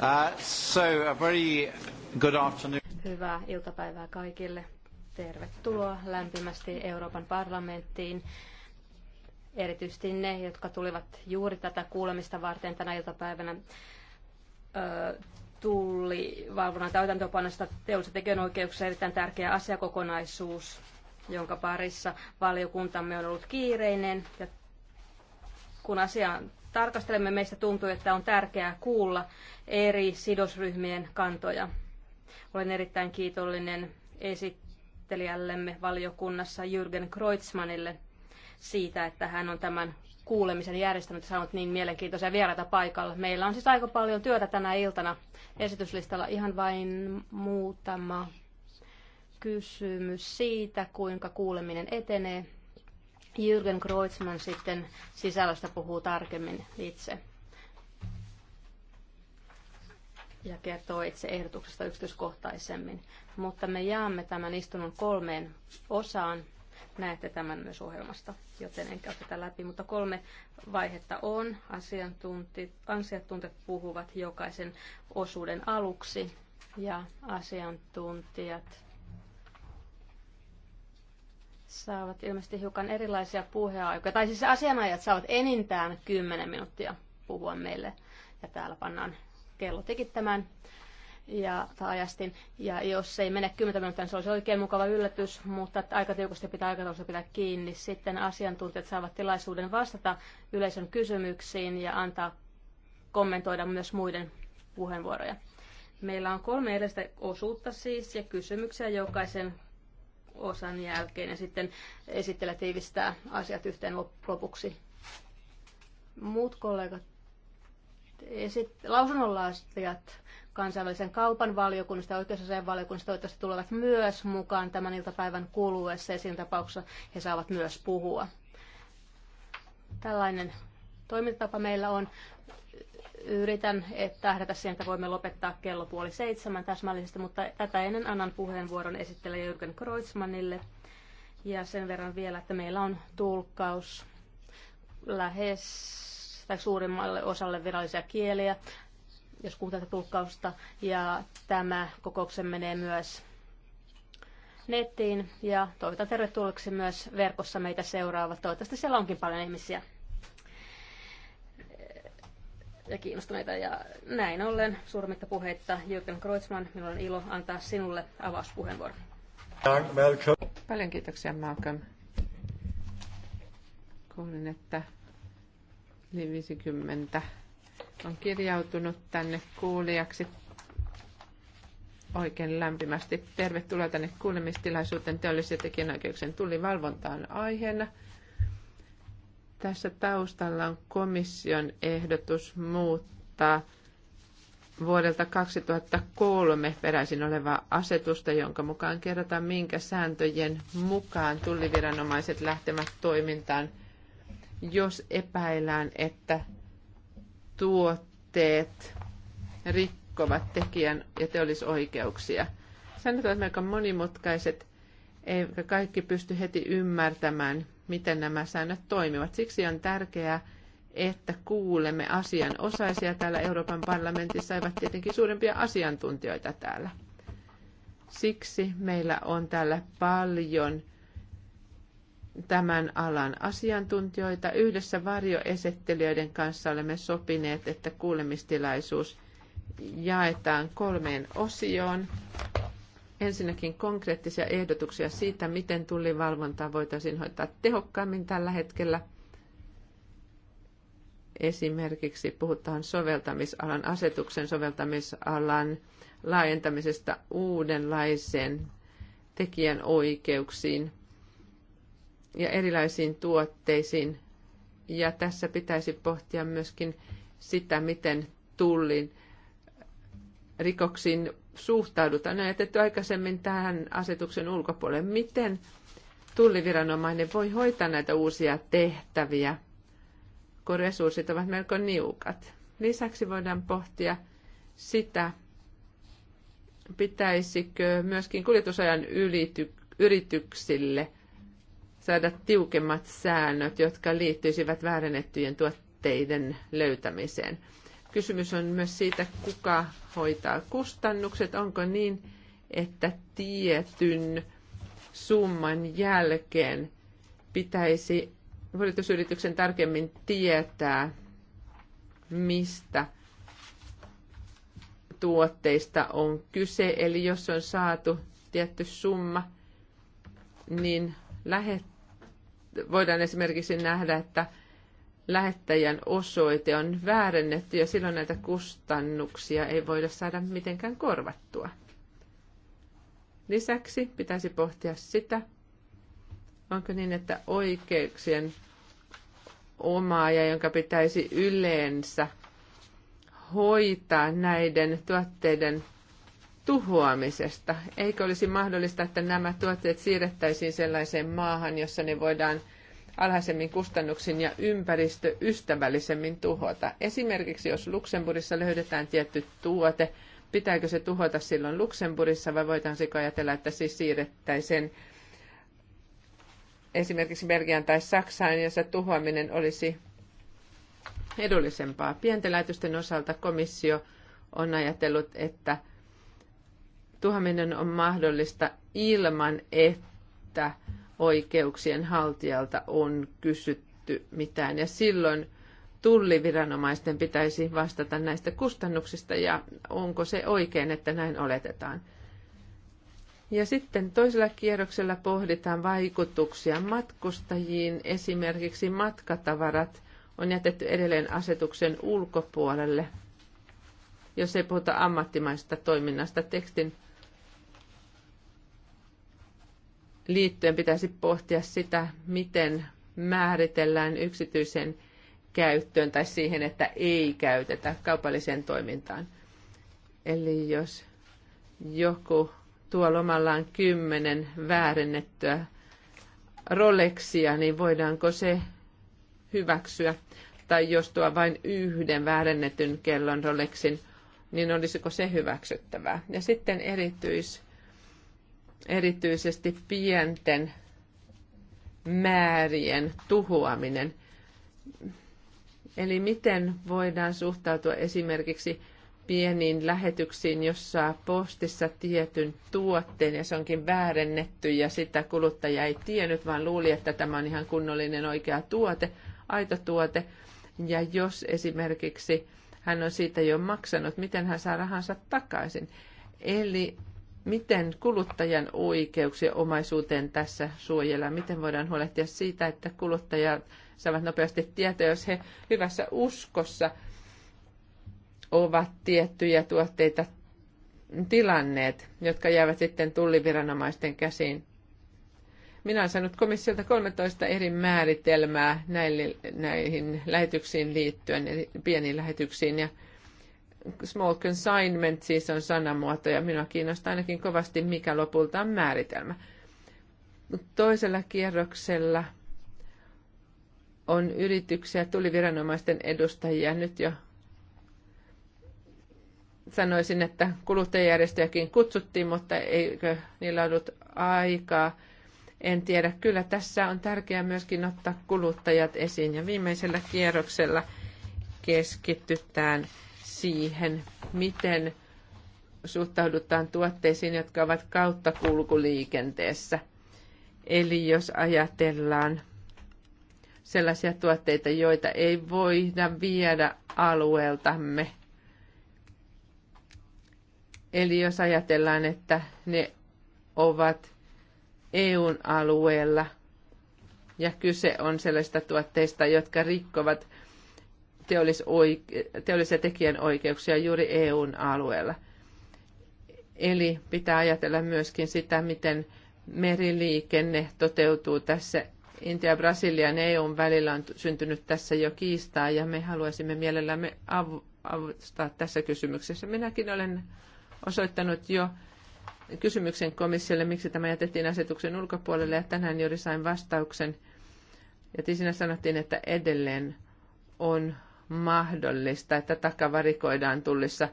Uh, so a very good afternoon. Hyvää iltapäivää kaikille. Tervetuloa lämpimästi Euroopan parlamenttiin. Erityisesti ne, jotka tulivat juuri tätä kuulemista varten tänä iltapäivänä. Öö, tullivalvonnan täytäntöpanosta teollisen tekijänoikeuksia erittäin tärkeä asiakokonaisuus, jonka parissa valiokuntamme on ollut kiireinen. Ja kun asiaan tarkastelemme, meistä tuntuu, että on tärkeää kuulla eri sidosryhmien kantoja. Olen erittäin kiitollinen esittelijällemme valiokunnassa Jürgen Kreutzmannille siitä, että hän on tämän kuulemisen järjestänyt ja saanut niin mielenkiintoisia vieraita paikalla. Meillä on siis aika paljon työtä tänä iltana esityslistalla. Ihan vain muutama kysymys siitä, kuinka kuuleminen etenee. Jürgen Kreutzmann sitten sisällöstä puhuu tarkemmin itse ja kertoo itse ehdotuksesta yksityiskohtaisemmin. Mutta me jaamme tämän istunnon kolmeen osaan. Näette tämän myös ohjelmasta, joten en käy tätä läpi. Mutta kolme vaihetta on. Asiantuntijat puhuvat jokaisen osuuden aluksi ja asiantuntijat saavat ilmeisesti hiukan erilaisia puheaikoja. Tai siis asianajat saavat enintään 10 minuuttia puhua meille. Ja täällä pannaan kello tikittämään ja ajastin. Ja jos ei mene 10 minuuttia, niin se olisi oikein mukava yllätys, mutta aika tiukasti pitää aikataulussa pitää kiinni. Sitten asiantuntijat saavat tilaisuuden vastata yleisön kysymyksiin ja antaa kommentoida myös muiden puheenvuoroja. Meillä on kolme edellistä osuutta siis ja kysymyksiä jokaisen osan jälkeen ja sitten esittele tiivistää asiat yhteen lopuksi. Muut kollegat, esit- lausunnonlaastijat kansainvälisen kaupan valiokunnasta ja oikeusasian valiokunnasta toivottavasti tulevat myös mukaan tämän iltapäivän kuluessa ja siinä tapauksessa he saavat myös puhua. Tällainen toimintatapa meillä on yritän tähdätä siihen, että voimme lopettaa kello puoli seitsemän täsmällisesti, mutta tätä ennen annan puheenvuoron esittelijä Jürgen Kreutzmannille. Ja sen verran vielä, että meillä on tulkkaus lähes tai suurimmalle osalle virallisia kieliä, jos kuuntelette tulkkausta. Ja tämä kokouksen menee myös nettiin ja toivotan tervetulleeksi myös verkossa meitä seuraavat. Toivottavasti siellä onkin paljon ihmisiä ja kiinnostuneita. Ja näin ollen surmitta puheitta Jürgen Kreutzmann, minulla on ilo antaa sinulle avauspuheenvuoro. Paljon kiitoksia Malcolm. Kuulin, että yli 50 on kirjautunut tänne kuulijaksi. Oikein lämpimästi tervetuloa tänne kuulemistilaisuuteen teollisen tekijänoikeuksien tullivalvontaan aiheena – tässä taustalla on komission ehdotus muuttaa vuodelta 2003 peräisin olevaa asetusta, jonka mukaan kerrotaan, minkä sääntöjen mukaan tulliviranomaiset lähtevät toimintaan, jos epäillään, että tuotteet rikkovat tekijän ja teollisoikeuksia. Säännöt ovat melko monimutkaiset eivätkä kaikki pysty heti ymmärtämään, miten nämä säännöt toimivat. Siksi on tärkeää, että kuulemme asianosaisia täällä Euroopan parlamentissa, eivät tietenkin suurempia asiantuntijoita täällä. Siksi meillä on täällä paljon tämän alan asiantuntijoita. Yhdessä varjoesittelijöiden kanssa olemme sopineet, että kuulemistilaisuus jaetaan kolmeen osioon ensinnäkin konkreettisia ehdotuksia siitä, miten tullivalvontaa voitaisiin hoitaa tehokkaammin tällä hetkellä. Esimerkiksi puhutaan soveltamisalan asetuksen soveltamisalan laajentamisesta uudenlaiseen tekijän oikeuksiin ja erilaisiin tuotteisiin. Ja tässä pitäisi pohtia myöskin sitä, miten tullin rikoksiin suhtaudutaan? On jätetty aikaisemmin tähän asetuksen ulkopuolelle. Miten tulliviranomainen voi hoitaa näitä uusia tehtäviä, kun resurssit ovat melko niukat? Lisäksi voidaan pohtia sitä, pitäisikö myöskin kuljetusajan ylity, yrityksille saada tiukemmat säännöt, jotka liittyisivät väärennettyjen tuotteiden löytämiseen. Kysymys on myös siitä, kuka hoitaa kustannukset. Onko niin, että tietyn summan jälkeen pitäisi kuljetusyrityksen tarkemmin tietää, mistä tuotteista on kyse. Eli jos on saatu tietty summa, niin lähet, voidaan esimerkiksi nähdä, että lähettäjän osoite on väärennetty ja silloin näitä kustannuksia ei voida saada mitenkään korvattua. Lisäksi pitäisi pohtia sitä, onko niin, että oikeuksien omaaja, jonka pitäisi yleensä hoitaa näiden tuotteiden tuhoamisesta. Eikö olisi mahdollista, että nämä tuotteet siirrettäisiin sellaiseen maahan, jossa ne voidaan – alhaisemmin kustannuksin ja ympäristöystävällisemmin tuhota. Esimerkiksi jos Luxemburgissa löydetään tietty tuote, pitääkö se tuhota silloin Luxemburgissa vai voitaisiinko ajatella, että siis siirrettäisiin esimerkiksi Belgian tai Saksaan, jossa tuhoaminen olisi edullisempaa. Pienten osalta komissio on ajatellut, että tuhaminen on mahdollista ilman, että oikeuksien haltijalta on kysytty mitään. Ja silloin tulliviranomaisten pitäisi vastata näistä kustannuksista ja onko se oikein, että näin oletetaan. Ja sitten toisella kierroksella pohditaan vaikutuksia matkustajiin. Esimerkiksi matkatavarat on jätetty edelleen asetuksen ulkopuolelle, jos ei puhuta ammattimaisesta toiminnasta. Tekstin liittyen pitäisi pohtia sitä, miten määritellään yksityisen käyttöön tai siihen, että ei käytetä kaupalliseen toimintaan. Eli jos joku tuo lomallaan kymmenen väärennettyä Rolexia, niin voidaanko se hyväksyä? Tai jos tuo vain yhden väärennetyn kellon Rolexin, niin olisiko se hyväksyttävää? Ja sitten erityis erityisesti pienten määrien tuhoaminen. Eli miten voidaan suhtautua esimerkiksi pieniin lähetyksiin, jossa postissa tietyn tuotteen ja se onkin väärennetty ja sitä kuluttaja ei tiennyt, vaan luuli, että tämä on ihan kunnollinen oikea tuote, aito tuote. Ja jos esimerkiksi hän on siitä jo maksanut, miten hän saa rahansa takaisin. Eli miten kuluttajan oikeuksia omaisuuteen tässä suojellaan? Miten voidaan huolehtia siitä, että kuluttajat saavat nopeasti tietoa, jos he hyvässä uskossa ovat tiettyjä tuotteita tilanneet, jotka jäävät sitten tulliviranomaisten käsiin? Minä olen saanut komissiolta 13 eri määritelmää näihin lähetyksiin liittyen, eli pieniin lähetyksiin, ja small consignment siis on sanamuoto ja minua kiinnostaa ainakin kovasti, mikä lopulta on määritelmä. Toisella kierroksella on yrityksiä, tuli viranomaisten edustajia nyt jo. Sanoisin, että kuluttajajärjestöjäkin kutsuttiin, mutta eikö niillä ollut aikaa. En tiedä. Kyllä tässä on tärkeää myöskin ottaa kuluttajat esiin. Ja viimeisellä kierroksella keskitytään siihen, miten suhtaudutaan tuotteisiin, jotka ovat kautta kulkuliikenteessä. Eli jos ajatellaan sellaisia tuotteita, joita ei voida viedä alueeltamme. Eli jos ajatellaan, että ne ovat EUn alueella ja kyse on sellaisista tuotteista, jotka rikkovat teollisia tekijänoikeuksia juuri EUn alueella. Eli pitää ajatella myöskin sitä, miten meriliikenne toteutuu tässä. Intia, Brasilian ja EUn välillä on syntynyt tässä jo kiistaa ja me haluaisimme mielellämme avustaa tässä kysymyksessä. Minäkin olen osoittanut jo kysymyksen komissiolle, miksi tämä jätettiin asetuksen ulkopuolelle ja tänään juuri sain vastauksen. Ja siinä sanottiin, että edelleen on mahdollista, että takavarikoidaan tullissa.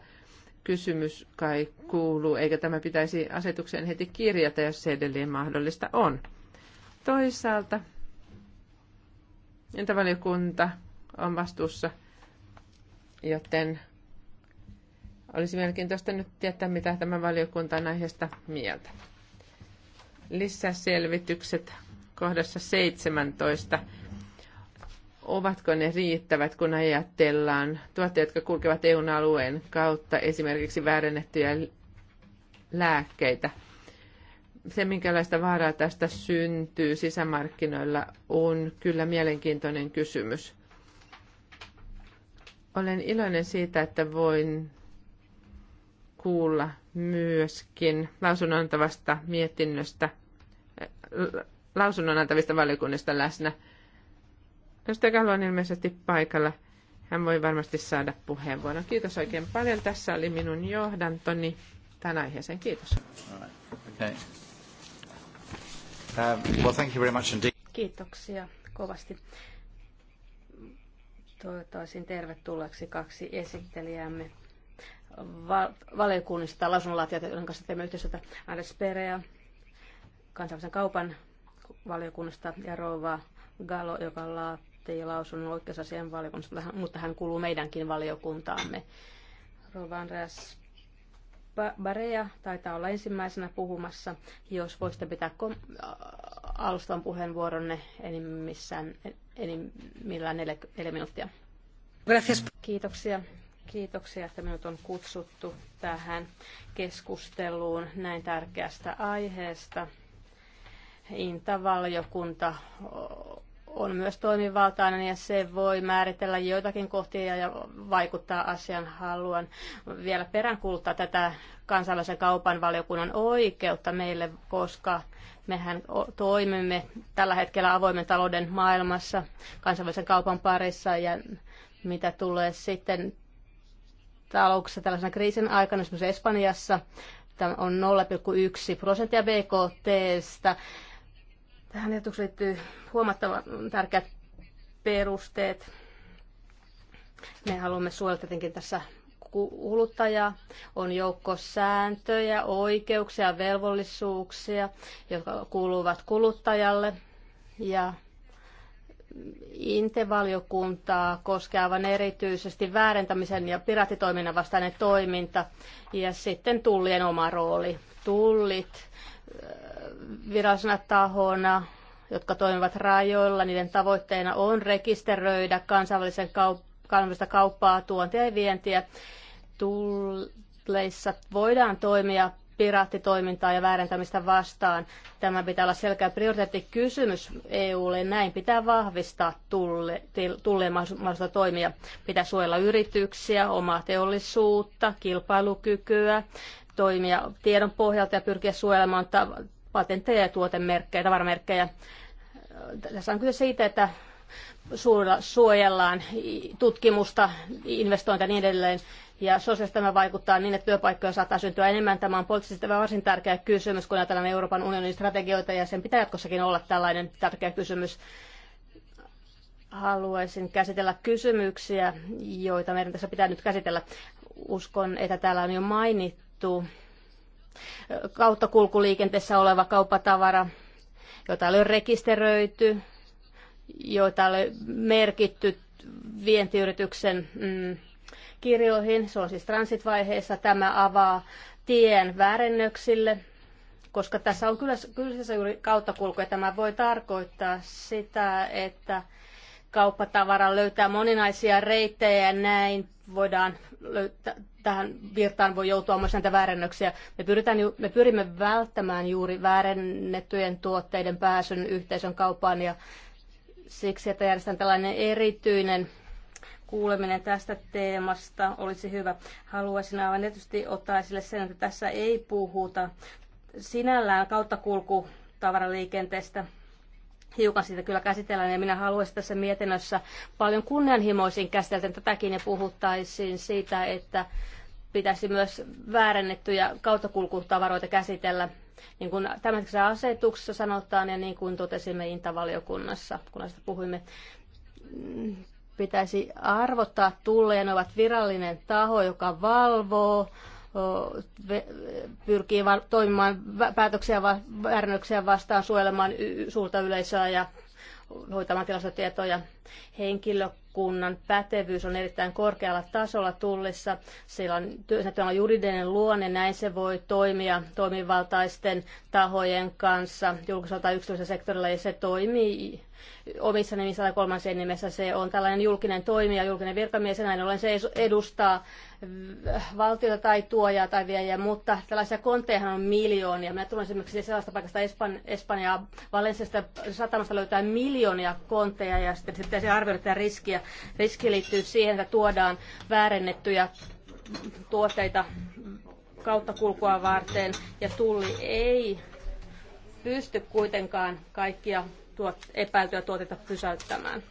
Kysymys kai kuuluu, eikä tämä pitäisi asetukseen heti kirjata, jos se edelleen mahdollista on. Toisaalta entävaliokunta on vastuussa, joten olisi mielenkiintoista nyt tietää, mitä tämä valiokunta on aiheesta mieltä. Lisäselvitykset kohdassa 17 ovatko ne riittävät, kun ajatellaan tuotteet, jotka kulkevat EUn alueen kautta, esimerkiksi väärennettyjä lääkkeitä. Se, minkälaista vaaraa tästä syntyy sisämarkkinoilla, on kyllä mielenkiintoinen kysymys. Olen iloinen siitä, että voin kuulla myöskin lausunnonantavasta mietinnöstä, lausunnonantavista valiokunnista läsnä – Edustaja Kallo on ilmeisesti paikalla. Hän voi varmasti saada puheenvuoron. Kiitos oikein paljon. Tässä oli minun johdantoni tämän aiheeseen. Kiitos. Uh, Kiitoksia kovasti. Toivottaisin tervetulleeksi kaksi esittelijäämme valiokunnista lausunnonlaatijat, joiden kanssa teemme yhteistyötä Anders Perea kansainvälisen kaupan valiokunnasta ja Rova Galo, joka laatii ei lausunut oikeusasian valiokunnassa, mutta hän kuuluu meidänkin valiokuntaamme. Andreas Barea taitaa olla ensimmäisenä puhumassa. Jos voisitte pitää kom- alustan puheenvuoronne enimmissään, enimmillään neljä, neljä minuuttia. Gracias. Kiitoksia. Kiitoksia, että minut on kutsuttu tähän keskusteluun näin tärkeästä aiheesta. Intavaliokunta on myös toimivaltainen ja se voi määritellä joitakin kohtia ja vaikuttaa asian haluan. Vielä peräänkuuluttaa tätä kansallisen kaupan valiokunnan oikeutta meille, koska mehän toimimme tällä hetkellä avoimen talouden maailmassa kansainvälisen kaupan parissa ja mitä tulee sitten talouksessa tällaisena kriisin aikana, esimerkiksi Espanjassa, tämä on 0,1 prosenttia BKTstä Tähän ehdotukseen liittyy huomattavan tärkeät perusteet. Me haluamme suojella tietenkin tässä kuluttajaa, on joukko sääntöjä, oikeuksia, velvollisuuksia, jotka kuuluvat kuluttajalle. Ja Intevaliokuntaa koskee aivan erityisesti väärentämisen ja piratitoiminnan vastainen toiminta ja sitten tullien oma rooli. Tullit virallisena tahona, jotka toimivat rajoilla. Niiden tavoitteena on rekisteröidä kansainvälisen kaup- kansainvälistä kauppaa, tuontia ja vientiä. Tulleissa voidaan toimia piraattitoimintaa ja väärentämistä vastaan. Tämä pitää olla selkeä prioriteettikysymys EUlle. Näin pitää vahvistaa tulle, tulleen mahdollista toimia. Pitää suojella yrityksiä, omaa teollisuutta, kilpailukykyä, toimia tiedon pohjalta ja pyrkiä suojelemaan patentteja ja tuotemerkkejä, tavaramerkkejä. Tässä on kyse siitä, että suojellaan tutkimusta, investointia ja niin edelleen. Ja sosiaalisesti tämä vaikuttaa niin, että työpaikkoja saattaa syntyä enemmän. Tämä on poliittisesti varsin tärkeä kysymys, kun ajatellaan Euroopan unionin strategioita, ja sen pitää jatkossakin olla tällainen tärkeä kysymys. Haluaisin käsitellä kysymyksiä, joita meidän tässä pitää nyt käsitellä. Uskon, että täällä on jo mainittu kauttakulkuliikenteessä oleva kauppatavara, jota ei ole rekisteröity, joita ei ole merkitty vientiyrityksen mm, kirjoihin. Se on siis transitvaiheessa. Tämä avaa tien väärennöksille, koska tässä on kyllä kyseessä juuri kauttakulku, ja tämä voi tarkoittaa sitä, että kauppatavaran löytää moninaisia reittejä ja näin voidaan löytää, tähän virtaan voi joutua myös näitä väärennöksiä. Me, pyritään, me pyrimme välttämään juuri väärennettyjen tuotteiden pääsyn yhteisön kauppaan ja siksi, että järjestetään tällainen erityinen kuuleminen tästä teemasta olisi hyvä. Haluaisin aivan tietysti ottaa esille sen, että tässä ei puhuta sinällään kauttakulku tavaraliikenteestä, hiukan siitä kyllä käsitellään ja minä haluaisin tässä mietinnössä paljon kunnianhimoisin käsitellä tätäkin ja puhuttaisiin siitä, että pitäisi myös väärennettyjä kauttakulkutavaroita käsitellä. Niin kuin tämän asetuksessa sanotaan ja niin kuin totesimme Intavaliokunnassa, kun näistä puhuimme, pitäisi arvottaa tulleen, ovat virallinen taho, joka valvoo pyrkii toimimaan päätöksiä väärännöksiä vastaan, suojelemaan suurta yleisöä ja hoitamaan tilastotietoja. Henkilökunnan pätevyys on erittäin korkealla tasolla tullissa. Siellä on, on juridinen luonne, näin se voi toimia toimivaltaisten tahojen kanssa julkisella tai yksityisellä sektorilla, ja se toimii omissa nimissä tai kolmansien nimessä. Se on tällainen julkinen toimija, julkinen virkamies näin ollen se edustaa valtiota tai tuojaa tai viejää, mutta tällaisia kontteja on miljoonia. Minä tulen esimerkiksi sellaista paikasta Espan, Espanjaa, Valensiasta satamasta löytää miljoonia kontteja ja sitten pitäisi arvioida tätä riskiä. Riski liittyy siihen, että tuodaan väärennettyjä tuotteita kautta kulkua varten ja tulli ei pysty kuitenkaan kaikkia tuot, epäiltyä tuotetta pysäyttämään.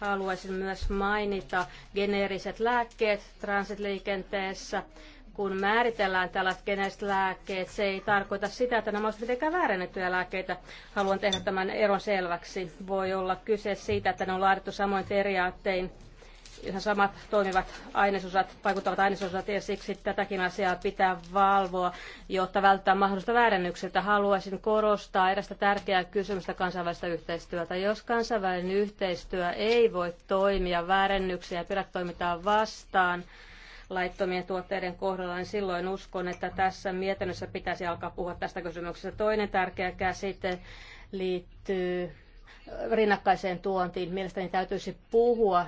Haluaisin myös mainita geneeriset lääkkeet transitliikenteessä. Kun määritellään tällaiset geneeriset lääkkeet, se ei tarkoita sitä, että nämä olisivat mitenkään väärennettyjä lääkkeitä. Haluan tehdä tämän eron selväksi. Voi olla kyse siitä, että ne on laadittu samoin periaattein ihan samat toimivat ainesosat, vaikuttavat ainesosat ja siksi tätäkin asiaa pitää valvoa, jotta välttää mahdollista väärännyksiltä. Haluaisin korostaa erästä tärkeää kysymystä kansainvälistä yhteistyötä. Jos kansainvälinen yhteistyö ei voi toimia väärännyksiä ja pidätoimintaa vastaan, laittomien tuotteiden kohdalla, niin silloin uskon, että tässä mietinnössä pitäisi alkaa puhua tästä kysymyksestä. Toinen tärkeä käsite liittyy rinnakkaiseen tuontiin. Mielestäni täytyisi puhua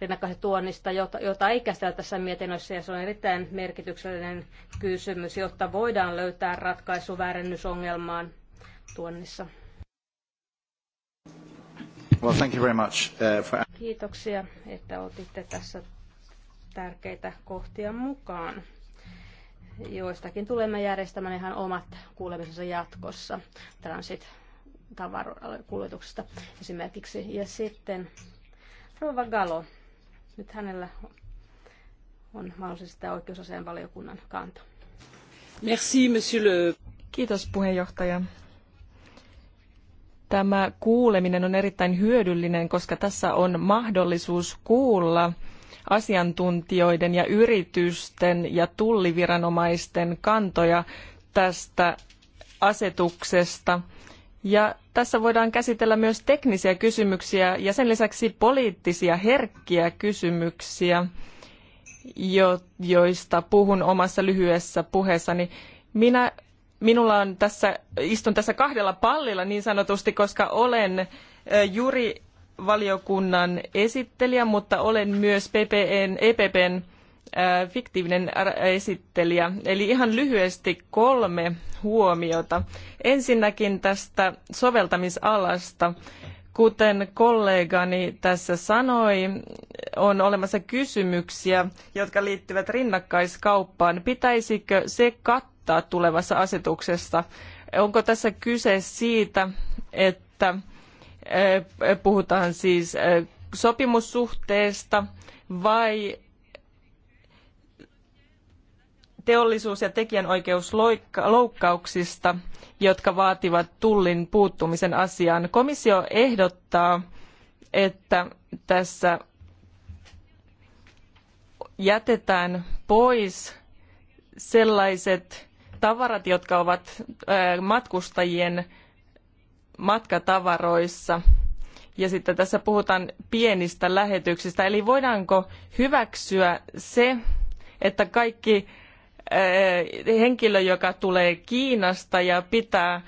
rinnakkaisesta tuonnista, jota, jota ei käsitellä tässä mietinnössä, ja se on erittäin merkityksellinen kysymys, jotta voidaan löytää ratkaisu väärennysongelmaan tuonnissa. Well, thank you very much, uh, for... Kiitoksia, että otitte tässä tärkeitä kohtia mukaan joistakin tulemme järjestämään ihan omat kuulemisensa jatkossa transit tavarakuljetuksesta esimerkiksi. Ja sitten Rova Galo. Nyt hänellä on mahdollisesti tämä oikeusasian valiokunnan kanta. Merci, monsieur le... Kiitos puheenjohtaja. Tämä kuuleminen on erittäin hyödyllinen, koska tässä on mahdollisuus kuulla asiantuntijoiden ja yritysten ja tulliviranomaisten kantoja tästä asetuksesta – ja tässä voidaan käsitellä myös teknisiä kysymyksiä ja sen lisäksi poliittisia herkkiä kysymyksiä, jo, joista puhun omassa lyhyessä puheessani. Minä minulla on tässä, istun tässä kahdella pallilla niin sanotusti, koska olen juri valiokunnan esittelijä, mutta olen myös PPN, e EPPn fiktiivinen esittelijä. Eli ihan lyhyesti kolme huomiota. Ensinnäkin tästä soveltamisalasta. Kuten kollegani tässä sanoi, on olemassa kysymyksiä, jotka liittyvät rinnakkaiskauppaan. Pitäisikö se kattaa tulevassa asetuksessa? Onko tässä kyse siitä, että puhutaan siis sopimussuhteesta vai teollisuus- ja tekijänoikeusloukkauksista, jotka vaativat tullin puuttumisen asiaan. Komissio ehdottaa, että tässä jätetään pois sellaiset tavarat, jotka ovat matkustajien matkatavaroissa. Ja sitten tässä puhutaan pienistä lähetyksistä. Eli voidaanko hyväksyä se, että kaikki henkilö, joka tulee Kiinasta ja pitää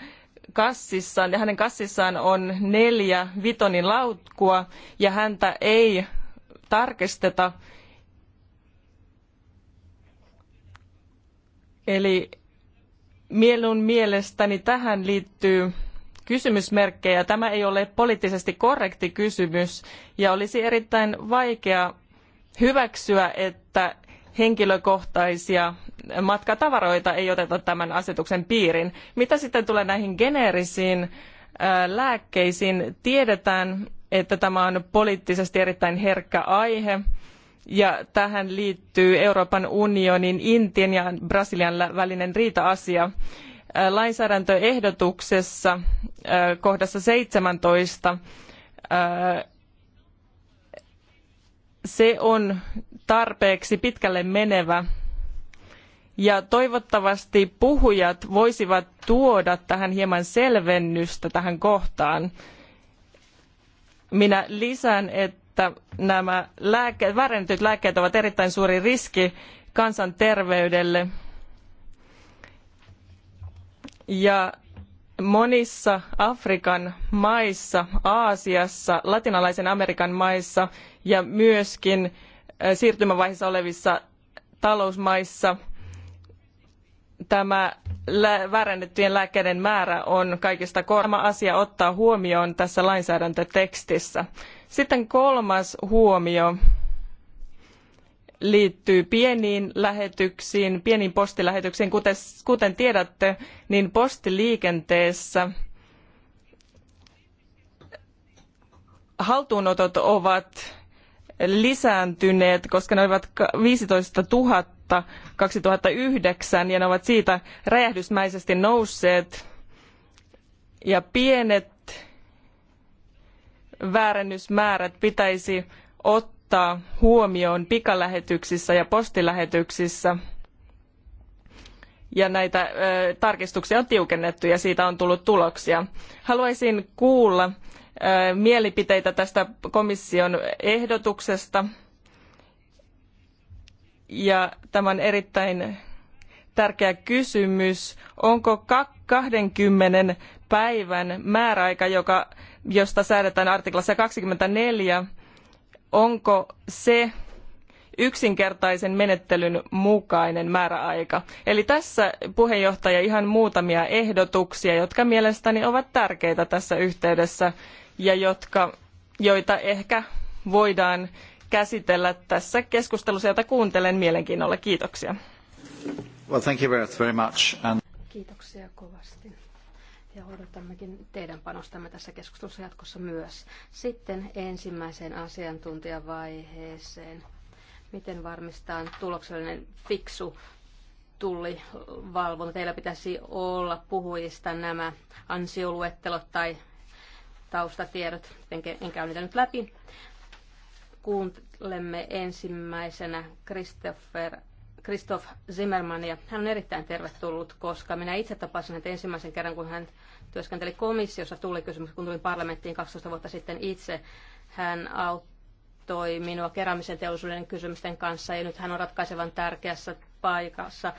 kassissaan, ja hänen kassissaan on neljä vitonin laukkua, ja häntä ei tarkisteta. Eli mielun mielestäni tähän liittyy kysymysmerkkejä. Tämä ei ole poliittisesti korrekti kysymys, ja olisi erittäin vaikea hyväksyä, että henkilökohtaisia matkatavaroita ei oteta tämän asetuksen piiriin. Mitä sitten tulee näihin geneerisiin lääkkeisiin, tiedetään, että tämä on poliittisesti erittäin herkkä aihe ja tähän liittyy Euroopan unionin, Intian ja Brasilian välinen riita-asia. Lainsäädäntöehdotuksessa kohdassa 17 se on tarpeeksi pitkälle menevä. Ja toivottavasti puhujat voisivat tuoda tähän hieman selvennystä tähän kohtaan. Minä lisään, että nämä lääke- väärennetyt lääkkeet ovat erittäin suuri riski kansanterveydelle. Ja monissa Afrikan maissa, Aasiassa, latinalaisen Amerikan maissa ja myöskin siirtymävaiheessa olevissa talousmaissa tämä väärennettyjen lääkkeiden määrä on kaikista korma asia ottaa huomioon tässä lainsäädäntötekstissä. Sitten kolmas huomio liittyy pieniin lähetyksiin, pieniin postilähetyksiin. Kuten, kuten tiedätte, niin postiliikenteessä haltuunotot ovat lisääntyneet, koska ne olivat 15 000 2009 ja ne ovat siitä räjähdysmäisesti nousseet. Ja pienet väärennysmäärät pitäisi ottaa ottaa huomioon pikalähetyksissä ja postilähetyksissä. Ja näitä tarkistuksia on tiukennettu ja siitä on tullut tuloksia. Haluaisin kuulla mielipiteitä tästä komission ehdotuksesta. Ja tämä on erittäin tärkeä kysymys. Onko 20 päivän määräaika, joka, josta säädetään artiklassa 24, onko se yksinkertaisen menettelyn mukainen määräaika. Eli tässä puheenjohtaja ihan muutamia ehdotuksia, jotka mielestäni ovat tärkeitä tässä yhteydessä ja jotka, joita ehkä voidaan käsitellä tässä keskustelussa, jota kuuntelen mielenkiinnolla. Kiitoksia. Well, thank you very much. And... Kiitoksia kovasti ja odotammekin teidän panostamme tässä keskustelussa jatkossa myös. Sitten ensimmäiseen asiantuntijavaiheeseen. Miten varmistaa tuloksellinen fiksu tullivalvonta? Teillä pitäisi olla puhujista nämä ansioluettelot tai taustatiedot, en käy niitä nyt läpi. Kuuntelemme ensimmäisenä Christopher Christoph ja Hän on erittäin tervetullut, koska minä itse tapasin hänet ensimmäisen kerran, kun hän työskenteli komissiossa tuli kysymys, kun tulin parlamenttiin 12 vuotta sitten itse. Hän auttoi minua keräämisen teollisuuden kysymysten kanssa ja nyt hän on ratkaisevan tärkeässä paikassa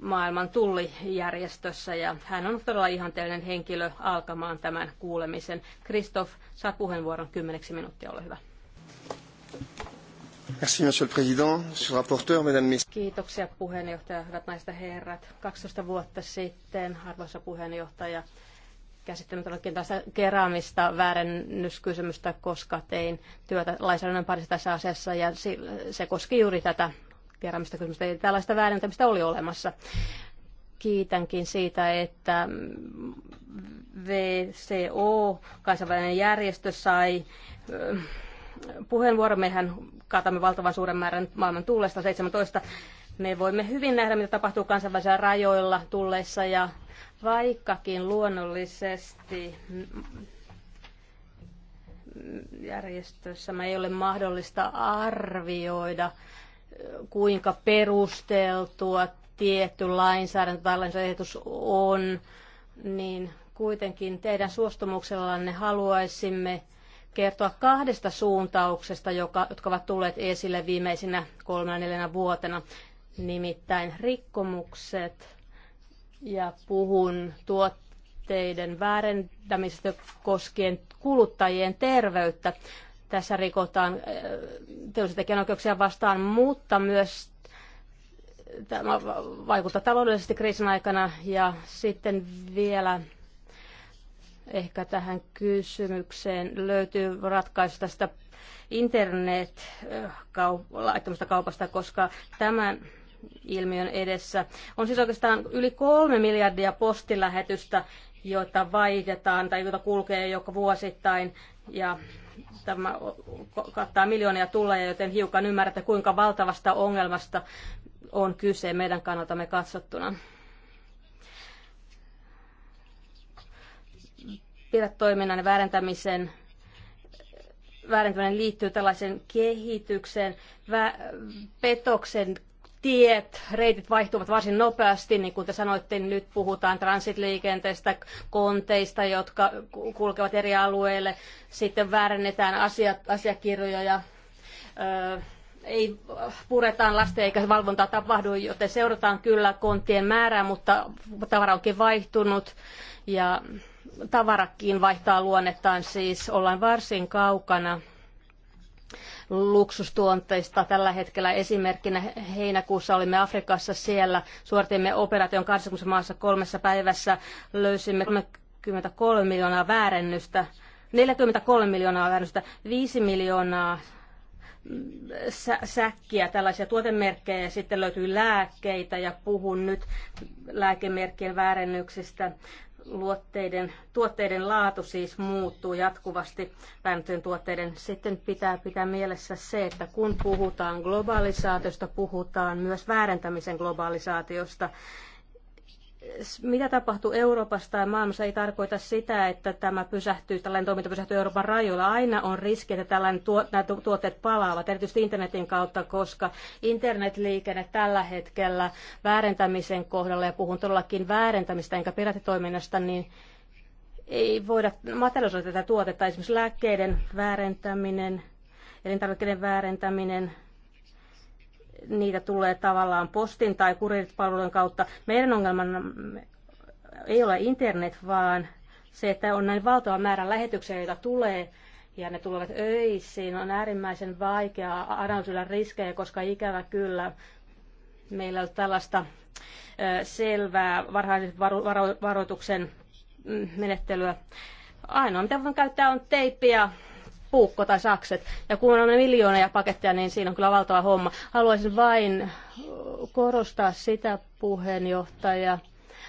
maailman tullijärjestössä ja hän on todella ihanteellinen henkilö alkamaan tämän kuulemisen. Kristoff, saa puheenvuoron kymmeneksi minuuttia, ole hyvä. Merci, monsieur le président, monsieur le rapporteur, Kiitoksia puheenjohtaja, hyvät naiset ja herrat. 12 vuotta sitten, arvoisa puheenjohtaja, käsittelyyn todellakin tästä keräämistä väärennyskysymystä, koska tein työtä lainsäädännön parissa tässä asiassa ja se koski juuri tätä keräämistä kysymystä. Eli tällaista väärentämistä oli olemassa. Kiitänkin siitä, että VCO, kansainvälinen järjestö, sai puheenvuoro. Mehän katamme valtavan suuren määrän maailman tuulesta 17. Me voimme hyvin nähdä, mitä tapahtuu kansainvälisillä rajoilla tulleissa ja vaikkakin luonnollisesti järjestössä ei ole mahdollista arvioida, kuinka perusteltua tietty lainsäädäntö tai lainsäädäntöehdotus on, niin kuitenkin teidän suostumuksellanne haluaisimme kertoa kahdesta suuntauksesta, joka, jotka ovat tulleet esille viimeisinä kolmena neljänä vuotena, nimittäin rikkomukset ja puhun tuotteiden väärentämisestä koskien kuluttajien terveyttä. Tässä rikotaan äh, teollisuuden oikeuksia vastaan, mutta myös tämä vaikuttaa taloudellisesti kriisin aikana ja sitten vielä Ehkä tähän kysymykseen löytyy ratkaisu tästä internet-laittomasta äh, kaupasta, koska tämän ilmiön edessä on siis oikeastaan yli kolme miljardia postilähetystä, joita vaihdetaan tai joita kulkee joka vuosittain. Ja tämä kattaa miljoonia tulee, joten hiukan ymmärrätte, kuinka valtavasta ongelmasta on kyse meidän kannaltamme katsottuna. liiketoiminnan väärentämisen väärentäminen liittyy tällaisen kehitykseen. petoksen tiet, reitit vaihtuvat varsin nopeasti, niin kuin te sanoitte, niin nyt puhutaan transitliikenteestä, konteista, jotka kulkevat eri alueille, sitten väärennetään asiat, asiakirjoja, ö, ei puretaan lasten eikä valvontaa tapahdu, joten seurataan kyllä kontien määrää, mutta tavara onkin vaihtunut ja tavarakin vaihtaa luonnettaan, siis ollaan varsin kaukana luksustuonteista. Tällä hetkellä esimerkkinä heinäkuussa olimme Afrikassa siellä, suoritimme operaation 20 maassa kolmessa päivässä, löysimme 33 miljoonaa väärennystä, 43 miljoonaa väärennystä, 5 miljoonaa sä- säkkiä, tällaisia tuotemerkkejä ja sitten löytyy lääkkeitä ja puhun nyt lääkemerkkien väärennyksistä luotteiden, tuotteiden laatu siis muuttuu jatkuvasti päivitettyjen tuotteiden. Sitten pitää pitää mielessä se, että kun puhutaan globalisaatiosta, puhutaan myös väärentämisen globalisaatiosta mitä tapahtuu Euroopassa tai maailmassa ei tarkoita sitä, että tämä pysähtyy, tällainen toiminta pysähtyy Euroopan rajoilla. Aina on riski, että tällainen tuo, nämä tuotteet palaavat, erityisesti internetin kautta, koska internetliikenne tällä hetkellä väärentämisen kohdalla, ja puhun todellakin väärentämistä enkä piratitoiminnasta, niin ei voida materialisoida tätä tuotetta. Esimerkiksi lääkkeiden väärentäminen, elintarvikkeiden väärentäminen, niitä tulee tavallaan postin tai kurjeritpalvelujen kautta. Meidän ongelmana ei ole internet, vaan se, että on näin valtava määrä lähetyksiä, joita tulee ja ne tulevat öisiin, on äärimmäisen vaikeaa analysoida riskejä, koska ikävä kyllä meillä on tällaista selvää varhaisen varoituksen mm, menettelyä. Ainoa, mitä voin käyttää, on teippiä puukko tai sakset. Ja kun on miljoonia paketteja, niin siinä on kyllä valtava homma. Haluaisin vain korostaa sitä puheenjohtaja,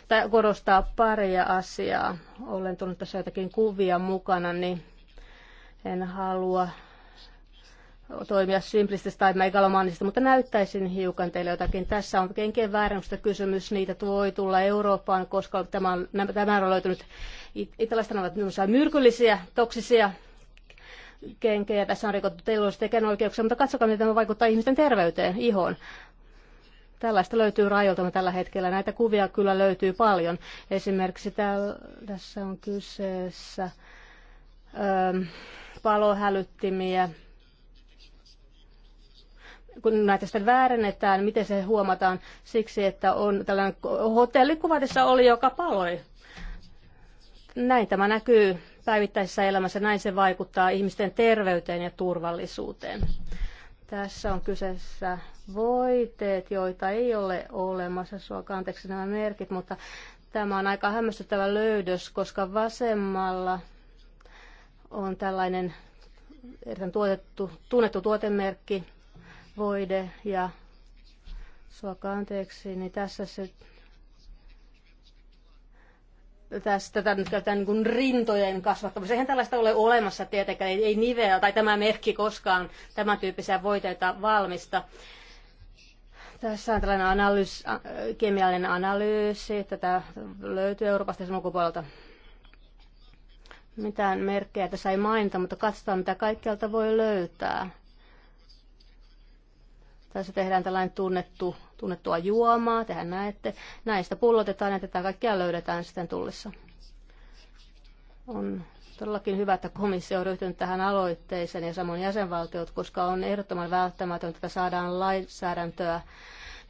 tai korostaa paria asiaa. Olen tullut tässä jotakin kuvia mukana, niin en halua toimia simplististä tai megalomaanista, mutta näyttäisin hiukan teille jotakin. Tässä on kenkien väärennystä kysymys, niitä voi tulla Eurooppaan, koska tämä on, tämä on löytynyt, italaista ne ovat myrkyllisiä, toksisia kenkejä. Tässä on rikottu teollisuus- ja oikeuksia, mutta katsokaa, miten tämä vaikuttaa ihmisten terveyteen, ihoon. Tällaista löytyy rajoiltamme tällä hetkellä. Näitä kuvia kyllä löytyy paljon. Esimerkiksi täällä, tässä on kyseessä ö, palohälyttimiä, kun näitä sitten väärennetään, miten se huomataan siksi, että on tällainen hotellikuva, tässä oli, joka paloi. Näin tämä näkyy päivittäisessä elämässä. Näin se vaikuttaa ihmisten terveyteen ja turvallisuuteen. Tässä on kyseessä voiteet, joita ei ole olemassa. Sua anteeksi nämä merkit, mutta tämä on aika hämmästyttävä löydös, koska vasemmalla on tällainen erittäin tuotettu, tunnettu tuotemerkki, voide ja sua anteeksi, niin tässä se tästä, tätä tämän käytetään niin kuin rintojen kasvattamista. Eihän tällaista ole olemassa tietenkään, ei, ei niveä tai tämä merkki koskaan tämän tyyppisiä voiteita valmista. Tässä on tällainen analyys, kemiallinen analyysi, tätä löytyy Euroopasta sen ulkopuolelta. Mitään merkkejä tässä ei mainita, mutta katsotaan mitä kaikkialta voi löytää. Tässä tehdään tällainen tunnettu, tunnettua juomaa, tehän näette. Näistä pullotetaan ja tätä kaikkia löydetään sitten tullissa. On todellakin hyvä, että komissio on ryhtynyt tähän aloitteeseen ja samoin jäsenvaltiot, koska on ehdottoman välttämätöntä, että saadaan lainsäädäntöä,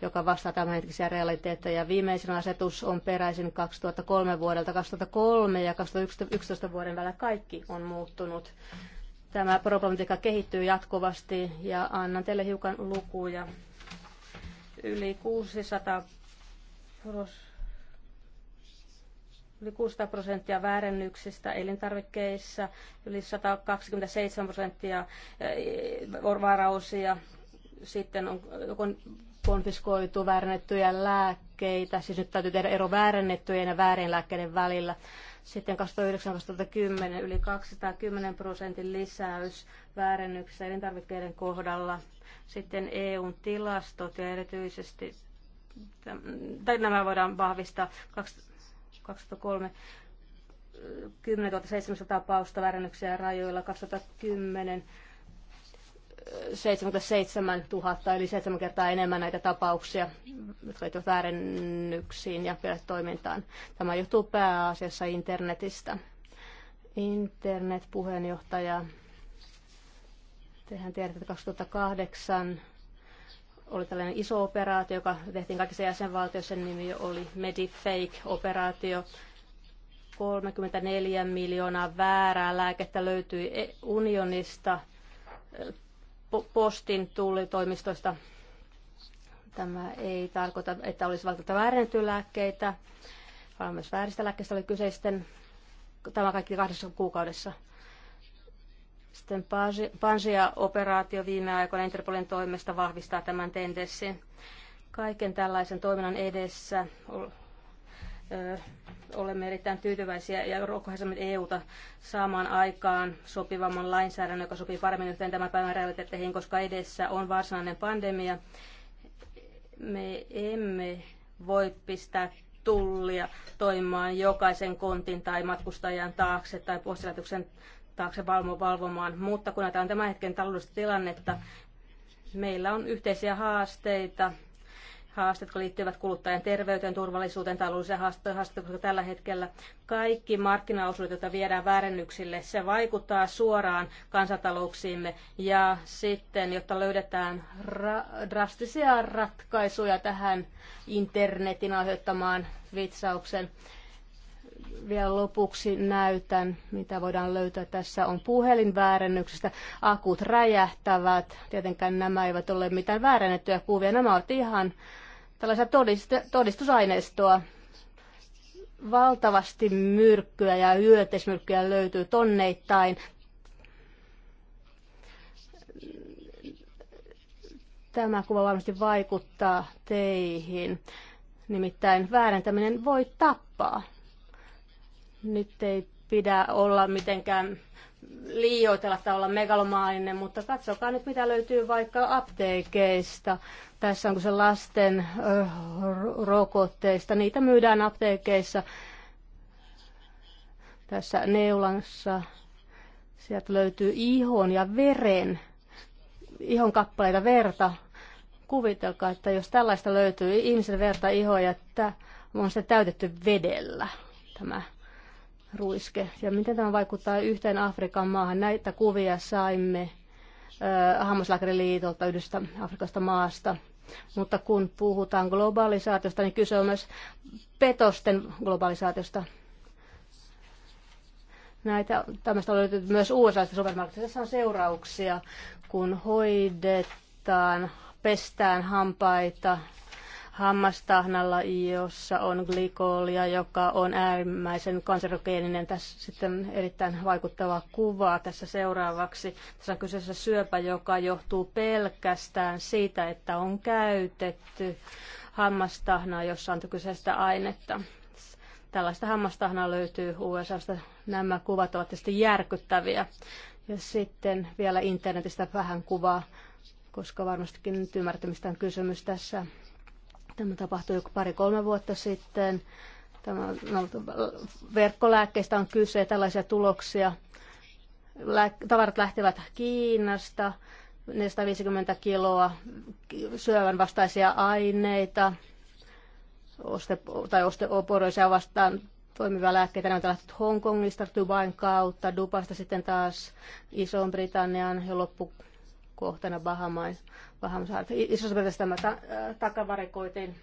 joka vastaa tämänhetkisiä realiteetteja. Viimeisin asetus on peräisin 2003 vuodelta. 2003 ja 2011 vuoden välillä kaikki on muuttunut. Tämä problematiikka kehittyy jatkuvasti ja annan teille hiukan lukuja. Yli 600 yli 600 prosenttia väärennyksistä elintarvikkeissa, yli 127 prosenttia eh, varausia, sitten on konfiskoitu väärennettyjä lääkkeitä, siis nyt täytyy tehdä ero väärennettyjen ja väärin lääkkeiden välillä. Sitten 2009-2010 yli 210 prosentin lisäys väärennyksissä elintarvikkeiden kohdalla. Sitten EUn tilastot ja erityisesti, tai nämä voidaan vahvistaa 2003 10 700 tapausta väärennyksiä rajoilla, 2010 77 000 eli seitsemän kertaa enemmän näitä tapauksia, jotka liittyvät väärennyksiin ja toimintaan. Tämä johtuu pääasiassa internetistä. Internet-puheenjohtaja, tehän tiedätte, että 2008 oli tällainen iso operaatio, joka tehtiin kaikissa jäsenvaltioissa. Sen nimi oli Medifake-operaatio. 34 miljoonaa väärää lääkettä löytyi e- unionista postin tullitoimistoista. Tämä ei tarkoita, että olisi välttämättä väärennettyjä lääkkeitä, vaan myös vääristä lääkkeistä oli sitten Tämä kaikki kahdessa kuukaudessa. Sitten Pansia-operaatio viime aikoina Interpolin toimesta vahvistaa tämän tendenssin. Kaiken tällaisen toiminnan edessä olemme erittäin tyytyväisiä ja rohkaisemme EUta saamaan aikaan sopivamman lainsäädännön, joka sopii paremmin yhteen tämän päivän realiteetteihin, koska edessä on varsinainen pandemia. Me emme voi pistää tullia toimimaan jokaisen kontin tai matkustajan taakse tai postilaitoksen taakse valvomaan, mutta kun ajatellaan tämän hetken taloudellista tilannetta, meillä on yhteisiä haasteita haasteet, jotka liittyvät kuluttajan terveyteen, turvallisuuteen, taloudelliseen haasteet, koska tällä hetkellä kaikki markkinaosuudet, joita viedään väärennyksille, se vaikuttaa suoraan kansantalouksiimme. Ja sitten, jotta löydetään ra- drastisia ratkaisuja tähän internetin aiheuttamaan vitsauksen, vielä lopuksi näytän, mitä voidaan löytää. Tässä on puhelinväärennyksestä. Akut räjähtävät. Tietenkään nämä eivät ole mitään väärennettyjä kuvia. Nämä ovat ihan tällaisia todistusaineistoa. Valtavasti myrkkyä ja yötesmyrkkyä löytyy tonneittain. Tämä kuva varmasti vaikuttaa teihin. Nimittäin väärentäminen voi tappaa. Nyt ei pidä olla mitenkään liioitella tai olla megalomaaninen, mutta katsokaa nyt mitä löytyy vaikka apteekeista. Tässä on se lasten rokotteista. Niitä myydään apteekeissa tässä neulassa. Sieltä löytyy ihon ja veren, ihon kappaleita verta. Kuvitelkaa, että jos tällaista löytyy ihmisen verta, ihoja että on se täytetty vedellä tämä ruiske. Ja miten tämä vaikuttaa yhteen Afrikan maahan? Näitä kuvia saimme äh, Hammaslääkäriliitolta yhdestä Afrikasta maasta. Mutta kun puhutaan globalisaatiosta, niin kyse on myös petosten globalisaatiosta. Näitä, tämmöistä on löytynyt myös USA-laisista supermarketissa. on seurauksia, kun hoidetaan, pestään hampaita, hammastahnalla, jossa on glykolia, joka on äärimmäisen kanserogeeninen. Tässä sitten erittäin vaikuttava kuvaa tässä seuraavaksi. Tässä on kyseessä syöpä, joka johtuu pelkästään siitä, että on käytetty hammastahnaa, jossa on kyseistä ainetta. Tällaista hammastahnaa löytyy USAsta. Nämä kuvat ovat tietysti järkyttäviä. Ja sitten vielä internetistä vähän kuvaa koska varmastikin nyt ymmärtämistä on kysymys tässä Tämä tapahtui joku pari-kolme vuotta sitten. Tämä no, verkkolääkkeistä on kyse, tällaisia tuloksia. Tavarat lähtevät Kiinasta, 450 kiloa syövän vastaisia aineita oste, tai osteoporoisia vastaan toimivia lääkkeitä. Ne on lähtenyt Hongkongista, Dubain kautta, Dubasta sitten taas Iso-Britannian ja loppu kohtana Bahamain, Bahamsaaret. Isossa tämä ta- äh, takavarikoitiin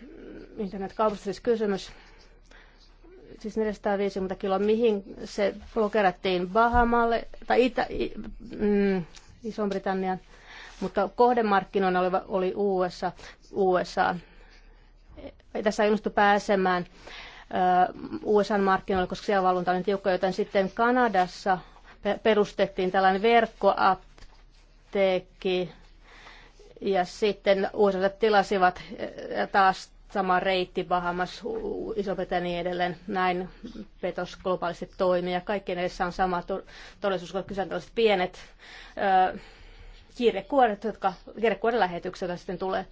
mm, internetkaupasta siis kysymys. Siis 450 kiloa, mihin se blokerattiin Bahamalle tai Itä, mm, Iso-Britannian, mutta kohdemarkkinoina oli, oli USA. USA. Tässä ei onnistu pääsemään. Äh, usa markkinoille, koska siellä valvonta oli tiukka, joten sitten Kanadassa perustettiin tällainen verkkoapteekki ja sitten USA tilasivat eh, taas sama reitti Bahamas, Iso-Britannia niin edelleen. Näin petos globaalisti toimii ja kaikki edessä on sama todellisuus, kun kyse on tällaiset pienet ö, kirjekuoret, jotka kirjekuoren lähetyksellä sitten tulee.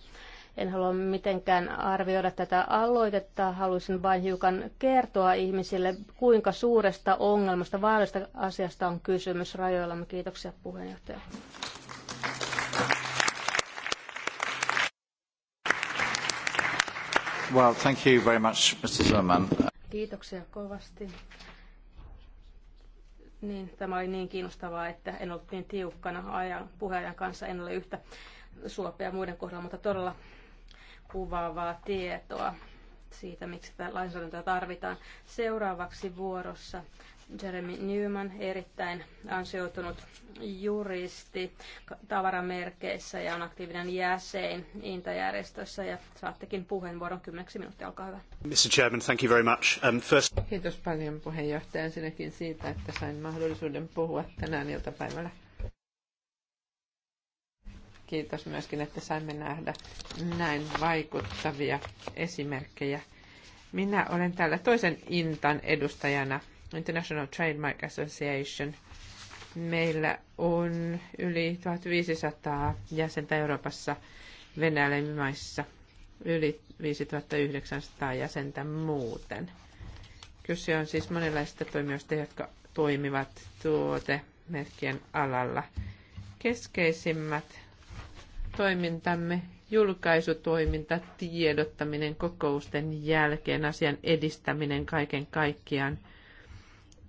En halua mitenkään arvioida tätä aloitetta, haluaisin vain hiukan kertoa ihmisille, kuinka suuresta ongelmasta, vaarallisesta asiasta on kysymys rajoillamme. Kiitoksia puheenjohtaja. Well, thank you very much, Mr. Zimmerman. Kiitoksia kovasti. Niin, tämä oli niin kiinnostavaa, että en ollut niin tiukkana ajan, puheajan kanssa, en ole yhtä suopea muiden kohdalla, mutta todella kuvaavaa tietoa siitä, miksi tätä lainsäädäntöä tarvitaan. Seuraavaksi vuorossa Jeremy Newman, erittäin ansioitunut juristi tavaramerkeissä ja on aktiivinen jäsen Intajärjestössä ja saattekin puheenvuoron 10 minuuttia, olkaa hyvä. Mr. Chairman, thank you very much. Um, first... Kiitos paljon puheenjohtaja ensinnäkin siitä, että sain mahdollisuuden puhua tänään iltapäivällä. Kiitos myöskin, että saimme nähdä näin vaikuttavia esimerkkejä. Minä olen täällä toisen Intan edustajana, International Trademark Association. Meillä on yli 1500 jäsentä Euroopassa, Venäjällä maissa yli 5900 jäsentä muuten. Kyse on siis monenlaisista toimijoista, jotka toimivat tuotemerkkien alalla. Keskeisimmät toimintamme, julkaisutoiminta, tiedottaminen kokousten jälkeen, asian edistäminen kaiken kaikkiaan.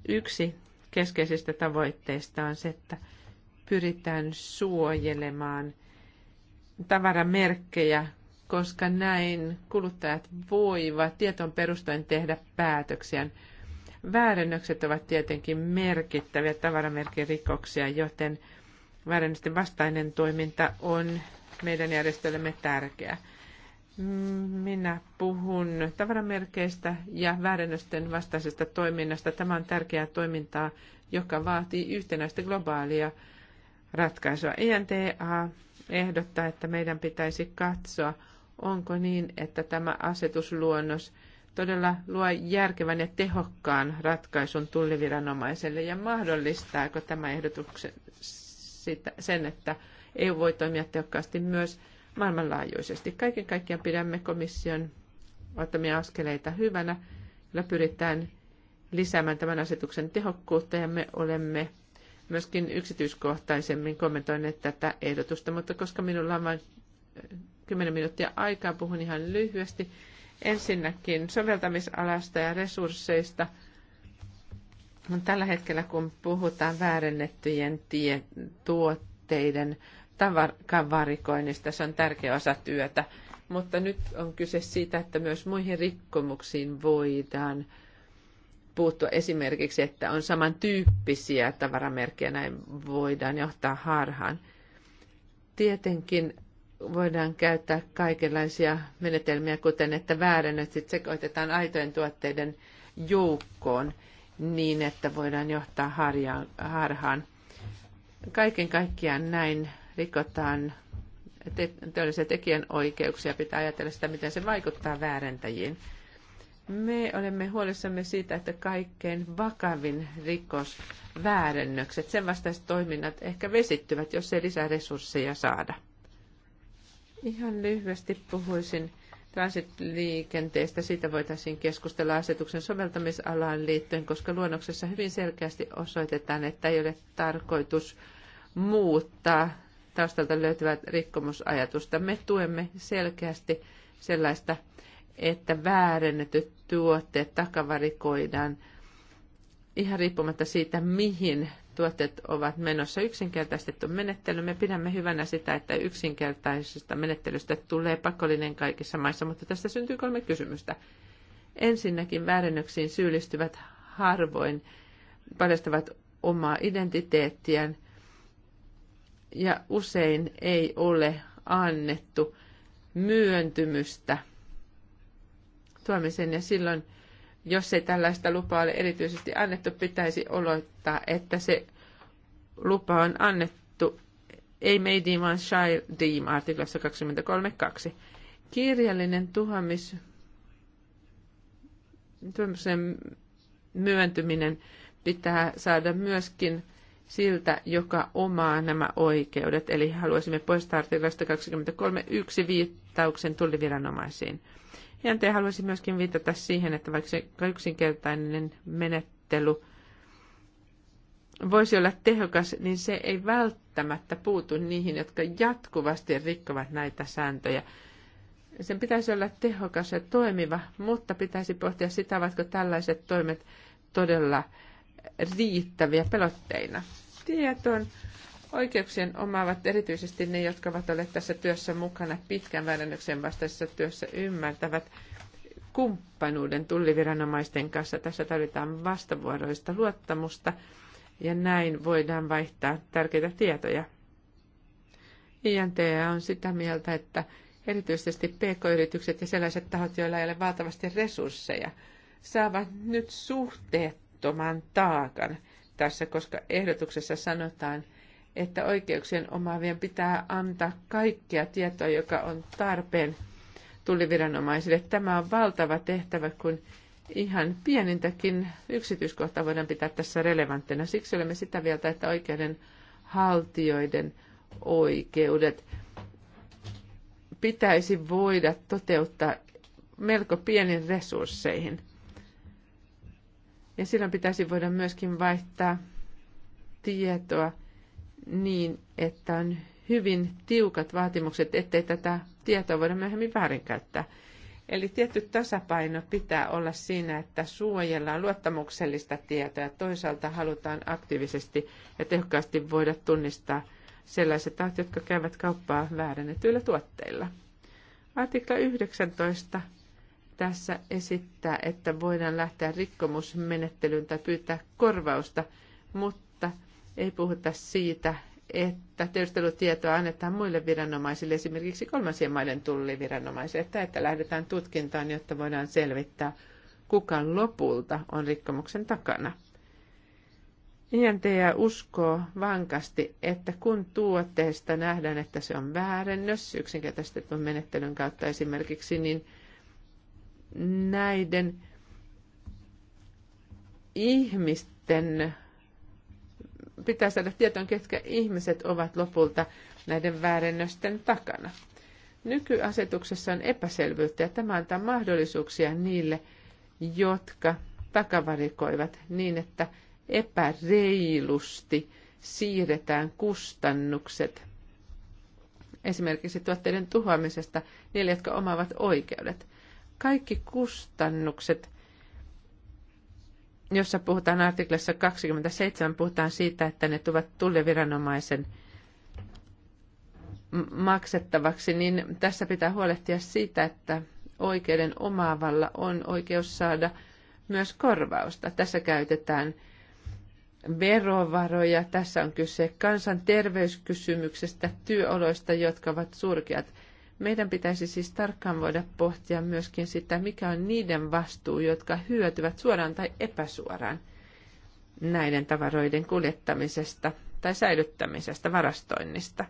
Yksi keskeisistä tavoitteista on se, että pyritään suojelemaan tavaramerkkejä, koska näin kuluttajat voivat tieton perustuen tehdä päätöksiä. Väärennökset ovat tietenkin merkittäviä tavaramerkkirikoksia, joten väärennösten vastainen toiminta on meidän järjestöllemme tärkeä. Minä puhun tavaramerkeistä ja väärennösten vastaisesta toiminnasta. Tämä on tärkeää toimintaa, joka vaatii yhtenäistä globaalia ratkaisua. ENTA ehdottaa, että meidän pitäisi katsoa, onko niin, että tämä asetusluonnos todella luo järkevän ja tehokkaan ratkaisun tulliviranomaiselle ja mahdollistaako tämä ehdotuksen sen, että EU voi toimia tehokkaasti myös maailmanlaajuisesti. Kaiken kaikkiaan pidämme komission ottamia askeleita hyvänä, jolla pyritään lisäämään tämän asetuksen tehokkuutta ja me olemme myöskin yksityiskohtaisemmin kommentoineet tätä ehdotusta, mutta koska minulla on vain 10 eh, minuuttia aikaa, puhun ihan lyhyesti ensinnäkin soveltamisalasta ja resursseista. Tällä hetkellä, kun puhutaan väärennettyjen tie- tuotteiden tavaravarikoinnista. Se on tärkeä osa työtä. Mutta nyt on kyse siitä, että myös muihin rikkomuksiin voidaan puuttua esimerkiksi, että on samantyyppisiä tavaramerkkejä, näin voidaan johtaa harhaan. Tietenkin voidaan käyttää kaikenlaisia menetelmiä, kuten että sitten sekoitetaan aitojen tuotteiden joukkoon niin, että voidaan johtaa harjaan, harhaan. Kaiken kaikkiaan näin rikotaan te- teollisia tekijänoikeuksia, pitää ajatella sitä, miten se vaikuttaa väärentäjiin. Me olemme huolissamme siitä, että kaikkein vakavin rikos, väärennökset, sen vastaiset toiminnat ehkä vesittyvät, jos ei lisää resursseja saada. Ihan lyhyesti puhuisin transitliikenteestä. Siitä voitaisiin keskustella asetuksen soveltamisalaan liittyen, koska luonnoksessa hyvin selkeästi osoitetaan, että ei ole tarkoitus muuttaa taustalta löytyvät rikkomusajatusta. Me tuemme selkeästi sellaista, että väärennetyt tuotteet takavarikoidaan ihan riippumatta siitä, mihin tuotteet ovat menossa. Yksinkertaistettu menettely. Me pidämme hyvänä sitä, että yksinkertaisesta menettelystä tulee pakollinen kaikissa maissa, mutta tästä syntyy kolme kysymystä. Ensinnäkin väärennöksiin syyllistyvät harvoin paljastavat omaa identiteettiään – ja usein ei ole annettu myöntymystä tuomisen ja silloin, jos ei tällaista lupaa ole erityisesti annettu, pitäisi oloittaa, että se lupa on annettu ei deem vaan shall deem artiklassa 23.2. Kirjallinen tuhamis, tuomisen myöntyminen pitää saada myöskin – siltä, joka omaa nämä oikeudet. Eli haluaisimme poistaa artiklasta yksi viittauksen tulliviranomaisiin. Ja te haluaisin myöskin viitata siihen, että vaikka yksinkertainen menettely voisi olla tehokas, niin se ei välttämättä puutu niihin, jotka jatkuvasti rikkovat näitä sääntöjä. Sen pitäisi olla tehokas ja toimiva, mutta pitäisi pohtia sitä, ovatko tällaiset toimet todella riittäviä pelotteina. Tietoon oikeuksien omaavat erityisesti ne, jotka ovat olleet tässä työssä mukana pitkän väärännyksen vastaisessa työssä, ymmärtävät kumppanuuden tulliviranomaisten kanssa. Tässä tarvitaan vastavuoroista luottamusta ja näin voidaan vaihtaa tärkeitä tietoja. INT on sitä mieltä, että erityisesti pk-yritykset ja sellaiset tahot, joilla ei ole valtavasti resursseja, saavat nyt suhteet mahdottoman taakan tässä, koska ehdotuksessa sanotaan, että oikeuksien omaavien pitää antaa kaikkea tietoa, joka on tarpeen tulliviranomaisille. Tämä on valtava tehtävä, kun ihan pienintäkin yksityiskohtaa voidaan pitää tässä relevanttina. Siksi olemme sitä mieltä, että oikeudenhaltijoiden oikeudet pitäisi voida toteuttaa melko pienin resursseihin – ja silloin pitäisi voida myöskin vaihtaa tietoa niin, että on hyvin tiukat vaatimukset, ettei tätä tietoa voida myöhemmin väärinkäyttää. Eli tietty tasapaino pitää olla siinä, että suojellaan luottamuksellista tietoa ja toisaalta halutaan aktiivisesti ja tehokkaasti voida tunnistaa sellaiset tahot, jotka käyvät kauppaa väärennetyillä tuotteilla. Artikla 19 tässä esittää, että voidaan lähteä rikkomusmenettelyyn tai pyytää korvausta, mutta ei puhuta siitä, että tiedustelutietoa annetaan muille viranomaisille, esimerkiksi kolmansien maiden tulliviranomaisille, että, että lähdetään tutkintaan, jotta voidaan selvittää, kuka lopulta on rikkomuksen takana. INTA uskoo vankasti, että kun tuotteesta nähdään, että se on väärennös yksinkertaistetun menettelyn kautta esimerkiksi, niin – näiden ihmisten pitää saada tietoon, ketkä ihmiset ovat lopulta näiden väärennösten takana. Nykyasetuksessa on epäselvyyttä ja tämä antaa mahdollisuuksia niille, jotka takavarikoivat niin, että epäreilusti siirretään kustannukset esimerkiksi tuotteiden tuhoamisesta niille, jotka omaavat oikeudet kaikki kustannukset, jossa puhutaan artiklassa 27, puhutaan siitä, että ne tuvat tulliviranomaisen maksettavaksi, niin tässä pitää huolehtia siitä, että oikeuden omaavalla on oikeus saada myös korvausta. Tässä käytetään verovaroja, tässä on kyse kansanterveyskysymyksestä, työoloista, jotka ovat surkeat – meidän pitäisi siis tarkkaan voida pohtia myöskin sitä, mikä on niiden vastuu, jotka hyötyvät suoraan tai epäsuoraan näiden tavaroiden kuljettamisesta tai säilyttämisestä, varastoinnista.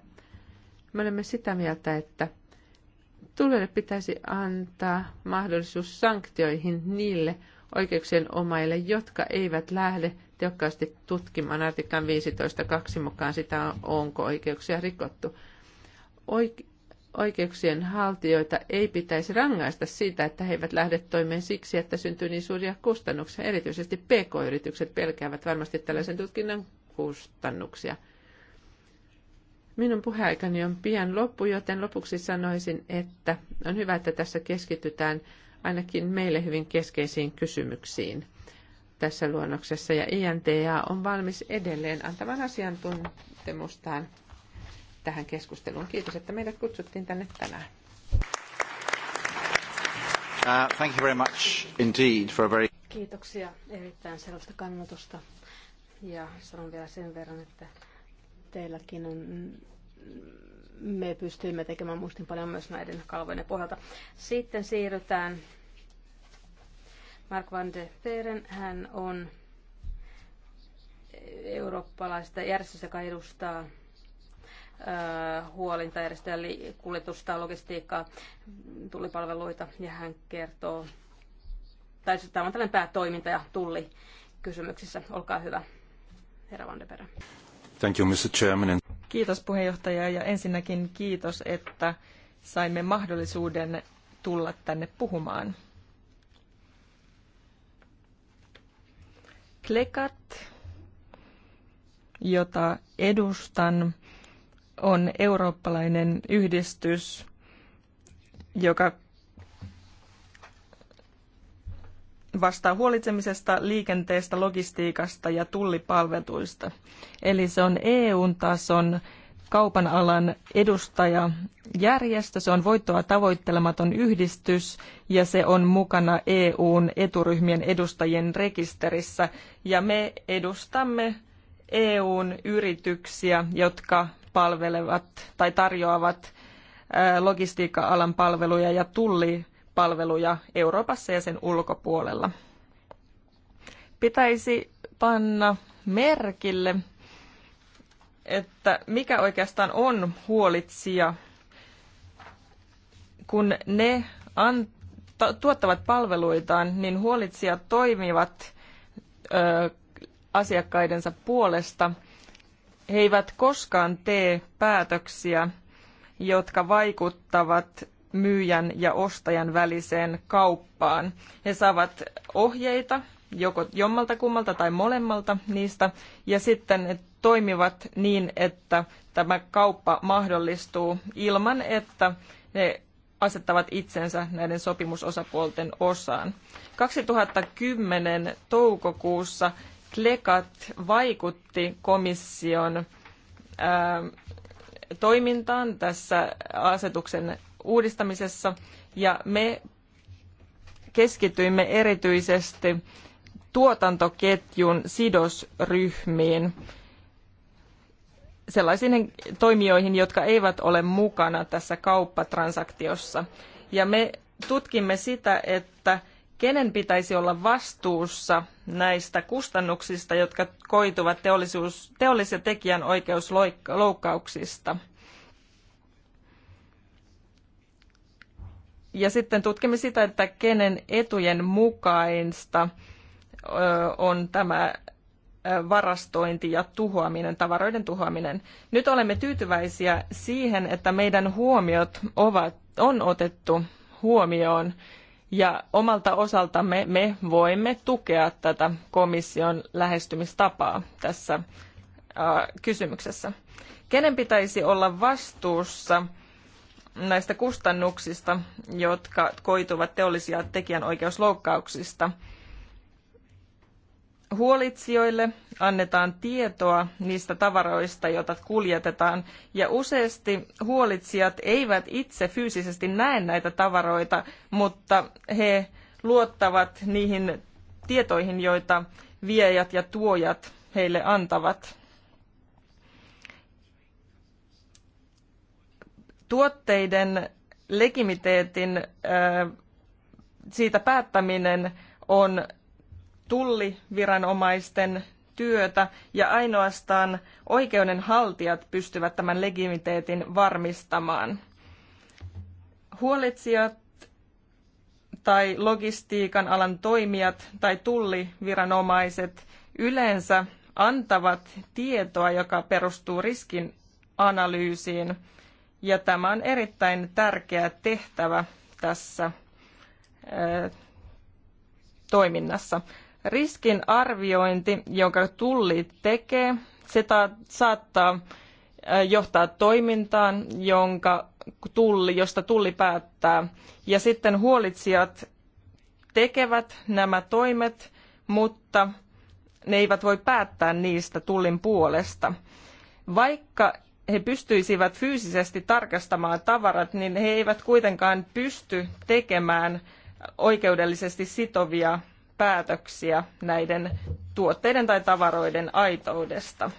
Me olemme sitä mieltä, että tulijoille pitäisi antaa mahdollisuus sanktioihin niille oikeuksien omaille, jotka eivät lähde tehokkaasti tutkimaan artiklan 15.2 mukaan sitä, onko oikeuksia rikottu. Oik- oikeuksien haltijoita ei pitäisi rangaista siitä, että he eivät lähde toimeen siksi, että syntyy niin suuria kustannuksia. Erityisesti PK-yritykset pelkäävät varmasti tällaisen tutkinnan kustannuksia. Minun puheaikani on pian loppu, joten lopuksi sanoisin, että on hyvä, että tässä keskitytään ainakin meille hyvin keskeisiin kysymyksiin tässä luonnoksessa. Ja INTA on valmis edelleen antamaan asiantuntemustaan tähän keskusteluun. Kiitos, että meidät kutsuttiin tänne tänään. Uh, thank you very much indeed for a very... Kiitoksia erittäin sellaista kannatusta. Ja sanon vielä sen verran, että teilläkin on me pystyimme tekemään muistin paljon myös näiden kalvojen pohjalta. Sitten siirrytään Mark van de Veren. Hän on eurooppalaista järjestöstä, joka edustaa Äh, huolintajärjestöjä, kuljetusta, logistiikkaa, tullipalveluita ja hän kertoo, tai siis tämä on tällainen päätoiminta ja tulli kysymyksissä. Olkaa hyvä, herra Vandepera. Thank you, Mr. Chairman. Kiitos puheenjohtaja ja ensinnäkin kiitos, että saimme mahdollisuuden tulla tänne puhumaan. Klekat, jota edustan, on eurooppalainen yhdistys, joka vastaa huolitsemisesta, liikenteestä, logistiikasta ja tullipalveluista. Eli se on EU-tason kaupan alan edustaja järjestö, se on voittoa tavoittelematon yhdistys ja se on mukana EUn eturyhmien edustajien rekisterissä. Ja me edustamme EUn yrityksiä, jotka palvelevat tai tarjoavat logistiikka-alan palveluja ja tullipalveluja Euroopassa ja sen ulkopuolella. Pitäisi panna merkille, että mikä oikeastaan on huolitsija, kun ne an, tuottavat palveluitaan, niin huolitsijat toimivat ö, asiakkaidensa puolesta – he eivät koskaan tee päätöksiä, jotka vaikuttavat myyjän ja ostajan väliseen kauppaan. He saavat ohjeita joko jommalta kummalta tai molemmalta niistä ja sitten ne toimivat niin, että tämä kauppa mahdollistuu ilman, että ne asettavat itsensä näiden sopimusosapuolten osaan. 2010 toukokuussa Klekat vaikutti komission ähm, toimintaan tässä asetuksen uudistamisessa ja me keskityimme erityisesti tuotantoketjun sidosryhmiin, sellaisiin toimijoihin, jotka eivät ole mukana tässä kauppatransaktiossa Ja me tutkimme sitä, että kenen pitäisi olla vastuussa näistä kustannuksista, jotka koituvat teollisuus, teollis- ja tekijänoikeusloukkauksista. Ja sitten tutkimme sitä, että kenen etujen mukaista on tämä varastointi ja tuhoaminen, tavaroiden tuhoaminen. Nyt olemme tyytyväisiä siihen, että meidän huomiot ovat, on otettu huomioon ja omalta osaltamme me voimme tukea tätä komission lähestymistapaa tässä äh, kysymyksessä. Kenen pitäisi olla vastuussa näistä kustannuksista, jotka koituvat teollisia tekijänoikeusloukkauksista – Huolitsijoille annetaan tietoa niistä tavaroista, joita kuljetetaan, ja useasti huolitsijat eivät itse fyysisesti näe näitä tavaroita, mutta he luottavat niihin tietoihin, joita viejät ja tuojat heille antavat. Tuotteiden legimiteetin siitä päättäminen on tulliviranomaisten työtä ja ainoastaan oikeudenhaltijat pystyvät tämän legitimiteetin varmistamaan. Huolitsijat tai logistiikan alan toimijat tai tulliviranomaiset yleensä antavat tietoa, joka perustuu riskin analyysiin. Ja tämä on erittäin tärkeä tehtävä tässä toiminnassa. Riskin arviointi, jonka tulli tekee, se ta- saattaa johtaa toimintaan, jonka tulli, josta tulli päättää. Ja sitten huolitsijat tekevät nämä toimet, mutta ne eivät voi päättää niistä tullin puolesta. Vaikka he pystyisivät fyysisesti tarkastamaan tavarat, niin he eivät kuitenkaan pysty tekemään oikeudellisesti sitovia päätöksiä näiden tuotteiden tai tavaroiden aitoudesta.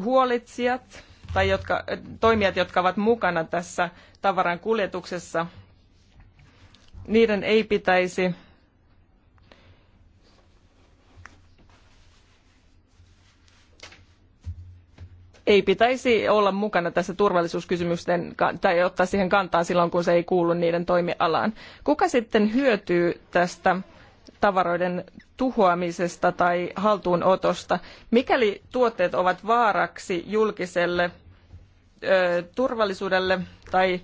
Huolitsijat tai jotka, toimijat, jotka ovat mukana tässä tavaran kuljetuksessa, niiden ei pitäisi ei pitäisi olla mukana tässä turvallisuuskysymysten tai ottaa siihen kantaa silloin, kun se ei kuulu niiden toimialaan. Kuka sitten hyötyy tästä tavaroiden tuhoamisesta tai haltuunotosta, mikäli tuotteet ovat vaaraksi julkiselle ö, turvallisuudelle tai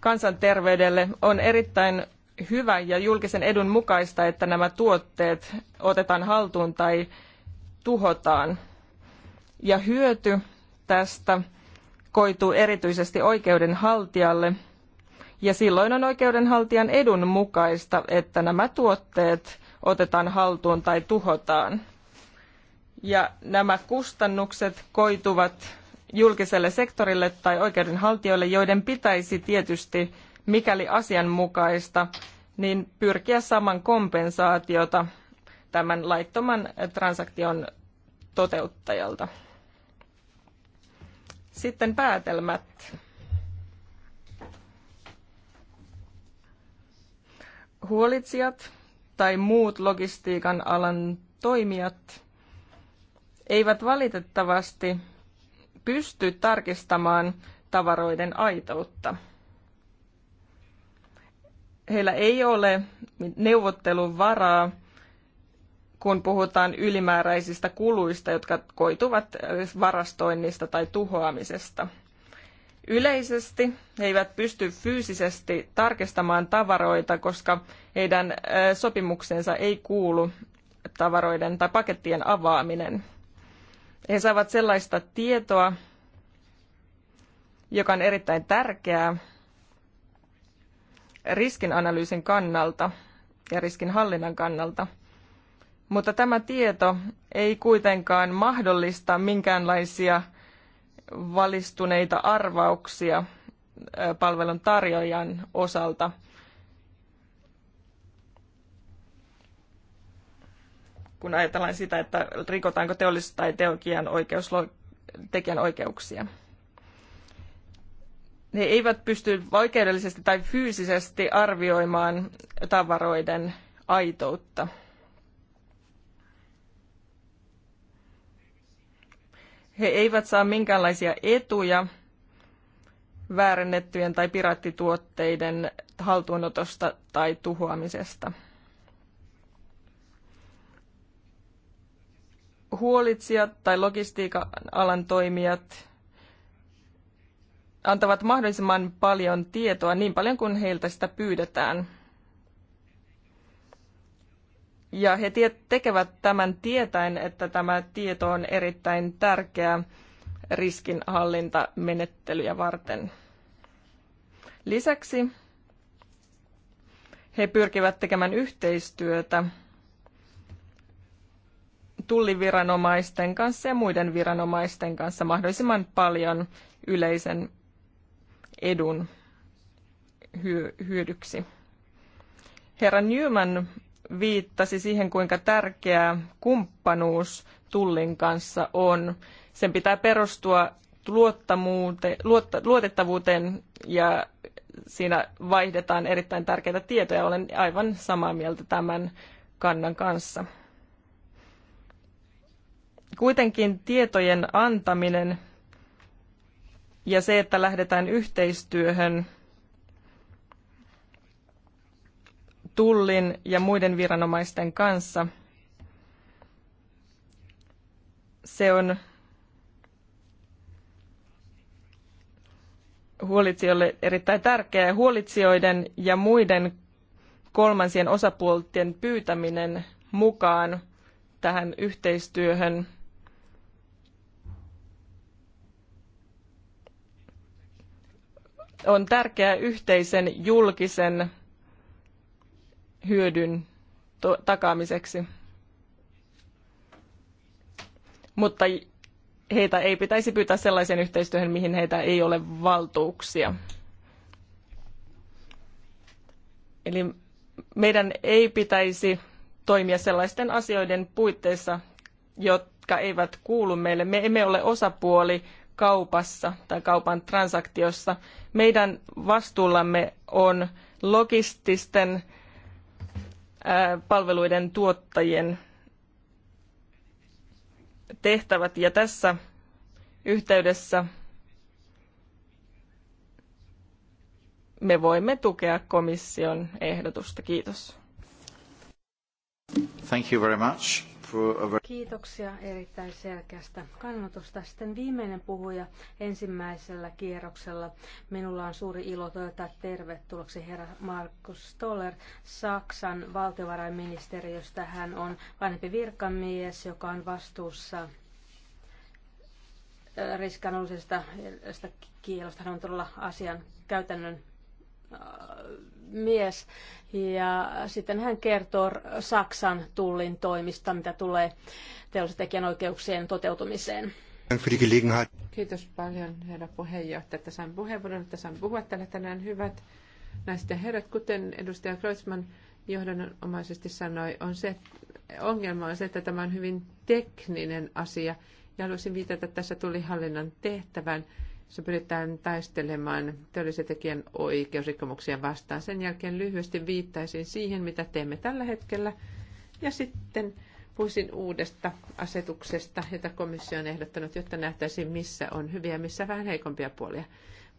kansanterveydelle, on erittäin hyvä ja julkisen edun mukaista, että nämä tuotteet otetaan haltuun tai tuhotaan. Ja hyöty tästä koituu erityisesti oikeudenhaltijalle, ja silloin on oikeudenhaltijan edun mukaista, että nämä tuotteet otetaan haltuun tai tuhotaan. Ja nämä kustannukset koituvat julkiselle sektorille tai oikeudenhaltijoille, joiden pitäisi tietysti, mikäli asianmukaista, niin pyrkiä saman kompensaatiota tämän laittoman transaktion toteuttajalta. Sitten päätelmät. Huolitsijat tai muut logistiikan alan toimijat eivät valitettavasti pysty tarkistamaan tavaroiden aitoutta. Heillä ei ole neuvottelun varaa kun puhutaan ylimääräisistä kuluista, jotka koituvat varastoinnista tai tuhoamisesta. Yleisesti he eivät pysty fyysisesti tarkistamaan tavaroita, koska heidän sopimuksensa ei kuulu tavaroiden tai pakettien avaaminen. He saavat sellaista tietoa, joka on erittäin tärkeää riskinanalyysin kannalta ja riskinhallinnan kannalta – mutta tämä tieto ei kuitenkaan mahdollista minkäänlaisia valistuneita arvauksia palvelun tarjoajan osalta. kun ajatellaan sitä, että rikotaanko teollisuus- tai teokien oikeus, tekijän oikeuksia. Ne eivät pysty oikeudellisesti tai fyysisesti arvioimaan tavaroiden aitoutta. He eivät saa minkäänlaisia etuja väärennettyjen tai piraattituotteiden haltuunotosta tai tuhoamisesta. Huolitsijat tai logistiikan alan toimijat antavat mahdollisimman paljon tietoa, niin paljon kuin heiltä sitä pyydetään – ja he tekevät tämän tietäen, että tämä tieto on erittäin tärkeä riskinhallintamenettelyjä varten. Lisäksi he pyrkivät tekemään yhteistyötä tulliviranomaisten kanssa ja muiden viranomaisten kanssa mahdollisimman paljon yleisen edun hyödyksi. Herra Newman viittasi siihen, kuinka tärkeää kumppanuus Tullin kanssa on. Sen pitää perustua luotettavuuteen ja siinä vaihdetaan erittäin tärkeitä tietoja. Olen aivan samaa mieltä tämän kannan kanssa. Kuitenkin tietojen antaminen ja se, että lähdetään yhteistyöhön – tullin ja muiden viranomaisten kanssa. Se on huolitsijoille erittäin tärkeää. Huolitsijoiden ja muiden kolmansien osapuolten pyytäminen mukaan tähän yhteistyöhön on tärkeää yhteisen julkisen hyödyn takaamiseksi. Mutta heitä ei pitäisi pyytää sellaisen yhteistyöhön, mihin heitä ei ole valtuuksia. Eli meidän ei pitäisi toimia sellaisten asioiden puitteissa, jotka eivät kuulu meille. Me emme ole osapuoli kaupassa tai kaupan transaktiossa. Meidän vastuullamme on logististen palveluiden tuottajien tehtävät. Ja tässä yhteydessä me voimme tukea komission ehdotusta. Kiitos. Thank you very much. Kiitoksia erittäin selkeästä kannatusta. Sitten viimeinen puhuja ensimmäisellä kierroksella. Minulla on suuri ilo toivottaa tervetulleeksi herra Markus Stoller Saksan valtiovarainministeriöstä. Hän on vanhempi virkamies, joka on vastuussa äh, riskanalyysisestä äh, kielosta. Hän on todella asian käytännön Äh, mies. Ja sitten hän kertoo Saksan tullin toimista, mitä tulee teollisuustekijän oikeuksien toteutumiseen. Kiitos paljon, herra puheenjohtaja, että sain puheenvuoron, että sain puhua täällä tänään hyvät naiset ja herrat. Kuten edustaja Kreutzmann johdonomaisesti sanoi, on se, ongelma on se, että tämä on hyvin tekninen asia. Ja haluaisin viitata tässä hallinnan tehtävään jossa pyritään taistelemaan teollisen tekijän oikeusrikkomuksia vastaan. Sen jälkeen lyhyesti viittaisin siihen, mitä teemme tällä hetkellä. Ja sitten puhuisin uudesta asetuksesta, jota komissio on ehdottanut, jotta nähtäisiin, missä on hyviä ja missä vähän heikompia puolia.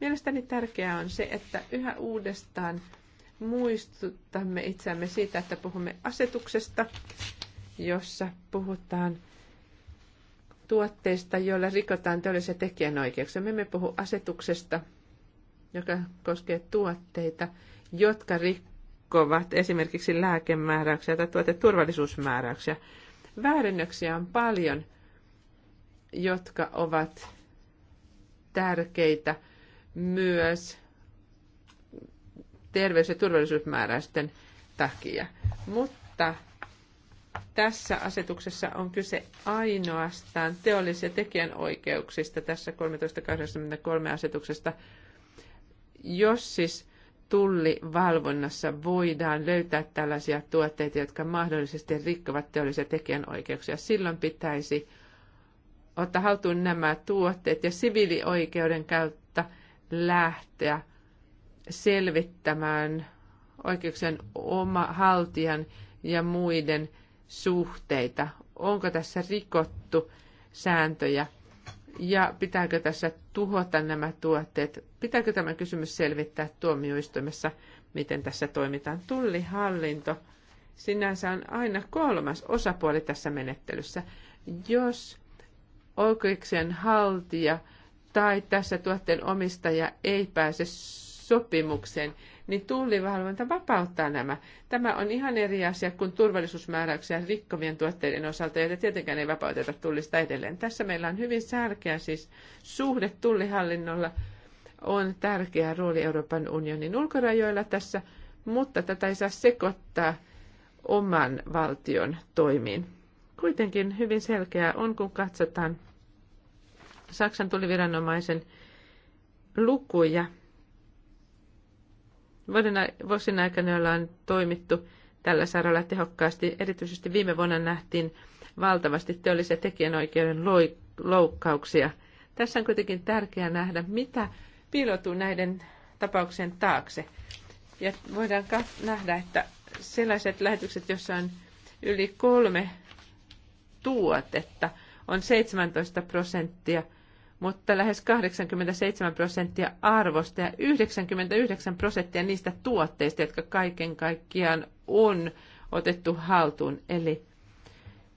Mielestäni tärkeää on se, että yhä uudestaan muistutamme itseämme siitä, että puhumme asetuksesta, jossa puhutaan tuotteista, joilla rikotaan teollisia tekijänoikeuksia. Me emme puhu asetuksesta, joka koskee tuotteita, jotka rikkovat esimerkiksi lääkemääräyksiä tai tuoteturvallisuusmääräyksiä. Väärennöksiä on paljon, jotka ovat tärkeitä myös terveys- ja turvallisuusmääräysten takia. Mutta tässä asetuksessa on kyse ainoastaan teollis- ja tekijänoikeuksista tässä 1383 asetuksesta. Jos siis tullivalvonnassa voidaan löytää tällaisia tuotteita, jotka mahdollisesti rikkovat teollisia tekijänoikeuksia. Silloin pitäisi ottaa haltuun nämä tuotteet ja siviilioikeuden kautta lähteä selvittämään oikeuksien oma haltijan ja muiden suhteita? Onko tässä rikottu sääntöjä? Ja pitääkö tässä tuhota nämä tuotteet? Pitääkö tämä kysymys selvittää tuomioistuimessa, miten tässä toimitaan? Tullihallinto sinänsä on aina kolmas osapuoli tässä menettelyssä. Jos oikeuksien haltija tai tässä tuotteen omistaja ei pääse sopimukseen, niin valvonta vapauttaa nämä. Tämä on ihan eri asia kuin turvallisuusmääräyksiä rikkovien tuotteiden osalta, joita tietenkään ei vapauteta tullista edelleen. Tässä meillä on hyvin särkeä siis suhde tullihallinnolla on tärkeä rooli Euroopan unionin ulkorajoilla tässä, mutta tätä ei saa sekoittaa oman valtion toimiin. Kuitenkin hyvin selkeää on, kun katsotaan Saksan tuliviranomaisen lukuja, Vuoden vuosien aikana ollaan toimittu tällä saralla tehokkaasti. Erityisesti viime vuonna nähtiin valtavasti teollisia tekijänoikeuden loukkauksia. Tässä on kuitenkin tärkeää nähdä, mitä piiloutuu näiden tapauksien taakse. Ja voidaan nähdä, että sellaiset lähetykset, joissa on yli kolme tuotetta, on 17 prosenttia – mutta lähes 87 prosenttia arvosta ja 99 prosenttia niistä tuotteista, jotka kaiken kaikkiaan on otettu haltuun. Eli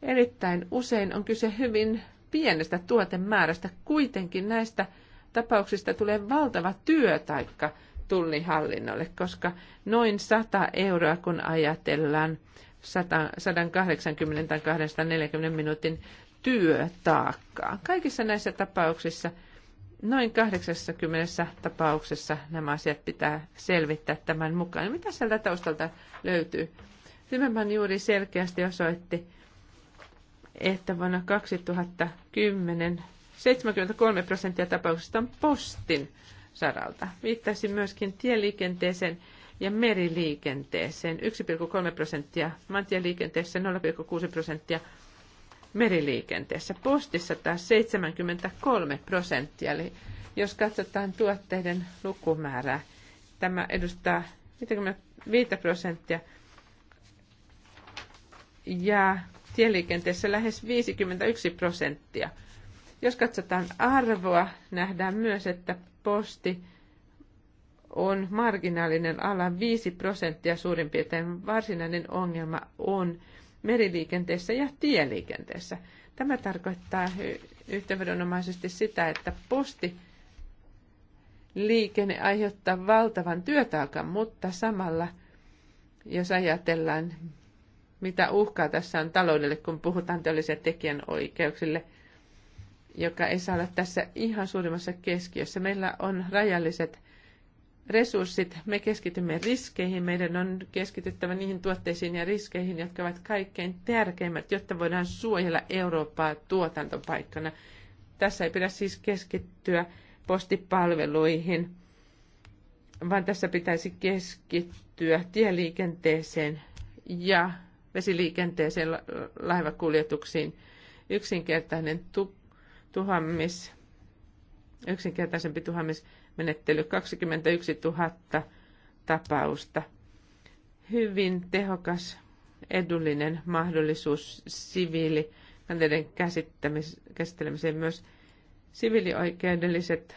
erittäin usein on kyse hyvin pienestä tuotemäärästä. Kuitenkin näistä tapauksista tulee valtava työtaikka tullihallinnolle, koska noin 100 euroa, kun ajatellaan 180 tai 240 minuutin työtaakkaa. Kaikissa näissä tapauksissa, noin 80 tapauksessa nämä asiat pitää selvittää tämän mukaan. Mitä sieltä taustalta löytyy? Timmerman juuri selkeästi osoitti, että vuonna 2010 73 prosenttia tapauksista on postin saralta. Viittaisin myöskin tieliikenteeseen ja meriliikenteeseen 1,3 prosenttia, maantieliikenteessä 0,6 prosenttia, meriliikenteessä. Postissa taas 73 prosenttia, eli jos katsotaan tuotteiden lukumäärää, tämä edustaa 55 prosenttia ja tieliikenteessä lähes 51 prosenttia. Jos katsotaan arvoa, nähdään myös, että posti on marginaalinen ala 5 prosenttia suurin piirtein. Varsinainen ongelma on meriliikenteessä ja tieliikenteessä. Tämä tarkoittaa yhteenvedonomaisesti sitä, että posti liikenne aiheuttaa valtavan työtaakan, mutta samalla, jos ajatellaan, mitä uhkaa tässä on taloudelle, kun puhutaan teollisille tekijänoikeuksille, joka ei saa olla tässä ihan suurimmassa keskiössä. Meillä on rajalliset resurssit, me keskitymme riskeihin. Meidän on keskityttävä niihin tuotteisiin ja riskeihin, jotka ovat kaikkein tärkeimmät, jotta voidaan suojella Eurooppaa tuotantopaikkana. Tässä ei pidä siis keskittyä postipalveluihin, vaan tässä pitäisi keskittyä tieliikenteeseen ja vesiliikenteeseen, laivakuljetuksiin. Yksinkertainen tu- tuhammis, yksinkertaisempi tuhammis menettely 21 000 tapausta. Hyvin tehokas, edullinen mahdollisuus siviili kanteiden käsittelemiseen myös siviilioikeudelliset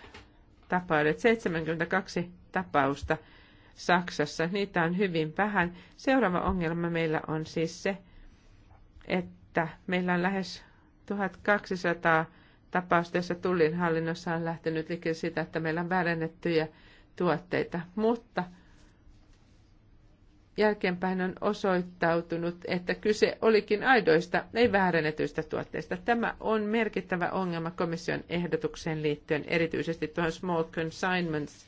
tapaudet. 72 tapausta Saksassa, niitä on hyvin vähän. Seuraava ongelma meillä on siis se, että meillä on lähes 1200 tapausta, jossa tullin hallinnossa on lähtenyt liikkeelle sitä, että meillä on väärennettyjä tuotteita, mutta jälkeenpäin on osoittautunut, että kyse olikin aidoista, ei väärennetyistä tuotteista. Tämä on merkittävä ongelma komission ehdotukseen liittyen, erityisesti tuohon small consignments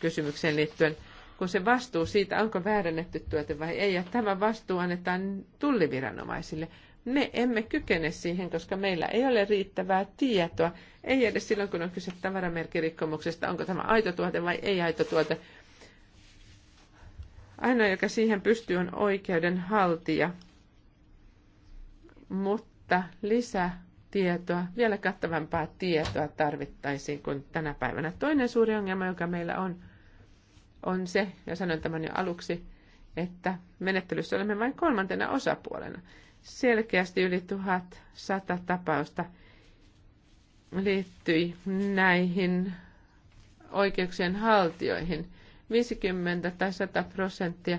kysymykseen liittyen, kun se vastuu siitä, onko väärennetty tuote vai ei, ja tämä vastuu annetaan tulliviranomaisille. Me emme kykene siihen, koska meillä ei ole riittävää tietoa. Ei edes silloin, kun on kyse tavaramerkirikkomuksesta, onko tämä aito tuote vai ei aito tuote. Ainoa, joka siihen pystyy, on oikeudenhaltija. Mutta lisää tietoa vielä kattavampaa tietoa tarvittaisiin kuin tänä päivänä. Toinen suuri ongelma, joka meillä on, on se, ja sanoin tämän jo aluksi, että menettelyssä olemme vain kolmantena osapuolena selkeästi yli 1100 tapausta liittyi näihin oikeuksien haltioihin. 50 tai 100 prosenttia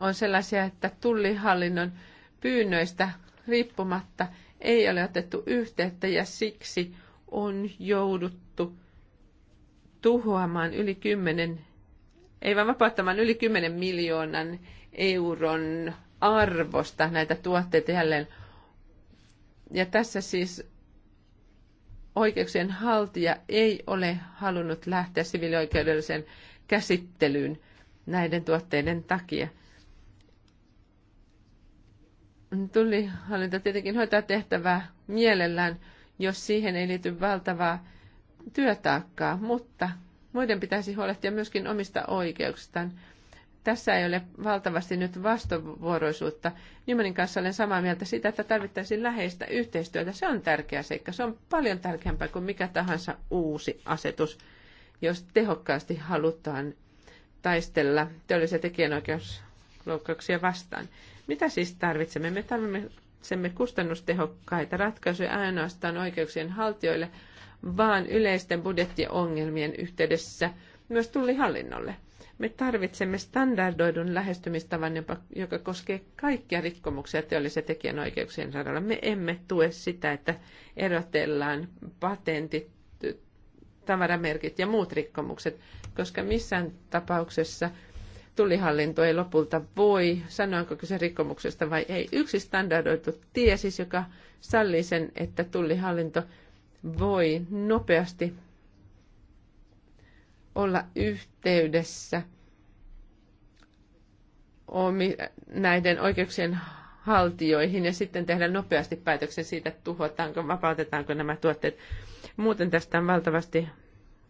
on sellaisia, että tullihallinnon pyynnöistä riippumatta ei ole otettu yhteyttä ja siksi on jouduttu tuhoamaan yli 10, ei vaan vapauttamaan yli 10 miljoonan euron arvosta näitä tuotteita jälleen. Ja tässä siis oikeuksien haltija ei ole halunnut lähteä sivilioikeudelliseen käsittelyyn näiden tuotteiden takia. hallinta tietenkin hoitaa tehtävää mielellään, jos siihen ei liity valtavaa työtaakkaa, mutta muiden pitäisi huolehtia myöskin omista oikeuksistaan tässä ei ole valtavasti nyt vastavuoroisuutta. Nymanin kanssa olen samaa mieltä siitä, että tarvittaisiin läheistä yhteistyötä. Se on tärkeä seikka. Se on paljon tärkeämpää kuin mikä tahansa uusi asetus, jos tehokkaasti halutaan taistella teollisia tekijänoikeusloukkauksia vastaan. Mitä siis tarvitsemme? Me tarvitsemme kustannustehokkaita ratkaisuja ainoastaan oikeuksien haltijoille, vaan yleisten budjettiongelmien yhteydessä myös tullihallinnolle. Me tarvitsemme standardoidun lähestymistavan, joka koskee kaikkia rikkomuksia teollisen tekijänoikeuksien saralla. Me emme tue sitä, että erotellaan patentit, tavaramerkit ja muut rikkomukset, koska missään tapauksessa tullihallinto ei lopulta voi, sanoinko kyse rikkomuksesta vai ei. Yksi standardoitu tie siis, joka sallii sen, että tullihallinto voi nopeasti olla yhteydessä näiden oikeuksien haltijoihin ja sitten tehdä nopeasti päätöksen siitä, että tuhotaanko, vapautetaanko nämä tuotteet. Muuten tästä on valtavasti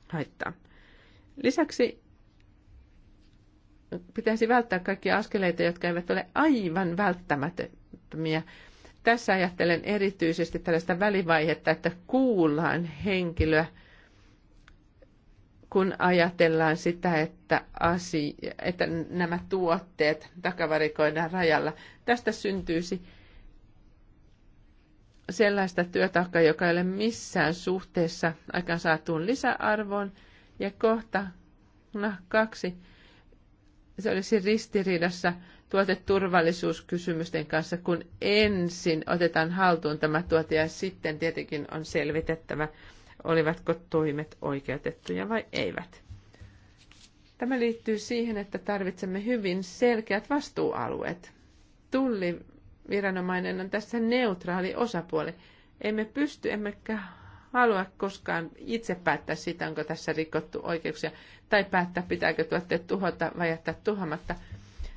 haittaa. Lisäksi pitäisi välttää kaikkia askeleita, jotka eivät ole aivan välttämättömiä. Tässä ajattelen erityisesti tällaista välivaihetta, että kuullaan henkilöä, kun ajatellaan sitä, että, asi, että nämä tuotteet takavarikoidaan rajalla, tästä syntyisi sellaista työtaakkaa, joka ei ole missään suhteessa aikaan saatuun lisäarvoon. Ja kohta no, kaksi, se olisi ristiriidassa tuoteturvallisuuskysymysten kanssa, kun ensin otetaan haltuun tämä tuote ja sitten tietenkin on selvitettävä olivatko toimet oikeutettuja vai eivät. Tämä liittyy siihen, että tarvitsemme hyvin selkeät vastuualueet. viranomainen on tässä neutraali osapuoli. Emme pysty emmekä halua koskaan itse päättää sitä, onko tässä rikottu oikeuksia, tai päättää, pitääkö tuotteet tuhota vai jättää tuhamatta.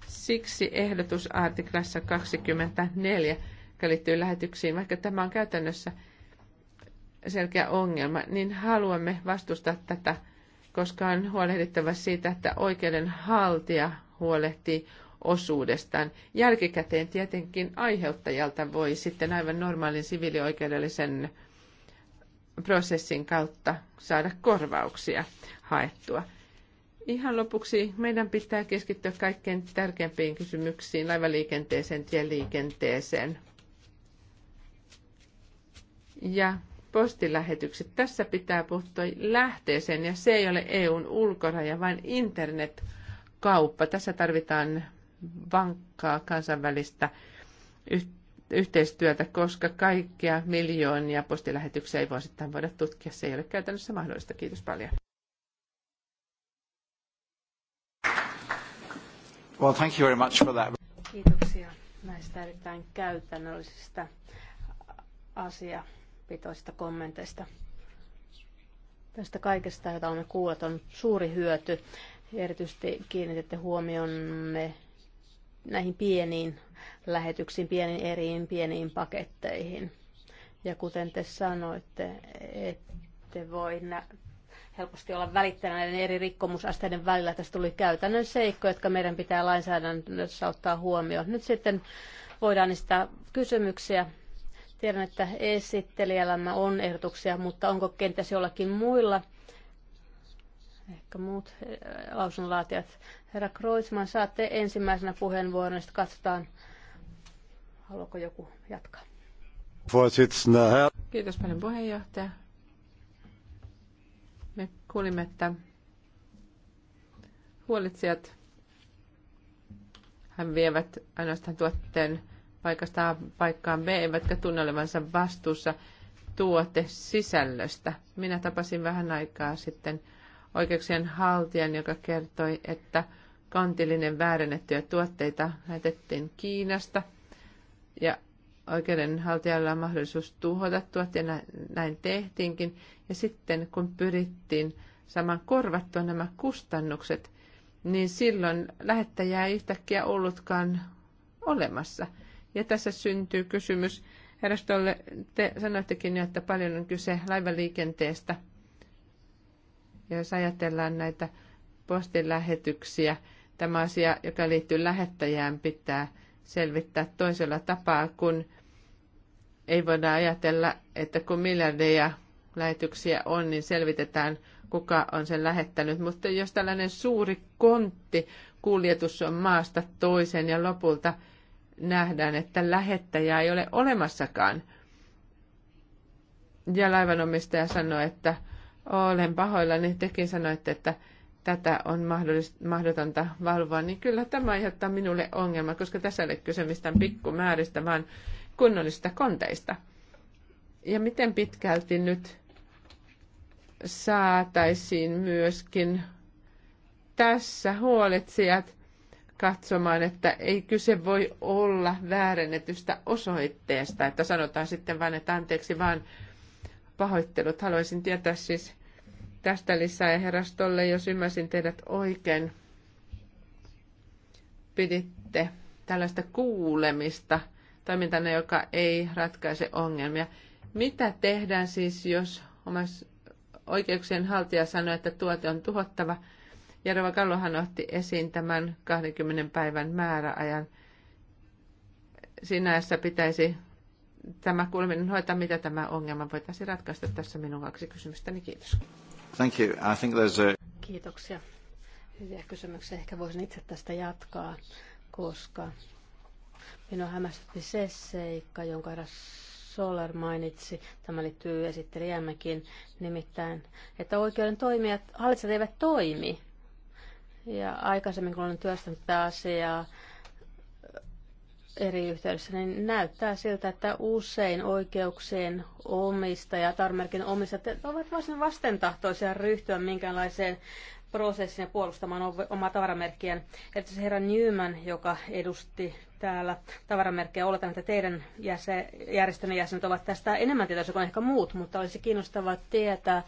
Siksi ehdotus artiklassa 24, joka liittyy lähetyksiin, vaikka tämä on käytännössä – selkeä ongelma, niin haluamme vastustaa tätä, koska on huolehdittava siitä, että oikeudenhaltija huolehtii osuudestaan. Jälkikäteen tietenkin aiheuttajalta voi sitten aivan normaalin siviilioikeudellisen prosessin kautta saada korvauksia haettua. Ihan lopuksi meidän pitää keskittyä kaikkein tärkeimpiin kysymyksiin, laivaliikenteeseen, tieliikenteeseen. Ja postilähetykset. Tässä pitää puuttua lähteeseen ja se ei ole EUn ulkoraja, vaan internetkauppa. Tässä tarvitaan vankkaa kansainvälistä yhteistyötä, koska kaikkia miljoonia postilähetyksiä ei vuosittain voida tutkia. Se ei ole käytännössä mahdollista. Kiitos paljon. Well, thank you very much for that. Kiitoksia näistä erittäin käytännöllisistä asioista pitoisista kommenteista. Tästä kaikesta, jota olemme kuulleet, on suuri hyöty. Erityisesti kiinnitette huomionne näihin pieniin lähetyksiin, pieniin eriin, pieniin paketteihin. Ja kuten te sanoitte, ette voi nä- helposti olla välittäjänä näiden eri rikkomusasteiden välillä. Tästä tuli käytännön seikko, jotka meidän pitää lainsäädännössä ottaa huomioon. Nyt sitten voidaan niistä kysymyksiä Tiedän, että esittelijällämme on ehdotuksia, mutta onko kenties jollakin muilla? Ehkä muut eh, lausunnonlaatijat. Herra Kreuzman, saatte ensimmäisenä puheenvuoron, sitten katsotaan, haluaako joku jatkaa. Kiitos paljon puheenjohtaja. Me kuulimme, että huolitsijat hän vievät ainoastaan tuotteen paikasta A paikkaan B, eivätkä tunne olevansa vastuussa tuote sisällöstä. Minä tapasin vähän aikaa sitten oikeuksien haltijan, joka kertoi, että kantillinen väärennettyjä tuotteita lähetettiin Kiinasta ja oikeudenhaltijalla on mahdollisuus tuhota tuotteena, näin tehtiinkin. Ja sitten kun pyrittiin saman korvattua nämä kustannukset, niin silloin lähettäjää ei yhtäkkiä ollutkaan olemassa – ja tässä syntyy kysymys, Herrastolle, te sanoittekin jo, että paljon on kyse laivaliikenteestä. Ja jos ajatellaan näitä postilähetyksiä, tämä asia, joka liittyy lähettäjään, pitää selvittää toisella tapaa, kun ei voida ajatella, että kun miljardeja lähetyksiä on, niin selvitetään, kuka on sen lähettänyt. Mutta jos tällainen suuri kontti kuljetus on maasta toiseen ja lopulta – nähdään, että lähettäjää ei ole olemassakaan. Ja laivanomistaja sanoi, että olen pahoillani, tekin sanoitte, että tätä on mahdotonta valvoa, niin kyllä tämä aiheuttaa minulle ongelma, koska tässä ei ole kyse mistään pikkumääristä, vaan kunnollisista konteista. Ja miten pitkälti nyt saataisiin myöskin tässä huolitsijat katsomaan, että ei kyse voi olla väärennetystä osoitteesta, että sanotaan sitten vain, että anteeksi vaan pahoittelut. Haluaisin tietää siis tästä lisää ja herrastolle, jos ymmärsin teidät oikein, piditte tällaista kuulemista toimintana, joka ei ratkaise ongelmia. Mitä tehdään siis, jos omais oikeuksien haltija sanoo, että tuote on tuhottava – Jarova Kallohan otti esiin tämän 20 päivän määräajan. Sinässä pitäisi tämä kuuleminen hoitaa, mitä tämä ongelma voitaisiin ratkaista. Tässä minun kaksi kysymystäni. Kiitos. Thank you. I think there's a... Kiitoksia. Hyviä kysymyksiä. Ehkä voisin itse tästä jatkaa, koska minua hämmästytti se seikka, jonka eräs Soller mainitsi, tämä liittyy esittelijämmekin, nimittäin, että oikeuden toimijat, hallitsijat eivät toimi. Ja aikaisemmin, kun olen työstänyt tätä asiaa eri yhteydessä, niin näyttää siltä, että usein oikeuksien omistajat, tarmerkin omistajat, ovat varsin vastentahtoisia ryhtyä minkäänlaiseen prosessin ja puolustamaan omaa tavaramerkkiään. se herra Newman, joka edusti täällä tavaramerkkejä, oletan, että teidän jäsen, järjestönne jäsenet ovat tästä enemmän tietoisia kuin ehkä muut, mutta olisi kiinnostavaa tietää,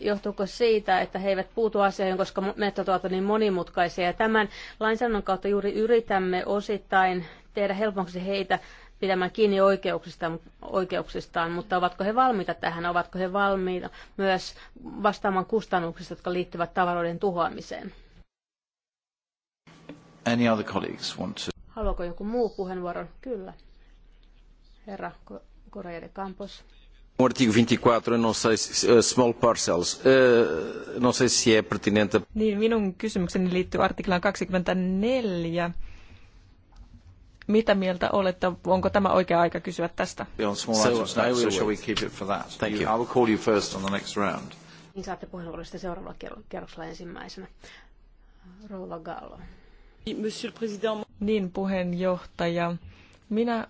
johtuuko siitä, että he eivät puutu asioihin, koska metodit ovat niin monimutkaisia. Ja tämän lainsäädännön kautta juuri yritämme osittain tehdä helpommaksi heitä pitämään kiinni oikeuksista, oikeuksistaan, mutta ovatko he valmiita tähän, ovatko he valmiita myös vastaamaan kustannuksista, jotka liittyvät tavaroiden tuhoamiseen. Any other colleagues want to... Haluaako joku muu puheenvuoron? Kyllä. Herra Correa de Campos um artigo 24, e não sei, uh, small parcels, uh, não sei se é pertinente. Niin, minun kysymykseni liittyy artiklaan 24. Mitä mieltä olette, onko tämä oikea aika kysyä tästä? Uh, Thank you. I will call you first on the next round. Niin saatte puheenvuorosta seuraavalla kerroksella ensimmäisenä. Rouva Gallo. Niin, puheenjohtaja. Minä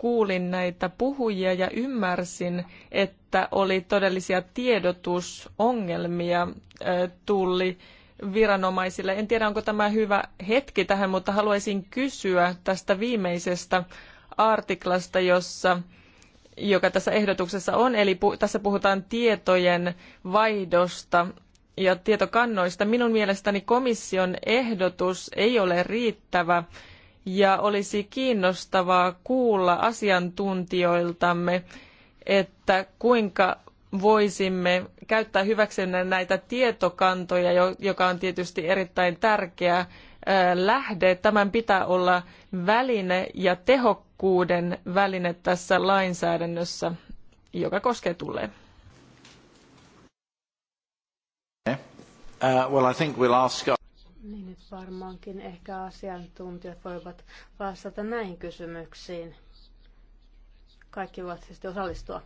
kuulin näitä puhujia ja ymmärsin, että oli todellisia tiedotusongelmia tulli viranomaisille. En tiedä, onko tämä hyvä hetki tähän, mutta haluaisin kysyä tästä viimeisestä artiklasta, jossa joka tässä ehdotuksessa on, eli pu, tässä puhutaan tietojen vaihdosta ja tietokannoista. Minun mielestäni komission ehdotus ei ole riittävä ja olisi kiinnostavaa kuulla asiantuntijoiltamme, että kuinka voisimme käyttää hyväksemme näitä tietokantoja, joka on tietysti erittäin tärkeä lähde. Tämän pitää olla väline ja tehokkuuden väline tässä lainsäädännössä, joka koskee tulee. Eh? Uh, well, I think we'll ask... Niin nyt varmaankin ehkä asiantuntijat voivat vastata näihin kysymyksiin. Kaikki voivat siis osallistua.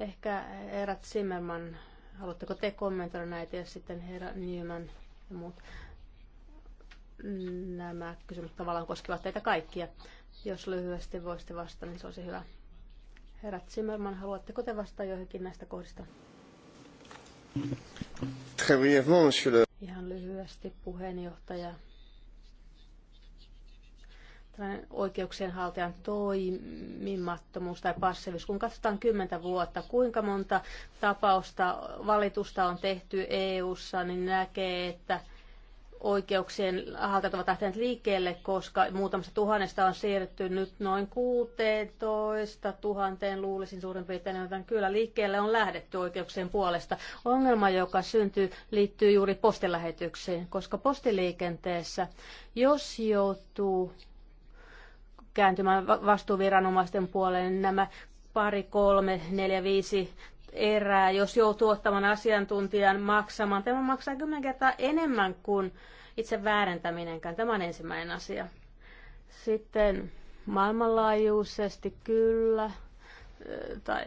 Ehkä Erat Zimmerman, haluatteko te kommentoida näitä ja sitten herra Newman ja muut. Nämä kysymykset tavallaan koskevat teitä kaikkia. Jos lyhyesti voisitte vastata, niin se olisi hyvä. Herra Zimmerman, haluatteko te vastata joihinkin näistä kohdista? Très brièvement, monsieur le Ihan lyhyesti puheenjohtaja. Tällainen oikeuksien haltijan toimimattomuus tai passiivisuus. Kun katsotaan kymmentä vuotta, kuinka monta tapausta valitusta on tehty EU-ssa, niin näkee, että – oikeuksien haltijat ovat lähteneet liikkeelle, koska muutamasta tuhannesta on siirtynyt noin 16 tuhanteen, luulisin suurin piirtein, joten kyllä liikkeelle on lähdetty oikeuksien puolesta. Ongelma, joka syntyy, liittyy juuri postilähetyksiin, koska postiliikenteessä, jos joutuu kääntymään vastuuviranomaisten puoleen, niin nämä pari, kolme, neljä, viisi erää, jos joutuu ottamaan asiantuntijan maksamaan. Tämä maksaa kymmenen kertaa enemmän kuin itse väärentäminenkään. Tämä on ensimmäinen asia. Sitten maailmanlaajuisesti kyllä, tai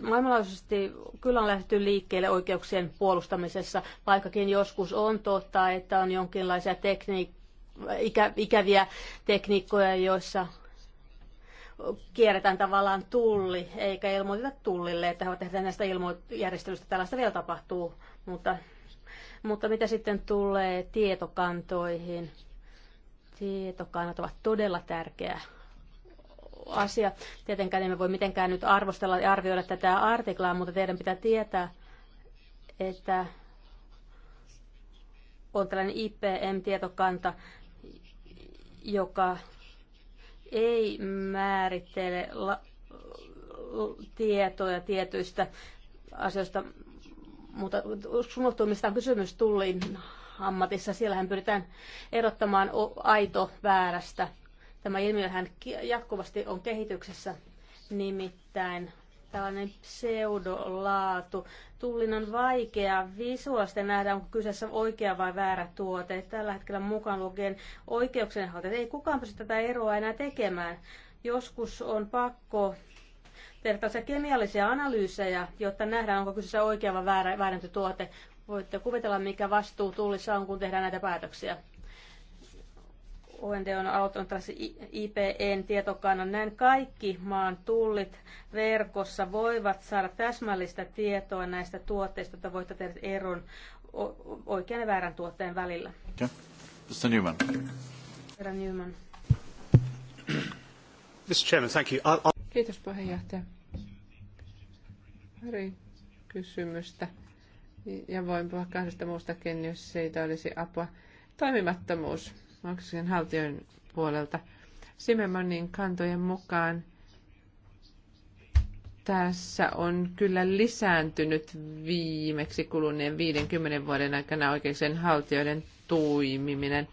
maailmanlaajuisesti kyllä on lähdetty liikkeelle oikeuksien puolustamisessa, vaikkakin joskus on totta, että on jonkinlaisia tekniik- ikä- ikäviä tekniikkoja, joissa kierretään tavallaan tulli, eikä ilmoiteta tullille, että he tehdään näistä ilmoitusjärjestelystä, Tällaista vielä tapahtuu, mutta, mutta mitä sitten tulee tietokantoihin? Tietokannat ovat todella tärkeä asia. Tietenkään emme voi mitenkään nyt arvostella ja arvioida tätä artiklaa, mutta teidän pitää tietää, että on tällainen IPM-tietokanta, joka ei määrittele la- tietoja tietyistä asioista, mutta suunnattomista on kysymys tullin ammatissa. Siellähän pyritään erottamaan aito väärästä. Tämä ilmiöhän jatkuvasti on kehityksessä, nimittäin tällainen pseudolaatu. Tullin on vaikea visuaalisesti nähdä, onko kyseessä oikea vai väärä tuote. Tällä hetkellä mukaan lukien oikeuksien haltijat. Ei kukaan pysty tätä eroa enää tekemään. Joskus on pakko tehdä kemiallisia analyysejä, jotta nähdään, onko kyseessä oikea vai väärä, vääränty tuote. Voitte kuvitella, mikä vastuu tullissa on, kun tehdään näitä päätöksiä. OND on aloittanut tällaisen IPN tietokannan. Näin kaikki maan tullit verkossa voivat saada täsmällistä tietoa näistä tuotteista, että voitte tehdä eron oikean ja väärän tuotteen välillä. Okay. Mr. Newman. Herra Newman. Mr. Chairman, thank you. I'll, I'll... Kiitos puheenjohtaja. Pari kysymystä. Ja voin puhua kahdesta muustakin, jos siitä olisi apua. Toimimattomuus maksujen haltijoiden puolelta. Simemonin kantojen mukaan tässä on kyllä lisääntynyt viimeksi kuluneen 50 vuoden aikana oikeuksien haltijoiden tuimiminen,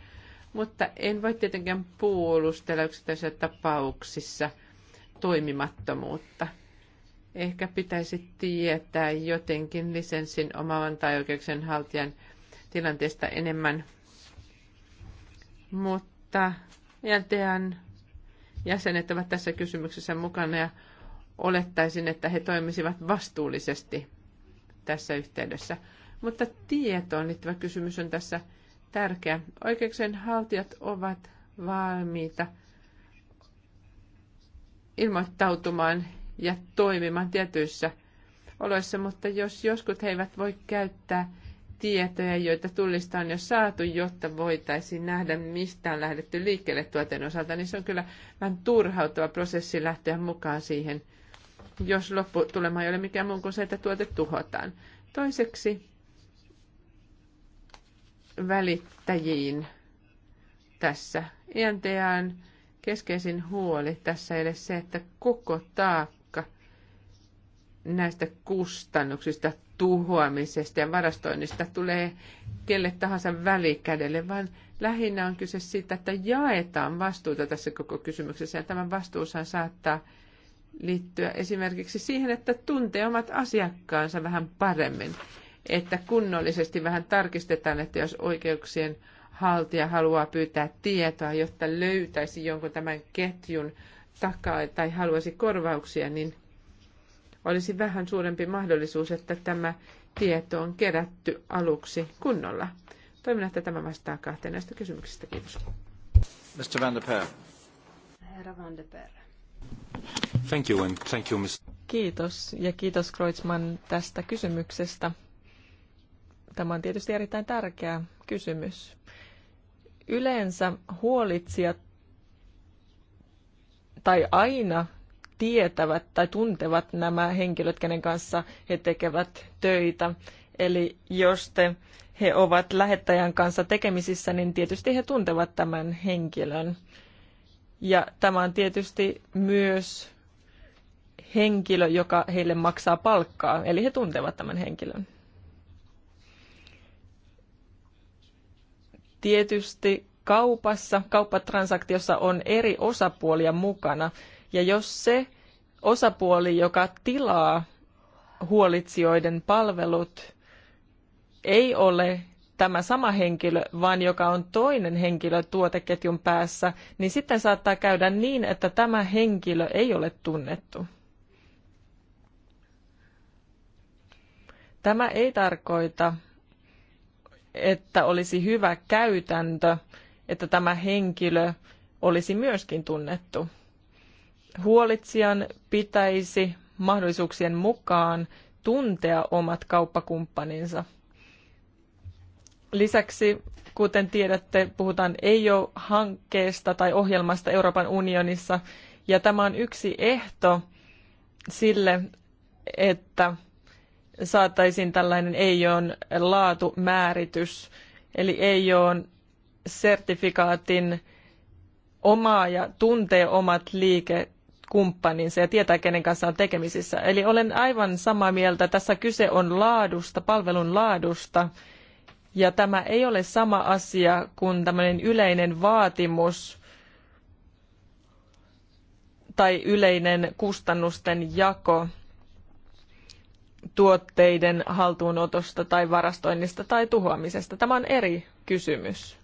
mutta en voi tietenkään puolustella yksittäisissä tapauksissa toimimattomuutta. Ehkä pitäisi tietää jotenkin lisenssin omavan tai oikeuksien haltijan tilanteesta enemmän mutta LTN jäsenet ovat tässä kysymyksessä mukana ja olettaisin, että he toimisivat vastuullisesti tässä yhteydessä. Mutta tietoon liittyvä kysymys on tässä tärkeä. Oikeuksien haltijat ovat valmiita ilmoittautumaan ja toimimaan tietyissä oloissa, mutta jos joskus he eivät voi käyttää tietoja, joita tullista on jo saatu, jotta voitaisiin nähdä, mistä on lähdetty liikkeelle tuoteen osalta, niin se on kyllä vähän turhauttava prosessi lähteä mukaan siihen, jos lopputulema ei ole mikään muu kuin se, että tuote tuhotaan. Toiseksi välittäjiin tässä. INTAn keskeisin huoli tässä ei ole se, että koko taakka näistä kustannuksista, tuhoamisesta ja varastoinnista tulee kelle tahansa välikädelle, vaan lähinnä on kyse siitä, että jaetaan vastuuta tässä koko kysymyksessä. Ja tämän vastuushan saattaa liittyä esimerkiksi siihen, että tuntee omat asiakkaansa vähän paremmin, että kunnollisesti vähän tarkistetaan, että jos oikeuksien haltija haluaa pyytää tietoa, jotta löytäisi jonkun tämän ketjun takaa tai haluaisi korvauksia, niin olisi vähän suurempi mahdollisuus, että tämä tieto on kerätty aluksi kunnolla. Toivon, että tämä vastaa kahteen näistä kysymyksistä. Kiitos. Mr. Van der Per. Herra Van der Per. Thank you and thank you, Mr. Kiitos ja kiitos Kreutzmann tästä kysymyksestä. Tämä on tietysti erittäin tärkeä kysymys. Yleensä huolitsijat tai aina tietävät tai tuntevat nämä henkilöt, kenen kanssa he tekevät töitä. Eli jos te, he ovat lähettäjän kanssa tekemisissä, niin tietysti he tuntevat tämän henkilön. Ja tämä on tietysti myös henkilö, joka heille maksaa palkkaa, eli he tuntevat tämän henkilön. Tietysti kaupassa, kauppatransaktiossa on eri osapuolia mukana, ja jos se osapuoli, joka tilaa huolitsijoiden palvelut, ei ole tämä sama henkilö, vaan joka on toinen henkilö tuoteketjun päässä, niin sitten saattaa käydä niin, että tämä henkilö ei ole tunnettu. Tämä ei tarkoita, että olisi hyvä käytäntö, että tämä henkilö olisi myöskin tunnettu. Huolitsijan pitäisi mahdollisuuksien mukaan tuntea omat kauppakumppaninsa. Lisäksi, kuten tiedätte, puhutaan EIO-hankkeesta tai ohjelmasta Euroopan unionissa, ja tämä on yksi ehto sille, että saataisiin tällainen EIOn laatumääritys, eli EIOn sertifikaatin omaa ja tuntee omat liike kumppaninsa ja tietää, kenen kanssa on tekemisissä. Eli olen aivan samaa mieltä, tässä kyse on laadusta, palvelun laadusta. Ja tämä ei ole sama asia kuin tämmöinen yleinen vaatimus tai yleinen kustannusten jako tuotteiden haltuunotosta tai varastoinnista tai tuhoamisesta. Tämä on eri kysymys.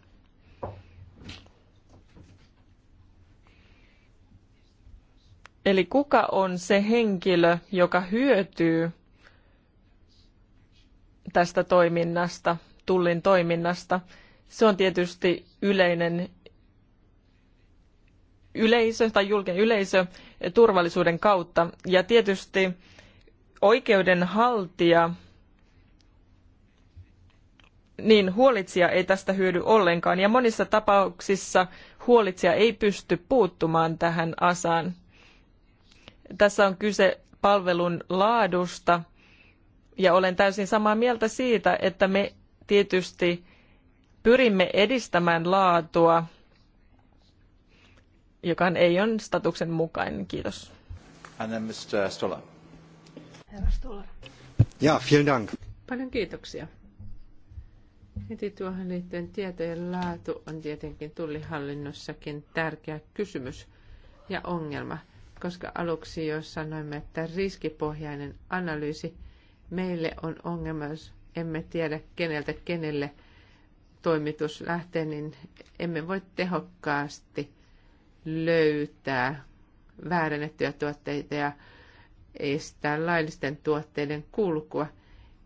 Eli kuka on se henkilö, joka hyötyy tästä toiminnasta, tullin toiminnasta? Se on tietysti yleinen yleisö tai julkinen yleisö turvallisuuden kautta. Ja tietysti oikeudenhaltija, niin huolitsija ei tästä hyödy ollenkaan. Ja monissa tapauksissa huolitsija ei pysty puuttumaan tähän asaan. Tässä on kyse palvelun laadusta ja olen täysin samaa mieltä siitä, että me tietysti pyrimme edistämään laatua, joka ei on statuksen mukainen. Kiitos. And then Mr. Stoller. Herra Stoller. Ja, vielen Dank. Paljon kiitoksia. Heti tuohon liittyen tietojen laatu on tietenkin tullihallinnossakin tärkeä kysymys ja ongelma – koska aluksi jo sanoimme, että riskipohjainen analyysi meille on ongelma, jos emme tiedä keneltä kenelle toimitus lähtee, niin emme voi tehokkaasti löytää väärennettyjä tuotteita ja estää laillisten tuotteiden kulkua.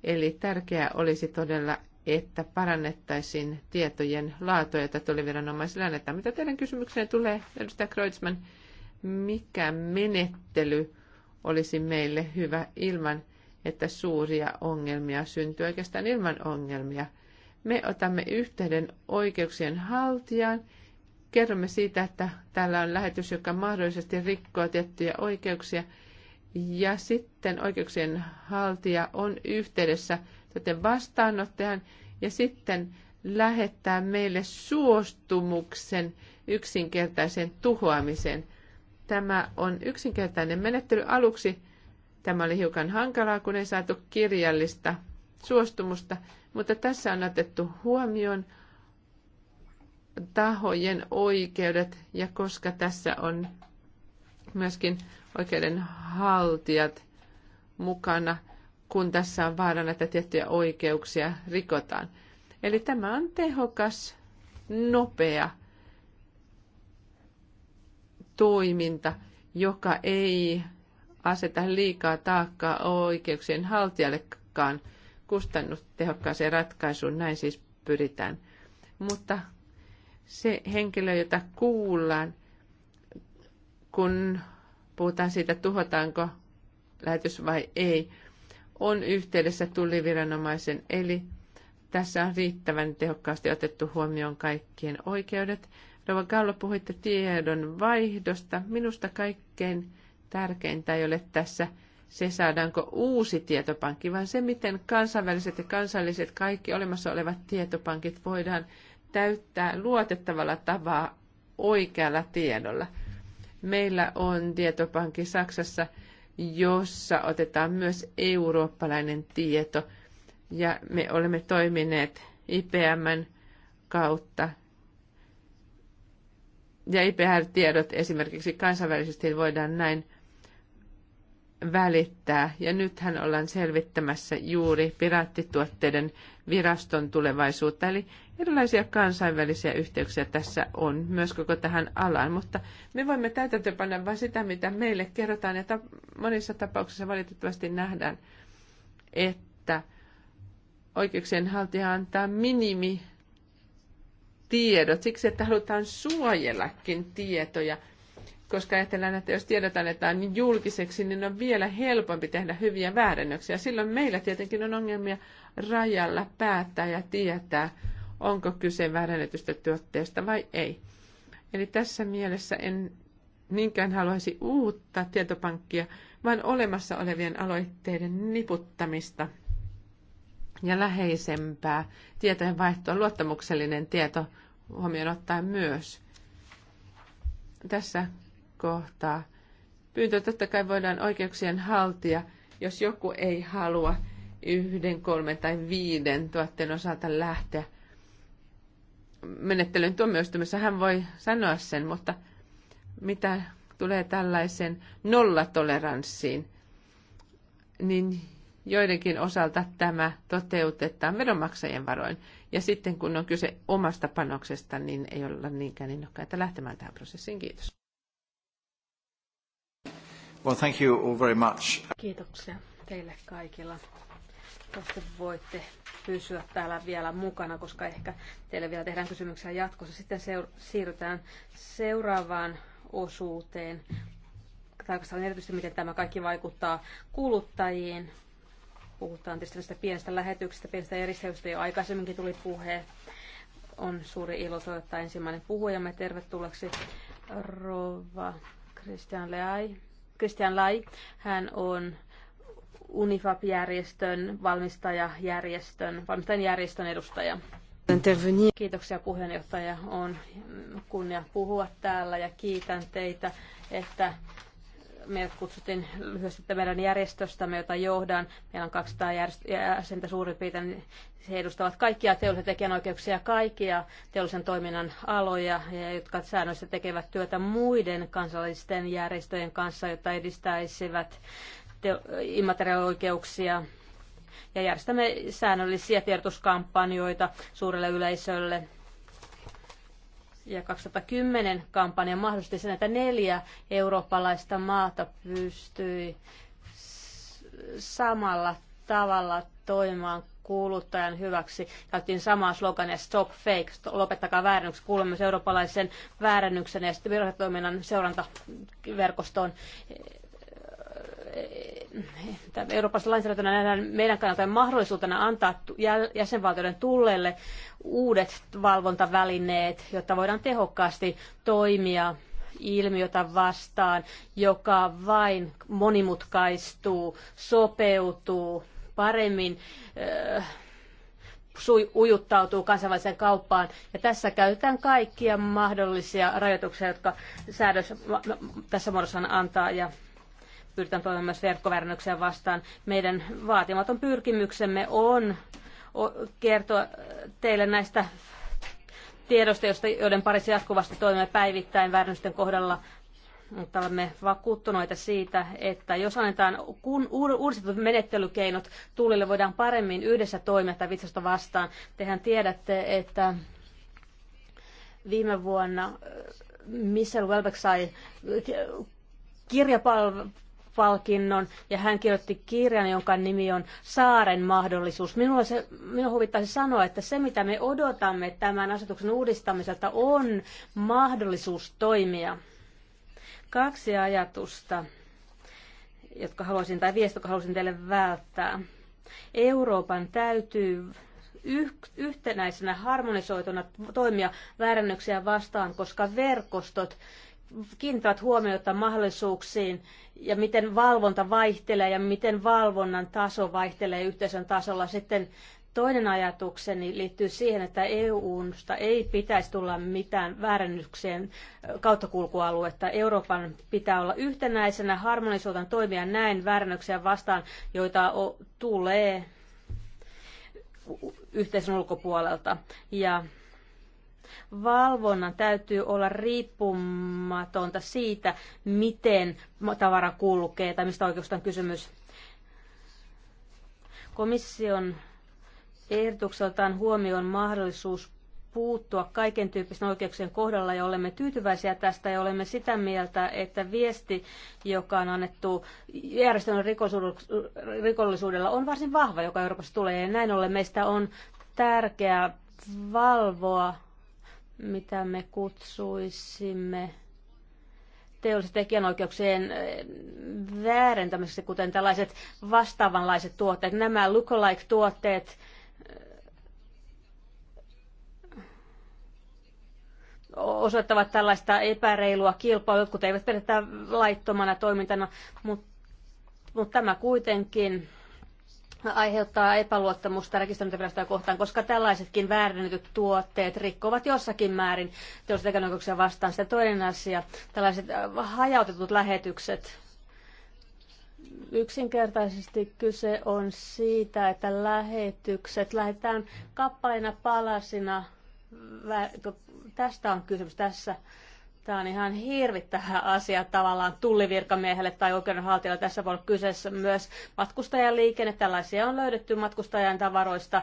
Eli tärkeää olisi todella, että parannettaisiin tietojen laatua, jota viranomaisille annetaan. Mitä teidän kysymykseen tulee, edustaja Kreutzmann, mikä menettely olisi meille hyvä ilman, että suuria ongelmia syntyy oikeastaan ilman ongelmia. Me otamme yhteyden oikeuksien haltijaan, kerromme siitä, että täällä on lähetys, joka mahdollisesti rikkoo tiettyjä oikeuksia, ja sitten oikeuksien haltija on yhteydessä täten vastaanottajan, ja sitten lähettää meille suostumuksen yksinkertaisen tuhoamiseen – Tämä on yksinkertainen menettely. Aluksi tämä oli hiukan hankalaa, kun ei saatu kirjallista suostumusta, mutta tässä on otettu huomioon tahojen oikeudet ja koska tässä on myöskin oikeudenhaltijat mukana, kun tässä on vaarana, että tiettyjä oikeuksia rikotaan. Eli tämä on tehokas, nopea toiminta, joka ei aseta liikaa taakkaa oikeuksien haltijallekaan kustannustehokkaaseen ratkaisuun, näin siis pyritään. Mutta se henkilö, jota kuullaan, kun puhutaan siitä, tuhotaanko lähetys vai ei, on yhteydessä tulliviranomaisen, eli tässä on riittävän tehokkaasti otettu huomioon kaikkien oikeudet Rova Gallo, puhuitte tiedon vaihdosta. Minusta kaikkein tärkeintä ei ole tässä se, saadaanko uusi tietopankki, vaan se, miten kansainväliset ja kansalliset kaikki olemassa olevat tietopankit voidaan täyttää luotettavalla tavalla oikealla tiedolla. Meillä on tietopankki Saksassa, jossa otetaan myös eurooppalainen tieto, ja me olemme toimineet IPMn kautta ja IPR-tiedot esimerkiksi kansainvälisesti voidaan näin välittää. Ja nythän ollaan selvittämässä juuri piraattituotteiden viraston tulevaisuutta. Eli erilaisia kansainvälisiä yhteyksiä tässä on myös koko tähän alaan. Mutta me voimme täytäntöpanna vain sitä, mitä meille kerrotaan. Ja monissa tapauksissa valitettavasti nähdään, että oikeuksien haltija antaa minimi tiedot siksi, että halutaan suojellakin tietoja, koska ajatellaan, että jos tiedot annetaan julkiseksi, niin on vielä helpompi tehdä hyviä väärennöksiä. Silloin meillä tietenkin on ongelmia rajalla päättää ja tietää, onko kyse väärennetystä tuotteesta vai ei. Eli tässä mielessä en niinkään haluaisi uutta tietopankkia, vaan olemassa olevien aloitteiden niputtamista – ja läheisempää tietojenvaihtoa, luottamuksellinen tieto huomioon ottaen myös. Tässä kohtaa pyyntö totta kai voidaan oikeuksien haltia, jos joku ei halua yhden, kolmen tai viiden tuotteen osalta lähteä menettelyyn tuomioistumissa. Hän voi sanoa sen, mutta mitä tulee tällaisen nollatoleranssiin, niin joidenkin osalta tämä toteutetaan veronmaksajien varoin. Ja sitten kun on kyse omasta panoksesta, niin ei olla niinkään innokkaita lähtemään tähän prosessiin. Kiitos. Well, thank you all very much. Kiitoksia teille kaikilla. Tästä voitte pysyä täällä vielä mukana, koska ehkä teille vielä tehdään kysymyksiä jatkossa. Sitten seur- siirrytään seuraavaan osuuteen. Tarkastellaan erityisesti, miten tämä kaikki vaikuttaa kuluttajiin, Puhutaan tietysti näistä pienestä lähetyksestä, pienestä järjestelystä jo aikaisemminkin tuli puhe. On suuri ilo soittaa ensimmäinen puhujamme tervetulleeksi Rova Christian Lai. Christian Lai. Hän on UNIFAP-järjestön, valmistajajärjestön, valmistajan järjestön edustaja. Kiitoksia puheenjohtaja. On kunnia puhua täällä ja kiitän teitä, että meidät kutsuttiin lyhyesti meidän järjestöstämme, jota johdan. Meillä on 200 jäsentä suurin piirtein. He edustavat kaikkia teollisen tekijänoikeuksia, kaikkia teollisen toiminnan aloja, ja jotka säännöissä tekevät työtä muiden kansallisten järjestöjen kanssa, jotta edistäisivät immateriaalioikeuksia. Ja järjestämme säännöllisiä tiedotuskampanjoita suurelle yleisölle ja 2010 kampanja mahdollisti sen, että neljä eurooppalaista maata pystyi samalla tavalla toimimaan kuluttajan hyväksi. Käytiin samaa slogania Stop Fake, lopettakaa väärännykset. Kuulemme myös eurooppalaisen väärännyksen ja sitten virhetoiminnan seurantaverkostoon Euroopassa lainsäädäntönä nähdään meidän kannalta mahdollisuutena antaa jäsenvaltioiden tulleille uudet valvontavälineet, jotta voidaan tehokkaasti toimia ilmiötä vastaan, joka vain monimutkaistuu, sopeutuu, paremmin äh, ujuttautuu kansainväliseen kauppaan. Ja tässä käytetään kaikkia mahdollisia rajoituksia, jotka säädös tässä muodossa antaa. Ja pyritään toimimaan myös verkkovärnöksiä vastaan. Meidän vaatimaton pyrkimyksemme on kertoa teille näistä tiedosta, joiden parissa jatkuvasti toimimme päivittäin värnösten kohdalla mutta olemme vakuuttuneita siitä, että jos annetaan kun uudistetut menettelykeinot, tuulille voidaan paremmin yhdessä toimia tai vitsasta vastaan. Tehän tiedätte, että viime vuonna Michelle Welbeck sai kirjapalvelu palkinnon ja hän kirjoitti kirjan, jonka nimi on Saaren mahdollisuus. Minulla, se, minun huvittaisi sanoa, että se mitä me odotamme tämän asetuksen uudistamiselta on mahdollisuus toimia. Kaksi ajatusta, jotka haluaisin, tai viesti, jotka haluaisin teille välttää. Euroopan täytyy yhtenäisenä harmonisoituna toimia väärännyksiä vastaan, koska verkostot kiinnittävät huomiota mahdollisuuksiin ja miten valvonta vaihtelee ja miten valvonnan taso vaihtelee yhteisön tasolla. Sitten toinen ajatukseni liittyy siihen, että EU: EU-sta ei pitäisi tulla mitään väärännyksien kauttakulkualuetta. Euroopan pitää olla yhtenäisenä, harmonisoitan toimia näin väärännyksiä vastaan, joita tulee yhteisön ulkopuolelta. Ja Valvonnan täytyy olla riippumatonta siitä, miten tavara kulkee tai mistä oikeastaan kysymys. Komission ehdotukseltaan huomioon mahdollisuus puuttua kaiken tyyppisten oikeuksien kohdalla ja olemme tyytyväisiä tästä ja olemme sitä mieltä, että viesti, joka on annettu järjestön rikollisuudella, on varsin vahva, joka Euroopassa tulee ja näin ollen meistä on tärkeää valvoa mitä me kutsuisimme teollisen tekijänoikeuksien eh, väärentämiseksi, kuten tällaiset vastaavanlaiset tuotteet, nämä lookalike-tuotteet, eh, osoittavat tällaista epäreilua kilpailua, jotkut eivät pidetä laittomana toimintana, mutta, mutta tämä kuitenkin aiheuttaa epäluottamusta rekisteröintivirastoja kohtaan, koska tällaisetkin väärennetyt tuotteet rikkovat jossakin määrin teollisuuden vastaan. Sitten toinen asia, tällaiset äh, hajautetut lähetykset. Yksinkertaisesti kyse on siitä, että lähetykset lähetään kappaleina palasina. Tästä on kysymys tässä Tämä on ihan hirvittävä asia tavallaan tullivirkamiehelle tai oikeudenhaltijalle. Tässä voi olla kyseessä myös matkustajaliikenne. Tällaisia on löydetty matkustajan tavaroista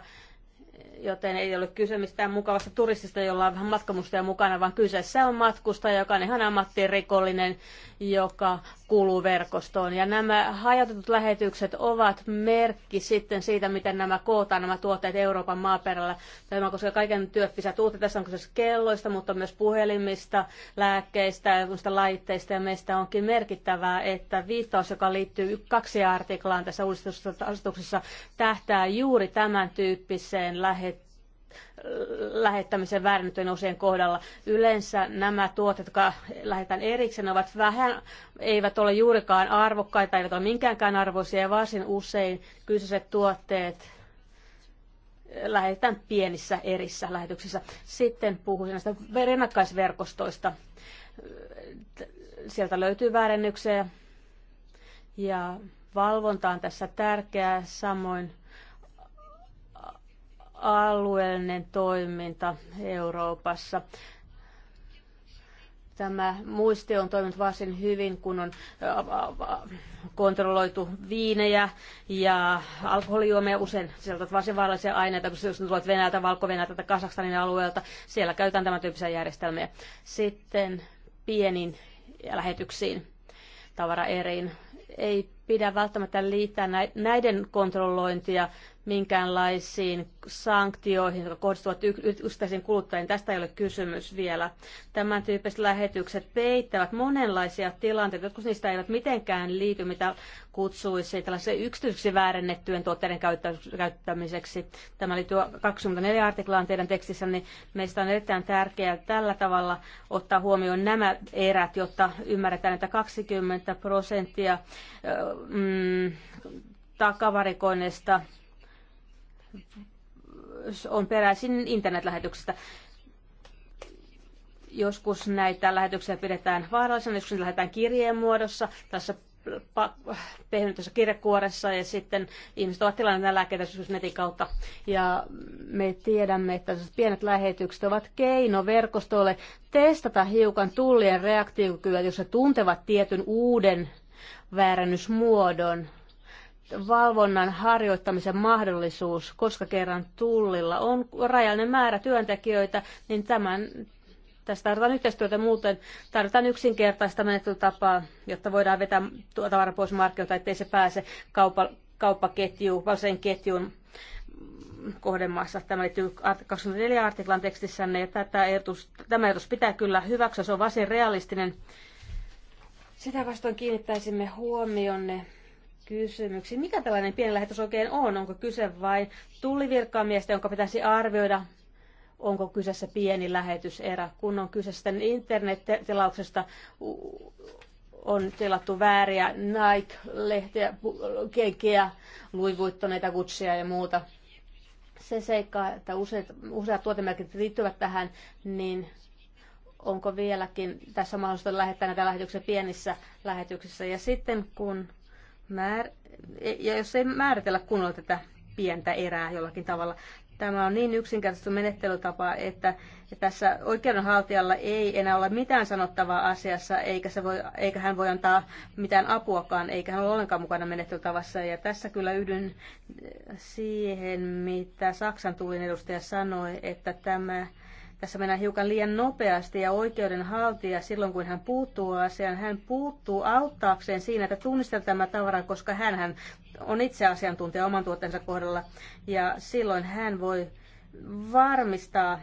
joten ei ole kyse mistään mukavasta turistista, jolla on vähän matkamustaja mukana, vaan kyseessä on matkustaja, joka on ihan ammattirikollinen, joka kuuluu verkostoon. Ja nämä hajautetut lähetykset ovat merkki sitten siitä, miten nämä kootaan nämä tuotteet Euroopan maaperällä. Tämä koska kaiken työppisiä tuotteita, tässä on kyse siis kelloista, mutta myös puhelimista, lääkkeistä, laitteista, ja meistä onkin merkittävää, että viittaus, joka liittyy kaksi artiklaan tässä uudistuksessa tähtää juuri tämän tyyppiseen lähet, lähettämisen väärennettyjen osien kohdalla. Yleensä nämä tuotteet, jotka lähetetään erikseen, ovat vähän, eivät ole juurikaan arvokkaita, eivät ole minkäänkään arvoisia ja varsin usein kyseiset tuotteet lähetetään pienissä erissä lähetyksissä. Sitten puhuisin näistä rinnakkaisverkostoista. Sieltä löytyy väärennyksiä ja valvonta on tässä tärkeää, samoin alueellinen toiminta Euroopassa. Tämä muisti on toiminut varsin hyvin, kun on kontrolloitu viinejä ja alkoholijuomia usein sieltä varsin vaarallisia aineita, kun jos tulet Venäjältä, Valko-Venäjältä tai Kasakstanin alueelta. Siellä käytetään tämän tyyppisiä järjestelmiä. Sitten pienin lähetyksiin tavaraeriin. Ei pidä välttämättä liittää näiden kontrollointia minkäänlaisiin sanktioihin, jotka kohdistuvat yksittäisiin kuluttajien. Tästä ei ole kysymys vielä. Tämän tyyppiset lähetykset peittävät monenlaisia tilanteita. Jotkut niistä eivät mitenkään liity, mitä kutsuisi tällaisen yksityisiksi väärennettyjen tuotteiden käyttämiseksi. Tämä liittyy 24 artiklaan teidän tekstissä, Niin meistä on erittäin tärkeää tällä tavalla ottaa huomioon nämä erät, jotta ymmärretään, että 20 prosenttia mm, takavarikoinnista on peräisin internetlähetyksestä. Joskus näitä lähetyksiä pidetään vaarallisena, joskus ne lähetään kirjeen muodossa, tässä pehmennetyssä kirjekuoressa ja sitten ihmiset ovat tilanneet lääkkeitä netin kautta. Ja me tiedämme, että pienet lähetykset ovat keino verkostolle testata hiukan tullien reaktiokykyä, jos he tuntevat tietyn uuden väärännysmuodon valvonnan harjoittamisen mahdollisuus, koska kerran tullilla on rajallinen määrä työntekijöitä, niin tämän, tässä tarvitaan yhteistyötä muuten. Tarvitaan yksinkertaista menettelytapaa, jotta voidaan vetää tavara pois markkinoilta, ettei se pääse kaupa, kauppaketjuun, valseen ketjun kohdemaassa. Tämä liittyy 24 artiklan tekstissänne ja tätä ehdotus, tämä ehdotus pitää kyllä hyväksyä, se on varsin realistinen. Sitä vastoin kiinnittäisimme huomionne kysymyksiin. Mikä tällainen pieni lähetys oikein on? Onko kyse vai tullivirkkaamiestä, jonka pitäisi arvioida, onko kyseessä pieni lähetyserä? Kun on kyse sitten internet-tilauksesta, on tilattu vääriä Nike-lehtiä, kenkiä, luivuittoneita kutsia ja muuta. Se seikka, että useat, useat tuotemerkit liittyvät tähän, niin onko vieläkin tässä mahdollista lähettää näitä lähetyksiä pienissä lähetyksissä. Ja sitten kun määr- e, ja jos ei määritellä kunnolla tätä pientä erää jollakin tavalla. Tämä on niin yksinkertaista menettelytapa, että tässä oikeudenhaltijalla ei enää ole mitään sanottavaa asiassa, eikä, se voi, eikä hän voi antaa mitään apuakaan, eikä hän ole ollenkaan mukana menettelytavassa. Ja tässä kyllä yhdyn siihen, mitä Saksan tulin edustaja sanoi, että tämä tässä mennään hiukan liian nopeasti ja oikeudenhaltija silloin, kun hän puuttuu asiaan, hän puuttuu auttaakseen siinä, että tunnistaa tämä tavara, koska hän on itse asiantuntija oman tuotteensa kohdalla ja silloin hän voi varmistaa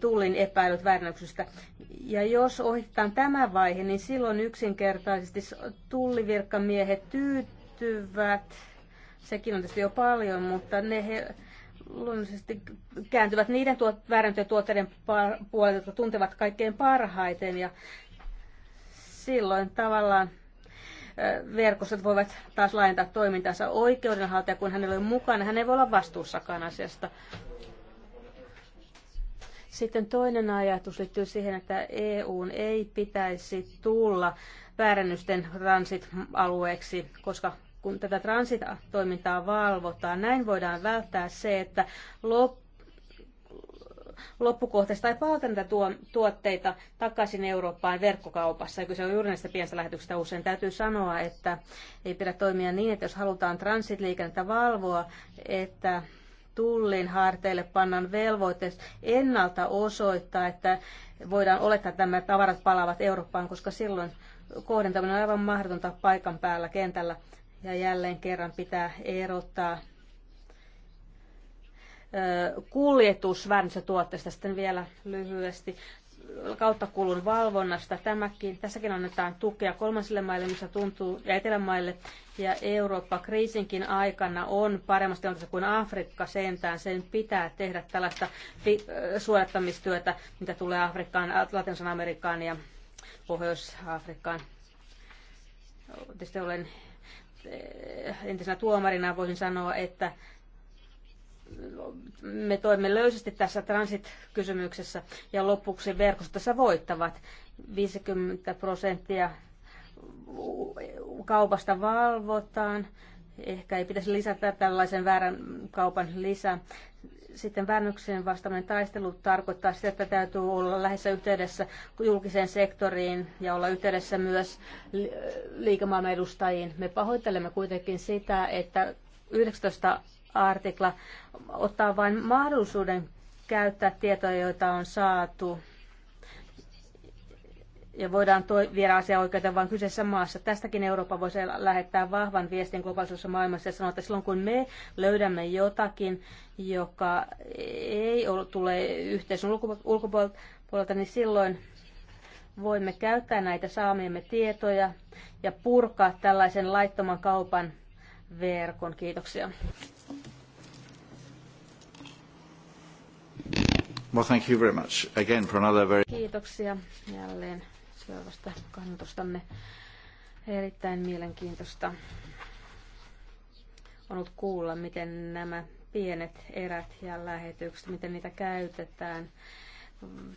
tullin epäilyt väärännöksestä. Ja jos ohitetaan tämä vaihe, niin silloin yksinkertaisesti tullivirkkamiehet tyytyvät. Sekin on tietysti jo paljon, mutta ne he, luonnollisesti kääntyvät niiden tuot, väärentyjen tuotteiden puolelle, jotka tuntevat kaikkein parhaiten. Ja silloin tavallaan verkostot voivat taas laajentaa toimintansa oikeudenhaltija, kun hänellä on mukana. Hän ei voi olla vastuussakaan asiasta. Sitten toinen ajatus liittyy siihen, että EUn ei pitäisi tulla väärännysten transit-alueeksi, koska kun tätä transitoimintaa valvotaan. Näin voidaan välttää se, että lop- loppukohteista tai palauta tuo, tuotteita takaisin Eurooppaan verkkokaupassa. Ja kyse on juuri näistä pienistä lähetyksistä usein. Täytyy sanoa, että ei pidä toimia niin, että jos halutaan transitliikennettä valvoa, että tullin harteille pannaan velvoite ennalta osoittaa, että voidaan olettaa, että nämä tavarat palaavat Eurooppaan, koska silloin kohdentaminen on aivan mahdotonta paikan päällä kentällä. Ja jälleen kerran pitää erottaa kuljetusväärnöstä tuotteesta sitten vielä lyhyesti kauttakulun valvonnasta. Tämäkin, tässäkin annetaan tukea kolmansille maille, missä tuntuu, ja etelämaille. Ja Eurooppa kriisinkin aikana on paremmassa tilanteessa kuin Afrikka sentään. Sen pitää tehdä tällaista suojattamistyötä, mitä tulee Afrikkaan, Latinalaisen Amerikkaan ja Pohjois-Afrikkaan. Tietysti olen Eh, entisenä tuomarina voisin sanoa, että me toimme löysästi tässä transit-kysymyksessä ja lopuksi verkostossa voittavat 50 prosenttia kaupasta valvotaan. Ehkä ei pitäisi lisätä tällaisen väärän kaupan lisää. Sitten väännökseen vastaaminen taistelu tarkoittaa sitä, että täytyy olla lähes yhteydessä julkiseen sektoriin ja olla yhteydessä myös liikemaailman edustajiin. Me pahoittelemme kuitenkin sitä, että 19 artikla ottaa vain mahdollisuuden käyttää tietoja, joita on saatu ja voidaan toi, viedä asia oikeuteen vain kyseessä maassa. Tästäkin Eurooppa voisi lähettää vahvan viestin globaalisessa maailmassa ja sanoa, että silloin kun me löydämme jotakin, joka ei ole, tule yhteisön ulkopuolelta, niin silloin voimme käyttää näitä saamiemme tietoja ja purkaa tällaisen laittoman kaupan verkon. Kiitoksia. Well, thank you very much again for another very... Kiitoksia jälleen seuraavasta kannatustanne. Erittäin mielenkiintoista on ollut kuulla, miten nämä pienet erät ja lähetykset, miten niitä käytetään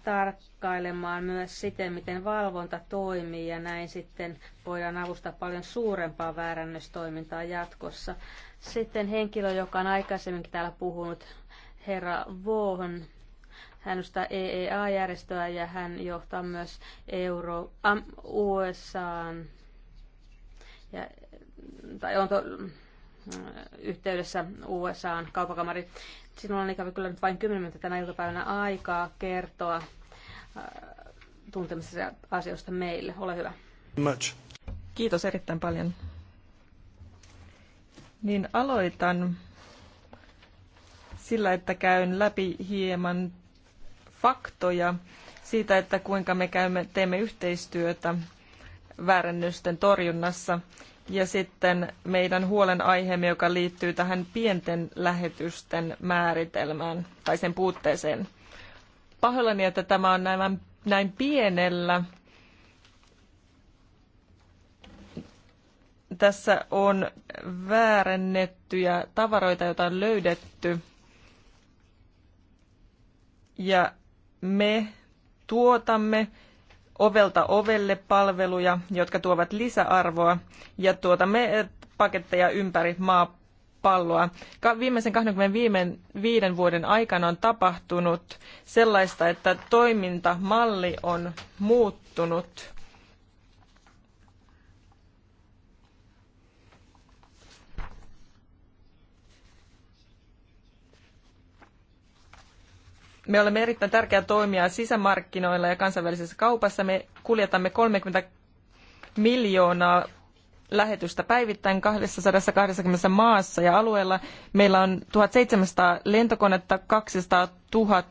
tarkkailemaan myös siten, miten valvonta toimii ja näin sitten voidaan avustaa paljon suurempaa väärännöstoimintaa jatkossa. Sitten henkilö, joka on aikaisemminkin täällä puhunut, herra Vohon. Hän edustaa EEA-järjestöä ja hän johtaa myös Euro, am, USA ja, tai on to, mm, yhteydessä USAan kaupakamari. Sinulla on ikävä kyllä nyt vain 10 minuuttia tänä iltapäivänä aikaa kertoa äh, tuntemista asioista meille. Ole hyvä. Much. Kiitos erittäin paljon. Niin aloitan sillä, että käyn läpi hieman faktoja siitä, että kuinka me käymme, teemme yhteistyötä väärennösten torjunnassa. Ja sitten meidän huolenaiheemme, joka liittyy tähän pienten lähetysten määritelmään tai sen puutteeseen. Pahoillani, että tämä on näin, näin pienellä. Tässä on väärennettyjä tavaroita, joita on löydetty. Ja me tuotamme ovelta ovelle palveluja, jotka tuovat lisäarvoa ja tuotamme eh, paketteja ympäri maapalloa. Viimeisen 25 vuoden aikana on tapahtunut sellaista, että toimintamalli on muuttunut Me olemme erittäin tärkeä toimija sisämarkkinoilla ja kansainvälisessä kaupassa. Me kuljetamme 30 miljoonaa lähetystä päivittäin 220 maassa ja alueella. Meillä on 1700 lentokonetta, 200 000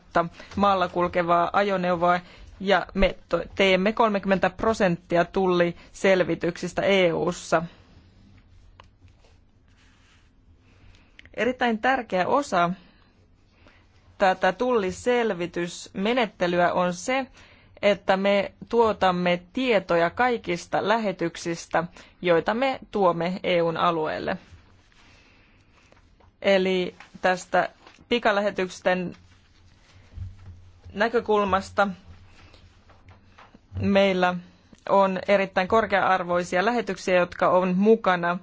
maalla kulkevaa ajoneuvoa ja me teemme 30 prosenttia tulliselvityksistä EU-ssa. Erittäin tärkeä osa tätä tulliselvitysmenettelyä on se, että me tuotamme tietoja kaikista lähetyksistä, joita me tuomme EUn alueelle. Eli tästä pikalähetysten näkökulmasta meillä on erittäin korkea-arvoisia lähetyksiä, jotka on mukana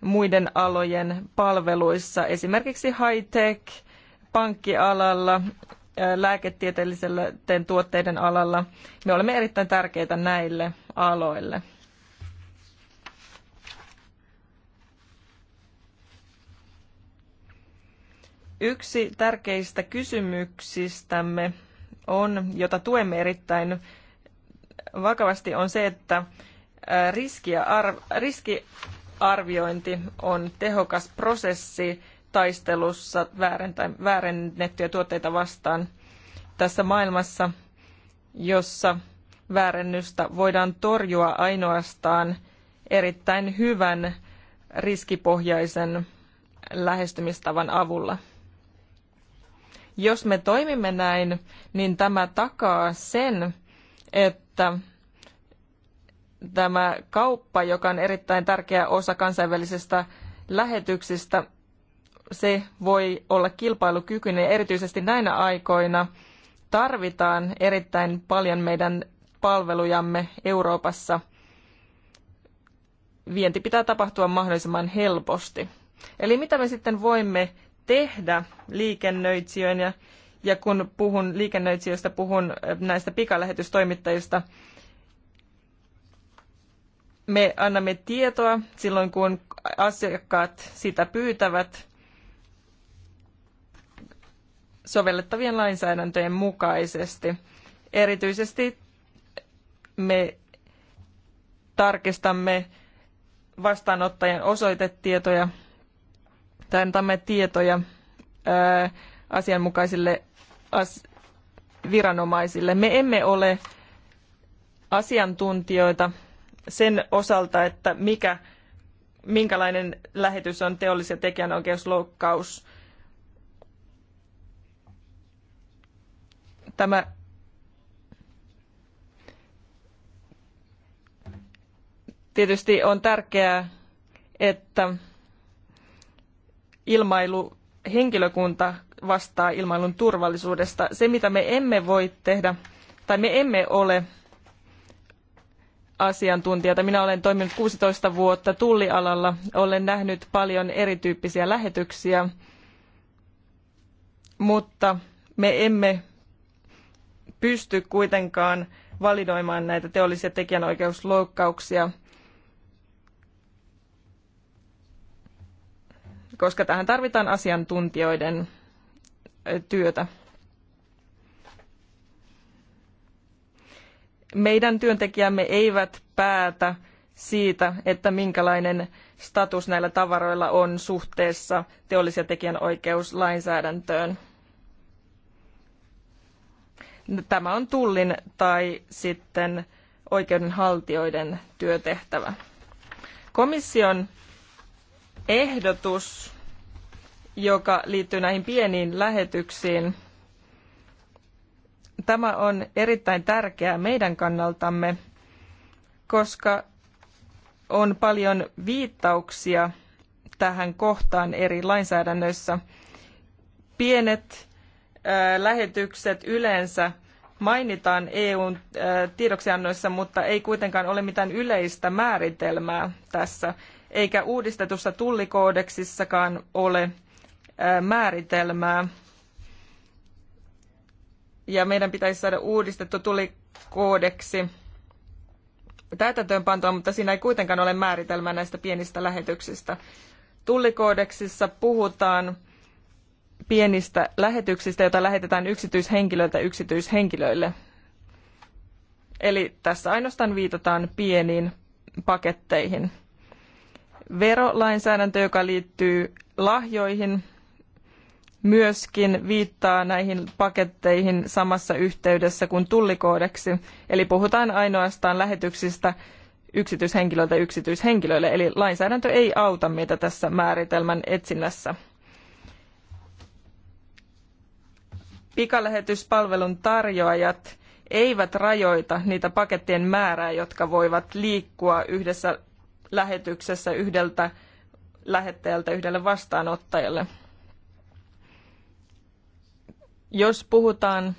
muiden alojen palveluissa, esimerkiksi high-tech, pankkialalla, lääketieteellisten tuotteiden alalla. Me olemme erittäin tärkeitä näille aloille. Yksi tärkeistä kysymyksistämme on, jota tuemme erittäin vakavasti, on se, että riskiarviointi on tehokas prosessi taistelussa väärennettyjä tuotteita vastaan tässä maailmassa, jossa väärennystä voidaan torjua ainoastaan erittäin hyvän riskipohjaisen lähestymistavan avulla. Jos me toimimme näin, niin tämä takaa sen, että tämä kauppa, joka on erittäin tärkeä osa kansainvälisestä lähetyksistä, se voi olla kilpailukykyinen. Erityisesti näinä aikoina tarvitaan erittäin paljon meidän palvelujamme Euroopassa. Vienti pitää tapahtua mahdollisimman helposti. Eli mitä me sitten voimme tehdä liikennöitsijöin ja, ja kun puhun liikennöitsijöistä, puhun äh, näistä pikalähetystoimittajista, me annamme tietoa silloin, kun asiakkaat sitä pyytävät sovellettavien lainsäädäntöjen mukaisesti. Erityisesti me tarkistamme vastaanottajan osoitetietoja tai antamme tietoja ää, asianmukaisille as- viranomaisille. Me emme ole asiantuntijoita sen osalta, että mikä, minkälainen lähetys on teollis- ja tekijänoikeusloukkaus Tämä tietysti on tärkeää, että ilmailuhenkilökunta vastaa ilmailun turvallisuudesta. Se, mitä me emme voi tehdä, tai me emme ole asiantuntijoita. Minä olen toiminut 16 vuotta tullialalla. Olen nähnyt paljon erityyppisiä lähetyksiä, mutta me emme pysty kuitenkaan validoimaan näitä teollisia tekijänoikeusloukkauksia, koska tähän tarvitaan asiantuntijoiden työtä. Meidän työntekijämme eivät päätä siitä, että minkälainen status näillä tavaroilla on suhteessa teollisia tekijänoikeuslainsäädäntöön. Tämä on tullin tai sitten oikeudenhaltijoiden työtehtävä. Komission ehdotus, joka liittyy näihin pieniin lähetyksiin, tämä on erittäin tärkeää meidän kannaltamme, koska on paljon viittauksia tähän kohtaan eri lainsäädännöissä. Pienet lähetykset yleensä mainitaan EUn tiedoksiannoissa, mutta ei kuitenkaan ole mitään yleistä määritelmää tässä, eikä uudistetussa tullikoodeksissakaan ole määritelmää. Ja meidän pitäisi saada uudistettu tullikoodeksi täytäntöönpantoa, mutta siinä ei kuitenkaan ole määritelmää näistä pienistä lähetyksistä. Tullikoodeksissa puhutaan pienistä lähetyksistä, joita lähetetään yksityishenkilöiltä yksityishenkilöille. Eli tässä ainoastaan viitataan pieniin paketteihin. Verolainsäädäntö, joka liittyy lahjoihin, myöskin viittaa näihin paketteihin samassa yhteydessä kuin tullikoodeksi. Eli puhutaan ainoastaan lähetyksistä yksityishenkilöiltä yksityishenkilöille, eli lainsäädäntö ei auta meitä tässä määritelmän etsinnässä. Pikalähetyspalvelun tarjoajat eivät rajoita niitä pakettien määrää, jotka voivat liikkua yhdessä lähetyksessä yhdeltä lähettäjältä yhdelle vastaanottajalle. Jos puhutaan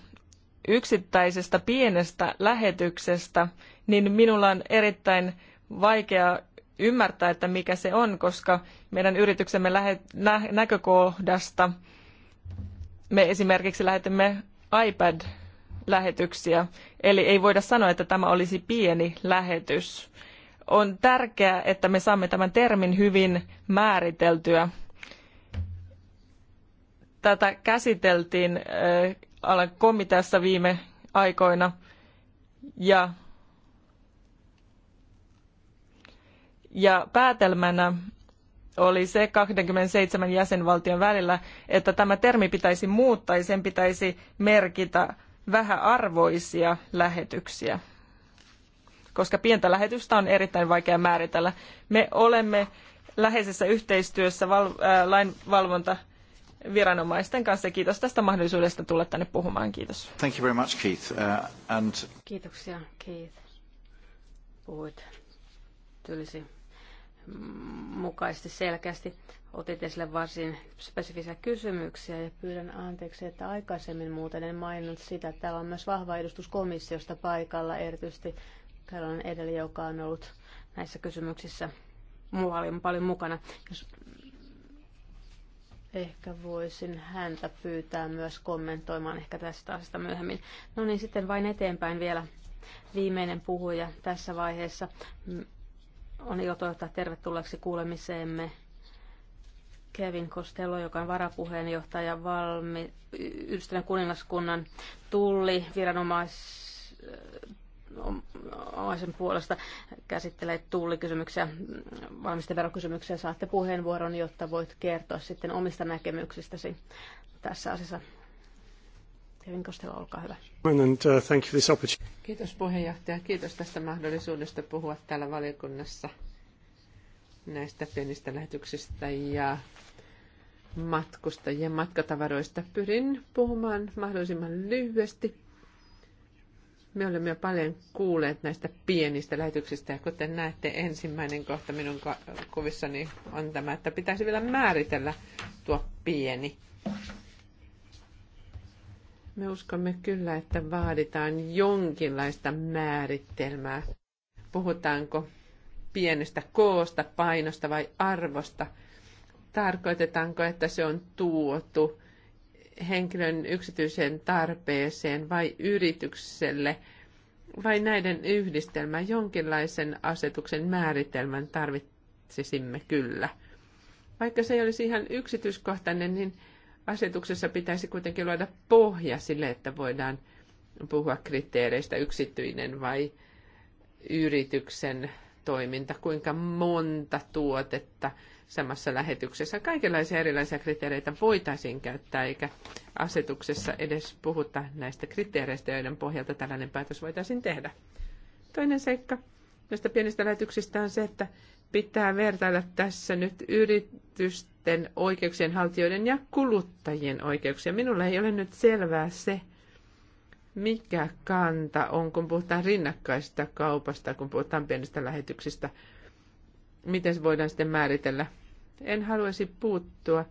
yksittäisestä pienestä lähetyksestä, niin minulla on erittäin vaikea ymmärtää, että mikä se on, koska meidän yrityksemme lähe- nä- näkökohdasta – me esimerkiksi lähetimme iPad-lähetyksiä, eli ei voida sanoa, että tämä olisi pieni lähetys. On tärkeää, että me saamme tämän termin hyvin määriteltyä. Tätä käsiteltiin alan komiteassa viime aikoina ja, ja päätelmänä oli se 27 jäsenvaltion välillä, että tämä termi pitäisi muuttaa ja sen pitäisi merkitä vähäarvoisia lähetyksiä. Koska pientä lähetystä on erittäin vaikea määritellä. Me olemme läheisessä yhteistyössä val- äh, lainvalvonta viranomaisten kanssa. Ja kiitos tästä mahdollisuudesta tulla tänne puhumaan. Kiitos. Thank you very much, Keith. Uh, and... Kiitoksia, Keith. Puhuit tylsi mukaisesti selkeästi otit esille varsin spesifisiä kysymyksiä ja pyydän anteeksi, että aikaisemmin muuten en maininnut sitä. Täällä on myös vahva edustus komissiosta paikalla, erityisesti Karolan edellä, joka on ollut näissä kysymyksissä muualla paljon mukana. Jos ehkä voisin häntä pyytää myös kommentoimaan ehkä tästä asiasta myöhemmin. No niin, sitten vain eteenpäin vielä viimeinen puhuja tässä vaiheessa on ilo toivottaa tervetulleeksi kuulemiseemme Kevin Costello, joka on varapuheenjohtaja valmi, Yhdistyneen kuningaskunnan tulli viranomaisen puolesta käsittelee tullikysymyksiä, valmisteverokysymyksiä. Saatte puheenvuoron, jotta voit kertoa sitten omista näkemyksistäsi tässä asiassa. Kevin Kostela, olkaa hyvä. Uh, Kiitos puheenjohtaja. Kiitos tästä mahdollisuudesta puhua täällä valiokunnassa näistä pienistä lähetyksistä ja matkustajien matkatavaroista. Pyrin puhumaan mahdollisimman lyhyesti. Me olemme jo paljon kuulleet näistä pienistä lähetyksistä ja kuten näette, ensimmäinen kohta minun kuvissani on tämä, että pitäisi vielä määritellä tuo pieni. Me uskomme kyllä, että vaaditaan jonkinlaista määritelmää. Puhutaanko pienestä koosta, painosta vai arvosta? Tarkoitetaanko, että se on tuotu henkilön yksityiseen tarpeeseen vai yritykselle vai näiden yhdistelmä jonkinlaisen asetuksen määritelmän tarvitsisimme kyllä. Vaikka se ei olisi ihan yksityiskohtainen, niin asetuksessa pitäisi kuitenkin luoda pohja sille, että voidaan puhua kriteereistä yksityinen vai yrityksen toiminta, kuinka monta tuotetta samassa lähetyksessä. Kaikenlaisia erilaisia kriteereitä voitaisiin käyttää, eikä asetuksessa edes puhuta näistä kriteereistä, joiden pohjalta tällainen päätös voitaisiin tehdä. Toinen seikka näistä pienistä lähetyksistä on se, että pitää vertailla tässä nyt yritystä sitten oikeuksien haltijoiden ja kuluttajien oikeuksia. Minulla ei ole nyt selvää se, mikä kanta on, kun puhutaan rinnakkaista kaupasta, kun puhutaan pienistä lähetyksistä. Miten se voidaan sitten määritellä? En haluaisi puuttua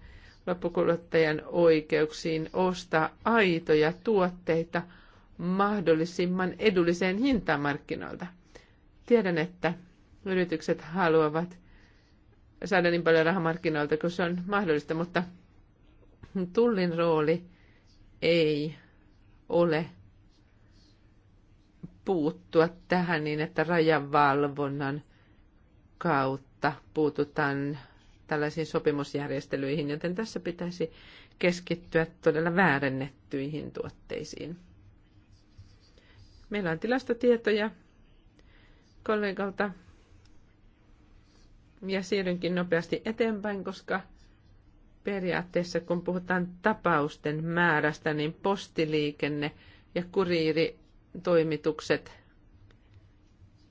loppukuluttajan oikeuksiin ostaa aitoja tuotteita mahdollisimman edulliseen hintaan markkinoilta. Tiedän, että yritykset haluavat saada niin paljon rahamarkkinoilta kuin se on mahdollista, mutta tullin rooli ei ole puuttua tähän niin, että rajavalvonnan kautta puututaan tällaisiin sopimusjärjestelyihin, joten tässä pitäisi keskittyä todella väärennettyihin tuotteisiin. Meillä on tilastotietoja kollegalta ja siirrynkin nopeasti eteenpäin, koska periaatteessa kun puhutaan tapausten määrästä, niin postiliikenne ja kuriiritoimitukset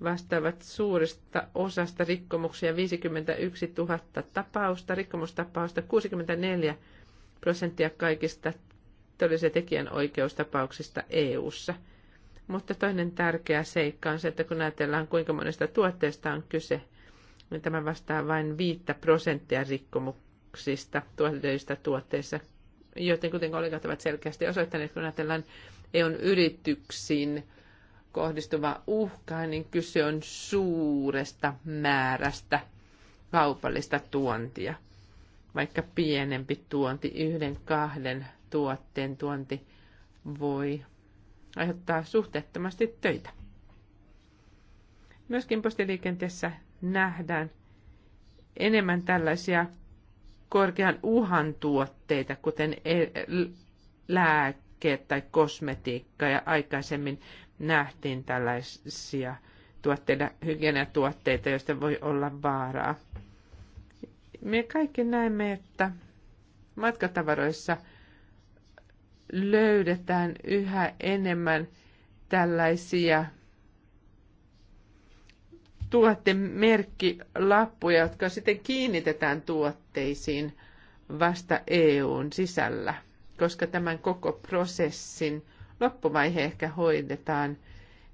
vastaavat suurista osasta rikkomuksia 51 000 tapausta, rikkomustapausta 64 prosenttia kaikista todellisen tekijän oikeustapauksista EU-ssa. Mutta toinen tärkeä seikka on se, että kun ajatellaan kuinka monesta tuotteesta on kyse – Tämä vastaa vain 5 prosenttia rikkomuksista tuotetuista tuotteissa, joten kuten kollegat ovat selkeästi osoittaneet, kun ajatellaan EUn yrityksiin kohdistuva uhka, niin kyse on suuresta määrästä kaupallista tuontia. Vaikka pienempi tuonti, yhden, kahden tuotteen tuonti voi aiheuttaa suhteettomasti töitä. Myöskin postiliikenteessä nähdään enemmän tällaisia korkean uhan tuotteita, kuten e- lääkkeet tai kosmetiikka, ja aikaisemmin nähtiin tällaisia tuotteita, hygieniatuotteita, joista voi olla vaaraa. Me kaikki näemme, että matkatavaroissa löydetään yhä enemmän tällaisia tuotemerkkilappuja, jotka sitten kiinnitetään tuotteisiin vasta EUn sisällä, koska tämän koko prosessin loppuvaihe ehkä hoidetaan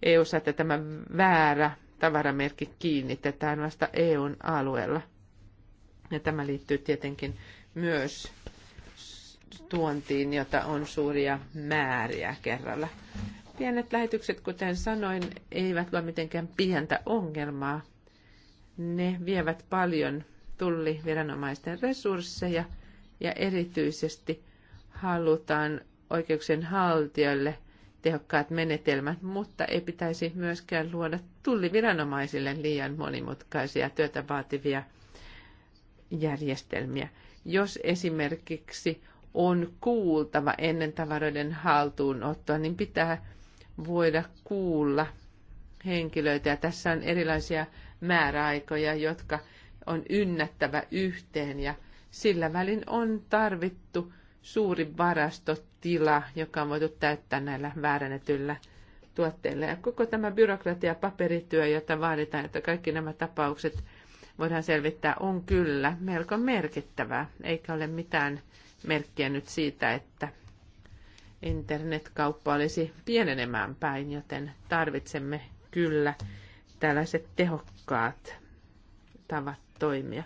EUssa, että tämä väärä tavaramerkki kiinnitetään vasta EUn alueella. Ja tämä liittyy tietenkin myös tuontiin, jota on suuria määriä kerralla. Pienet lähetykset, kuten sanoin, eivät ole mitenkään pientä ongelmaa. Ne vievät paljon tulliviranomaisten resursseja ja erityisesti halutaan oikeuksien haltijoille tehokkaat menetelmät, mutta ei pitäisi myöskään luoda tulliviranomaisille liian monimutkaisia työtä vaativia järjestelmiä. Jos esimerkiksi on kuultava ennen tavaroiden haltuunottoa, niin pitää voida kuulla henkilöitä. Ja tässä on erilaisia määräaikoja, jotka on ynnättävä yhteen ja sillä välin on tarvittu suuri varastotila, joka on voitu täyttää näillä väärännetyillä tuotteilla. Ja koko tämä byrokratia ja paperityö, jota vaaditaan, että kaikki nämä tapaukset voidaan selvittää, on kyllä melko merkittävää, eikä ole mitään merkkiä nyt siitä, että internetkauppa olisi pienenemään päin, joten tarvitsemme kyllä tällaiset tehokkaat tavat toimia.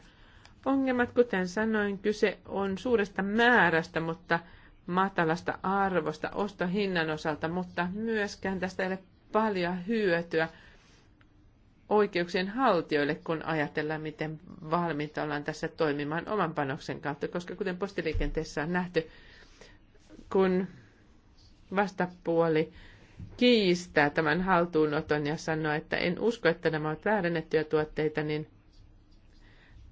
Ongelmat, kuten sanoin, kyse on suuresta määrästä, mutta matalasta arvosta ostohinnan osalta, mutta myöskään tästä ei ole paljon hyötyä oikeuksien haltijoille, kun ajatellaan, miten valmiita ollaan tässä toimimaan oman panoksen kautta, koska kuten postiliikenteessä on nähty, kun vastapuoli kiistää tämän haltuunoton ja sanoo, että en usko, että nämä ovat väärennettyjä tuotteita, niin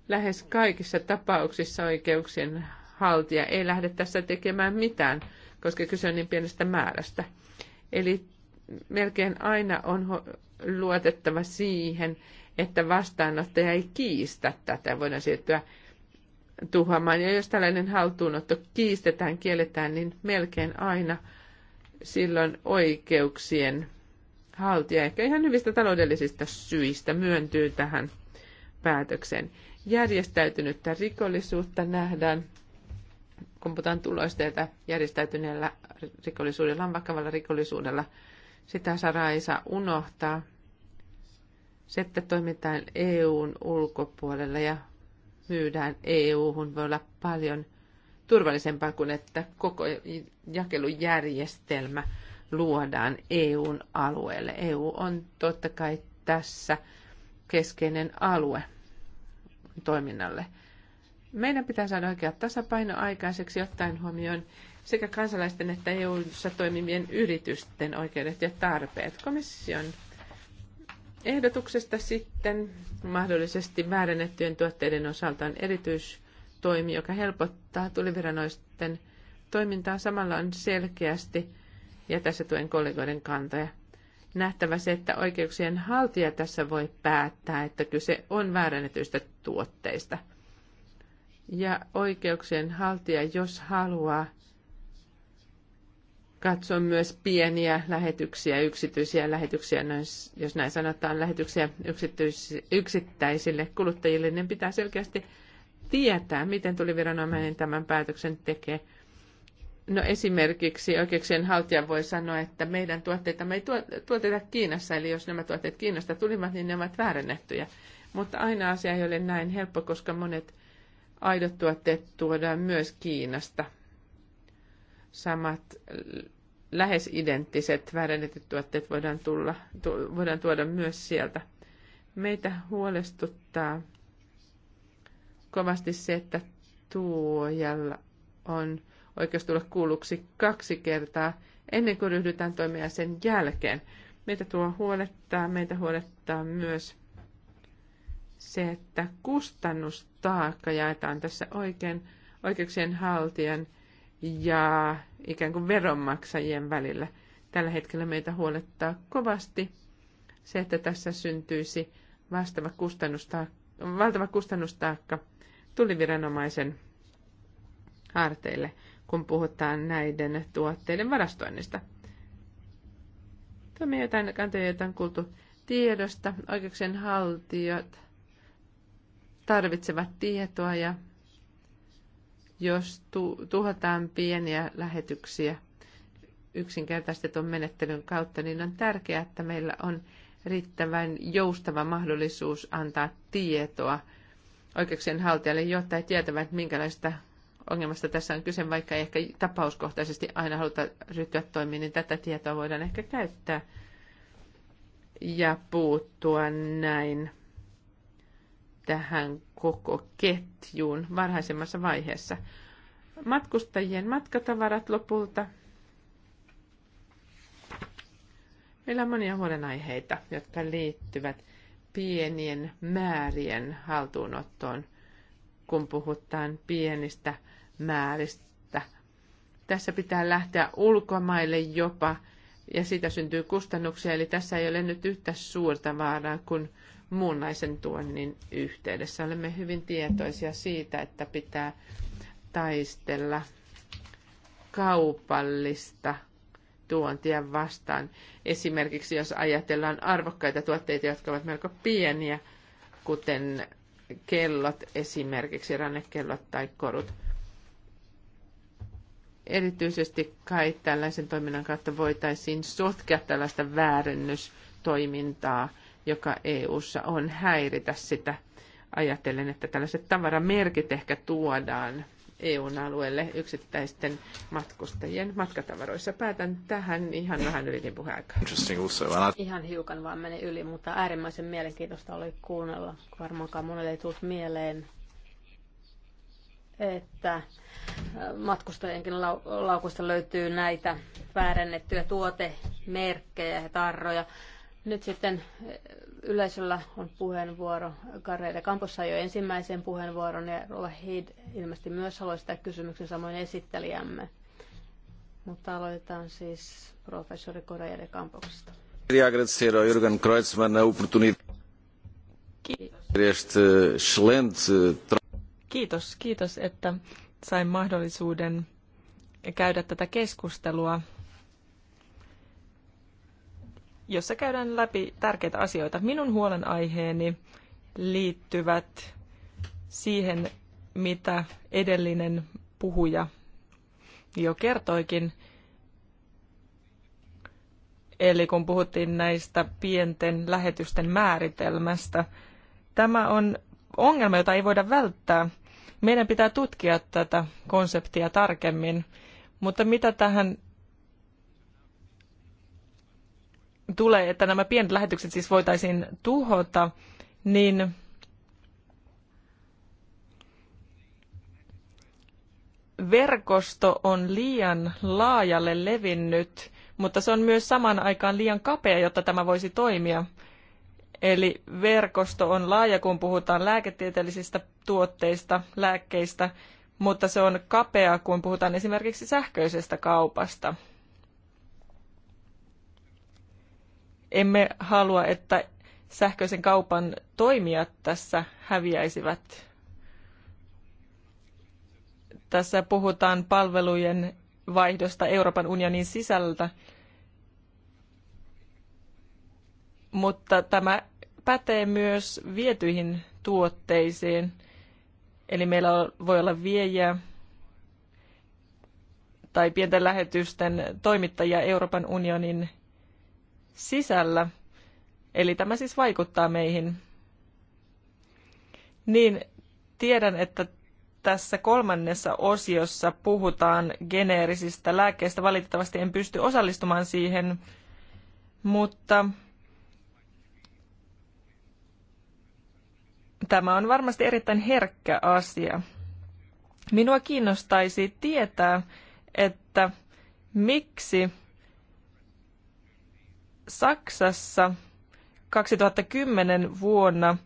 lähes kaikissa tapauksissa oikeuksien haltija ei lähde tässä tekemään mitään, koska kyse on niin pienestä määrästä. Eli melkein aina on luotettava siihen, että vastaanottaja ei kiistä tätä. Voidaan siirtyä tuhoamaan. Ja jos tällainen haltuunotto kiistetään, kielletään, niin melkein aina – silloin oikeuksien haltija ehkä ihan hyvistä taloudellisista syistä myöntyy tähän päätökseen. Järjestäytynyttä rikollisuutta nähdään, kun puhutaan tuloista, että järjestäytyneellä rikollisuudella on vakavalla rikollisuudella. Sitä saraa ei saa unohtaa. Sitten että toimitaan EUn ulkopuolella ja myydään EU:hun voi olla paljon turvallisempaa kuin että koko jakelujärjestelmä luodaan EUn alueelle. EU on totta kai tässä keskeinen alue toiminnalle. Meidän pitää saada oikea tasapaino aikaiseksi ottaen huomioon sekä kansalaisten että EU-ssa toimivien yritysten oikeudet ja tarpeet. Komission ehdotuksesta sitten mahdollisesti väärennettyjen tuotteiden osalta on erityis toimi, joka helpottaa tuliviranoisten toimintaa. Samalla on selkeästi, ja tässä tuen kollegoiden kantoja, nähtävä se, että oikeuksien haltija tässä voi päättää, että kyse on väärännetyistä tuotteista. Ja oikeuksien haltija, jos haluaa katsoa myös pieniä lähetyksiä, yksityisiä lähetyksiä, no jos näin sanotaan, lähetyksiä yksittäisille kuluttajille, niin pitää selkeästi tietää, miten tuli viranomainen tämän päätöksen tekee. No esimerkiksi oikeuksien haltija voi sanoa, että meidän me ei tuoteta Kiinassa, eli jos nämä tuotteet Kiinasta tulivat, niin ne ovat väärennettyjä. Mutta aina asia ei ole näin helppo, koska monet aidot tuotteet tuodaan myös Kiinasta. Samat lähes identtiset väärennetyt tuotteet voidaan, tulla, tu, voidaan tuoda myös sieltä. Meitä huolestuttaa kovasti se, että tuojalla on oikeus tulla kuulluksi kaksi kertaa ennen kuin ryhdytään toimia sen jälkeen. Meitä tuo huolettaa, meitä huolettaa myös se, että kustannustaakka jaetaan tässä oikein oikeuksien haltijan ja ikään kuin veronmaksajien välillä. Tällä hetkellä meitä huolettaa kovasti se, että tässä syntyisi vastaava kustannustaakka, valtava kustannustaakka – tulliviranomaisen harteille, kun puhutaan näiden tuotteiden varastoinnista. Tämä jotain kantoja, joita on kuultu tiedosta. Oikeuksien haltijat tarvitsevat tietoa ja jos tu- tuhotaan pieniä lähetyksiä yksinkertaistetun menettelyn kautta, niin on tärkeää, että meillä on riittävän joustava mahdollisuus antaa tietoa – oikeuksien haltijalle, jotta he tietävät, minkälaista ongelmasta tässä on kyse, vaikka ei ehkä tapauskohtaisesti aina haluta ryhtyä toimiin, niin tätä tietoa voidaan ehkä käyttää ja puuttua näin tähän koko ketjuun varhaisemmassa vaiheessa. Matkustajien matkatavarat lopulta. Meillä on monia huolenaiheita, jotka liittyvät pienien määrien haltuunottoon, kun puhutaan pienistä määristä. Tässä pitää lähteä ulkomaille jopa, ja siitä syntyy kustannuksia, eli tässä ei ole nyt yhtä suurta vaaraa kuin muunlaisen tuonnin yhteydessä. Olemme hyvin tietoisia siitä, että pitää taistella kaupallista tuontia vastaan. Esimerkiksi jos ajatellaan arvokkaita tuotteita, jotka ovat melko pieniä, kuten kellot esimerkiksi, rannekellot tai korut. Erityisesti kai tällaisen toiminnan kautta voitaisiin sotkea tällaista väärennystoimintaa, joka EU:ssa on häiritä sitä. Ajattelen, että tällaiset tavaramerkit ehkä tuodaan EUn alueelle yksittäisten matkustajien matkatavaroissa. Päätän tähän ihan vähän yli puheaikaa. Ihan hiukan vaan meni yli, mutta äärimmäisen mielenkiintoista oli kuunnella. Varmaankaan monelle ei tullut mieleen, että matkustajienkin laukusta löytyy näitä väärennettyjä tuotemerkkejä ja tarroja. Nyt sitten eh, yleisöllä on puheenvuoro. Kareide Kampossa jo ensimmäisen puheenvuoron ja Rova Heid ilmeisesti myös haluaa sitä kysymyksen samoin esittelijämme. Mutta aloitetaan siis professori Koreide Kampoksesta. Kiitos. Kiitos, kiitos, että sain mahdollisuuden käydä tätä keskustelua jossa käydään läpi tärkeitä asioita. Minun huolenaiheeni liittyvät siihen, mitä edellinen puhuja jo kertoikin. Eli kun puhuttiin näistä pienten lähetysten määritelmästä, tämä on ongelma, jota ei voida välttää. Meidän pitää tutkia tätä konseptia tarkemmin, mutta mitä tähän tulee, että nämä pienet lähetykset siis voitaisiin tuhota, niin verkosto on liian laajalle levinnyt, mutta se on myös samaan aikaan liian kapea, jotta tämä voisi toimia. Eli verkosto on laaja, kun puhutaan lääketieteellisistä tuotteista, lääkkeistä, mutta se on kapea, kun puhutaan esimerkiksi sähköisestä kaupasta. emme halua, että sähköisen kaupan toimijat tässä häviäisivät. Tässä puhutaan palvelujen vaihdosta Euroopan unionin sisältä, mutta tämä pätee myös vietyihin tuotteisiin. Eli meillä voi olla viejiä tai pienten lähetysten toimittajia Euroopan unionin sisällä. Eli tämä siis vaikuttaa meihin. Niin tiedän, että tässä kolmannessa osiossa puhutaan geneerisistä lääkkeistä. Valitettavasti en pysty osallistumaan siihen, mutta tämä on varmasti erittäin herkkä asia. Minua kiinnostaisi tietää, että miksi Saksassa 2010 vuonna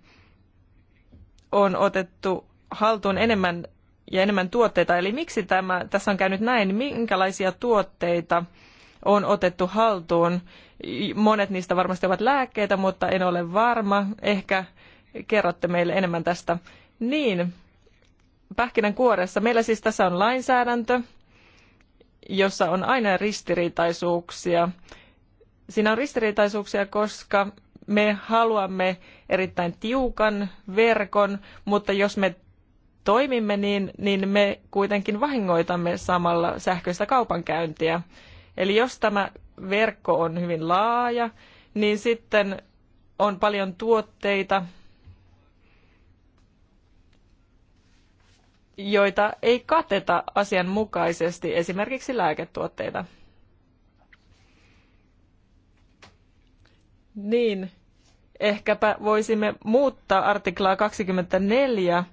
on otettu haltuun enemmän ja enemmän tuotteita. Eli miksi tämä, tässä on käynyt näin? Minkälaisia tuotteita on otettu haltuun? Monet niistä varmasti ovat lääkkeitä, mutta en ole varma. Ehkä kerrotte meille enemmän tästä. Niin, kuoressa. Meillä siis tässä on lainsäädäntö, jossa on aina ristiriitaisuuksia siinä on ristiriitaisuuksia, koska me haluamme erittäin tiukan verkon, mutta jos me toimimme niin, niin me kuitenkin vahingoitamme samalla sähköistä kaupankäyntiä. Eli jos tämä verkko on hyvin laaja, niin sitten on paljon tuotteita, joita ei kateta asianmukaisesti, esimerkiksi lääketuotteita. niin ehkäpä voisimme muuttaa artiklaa 24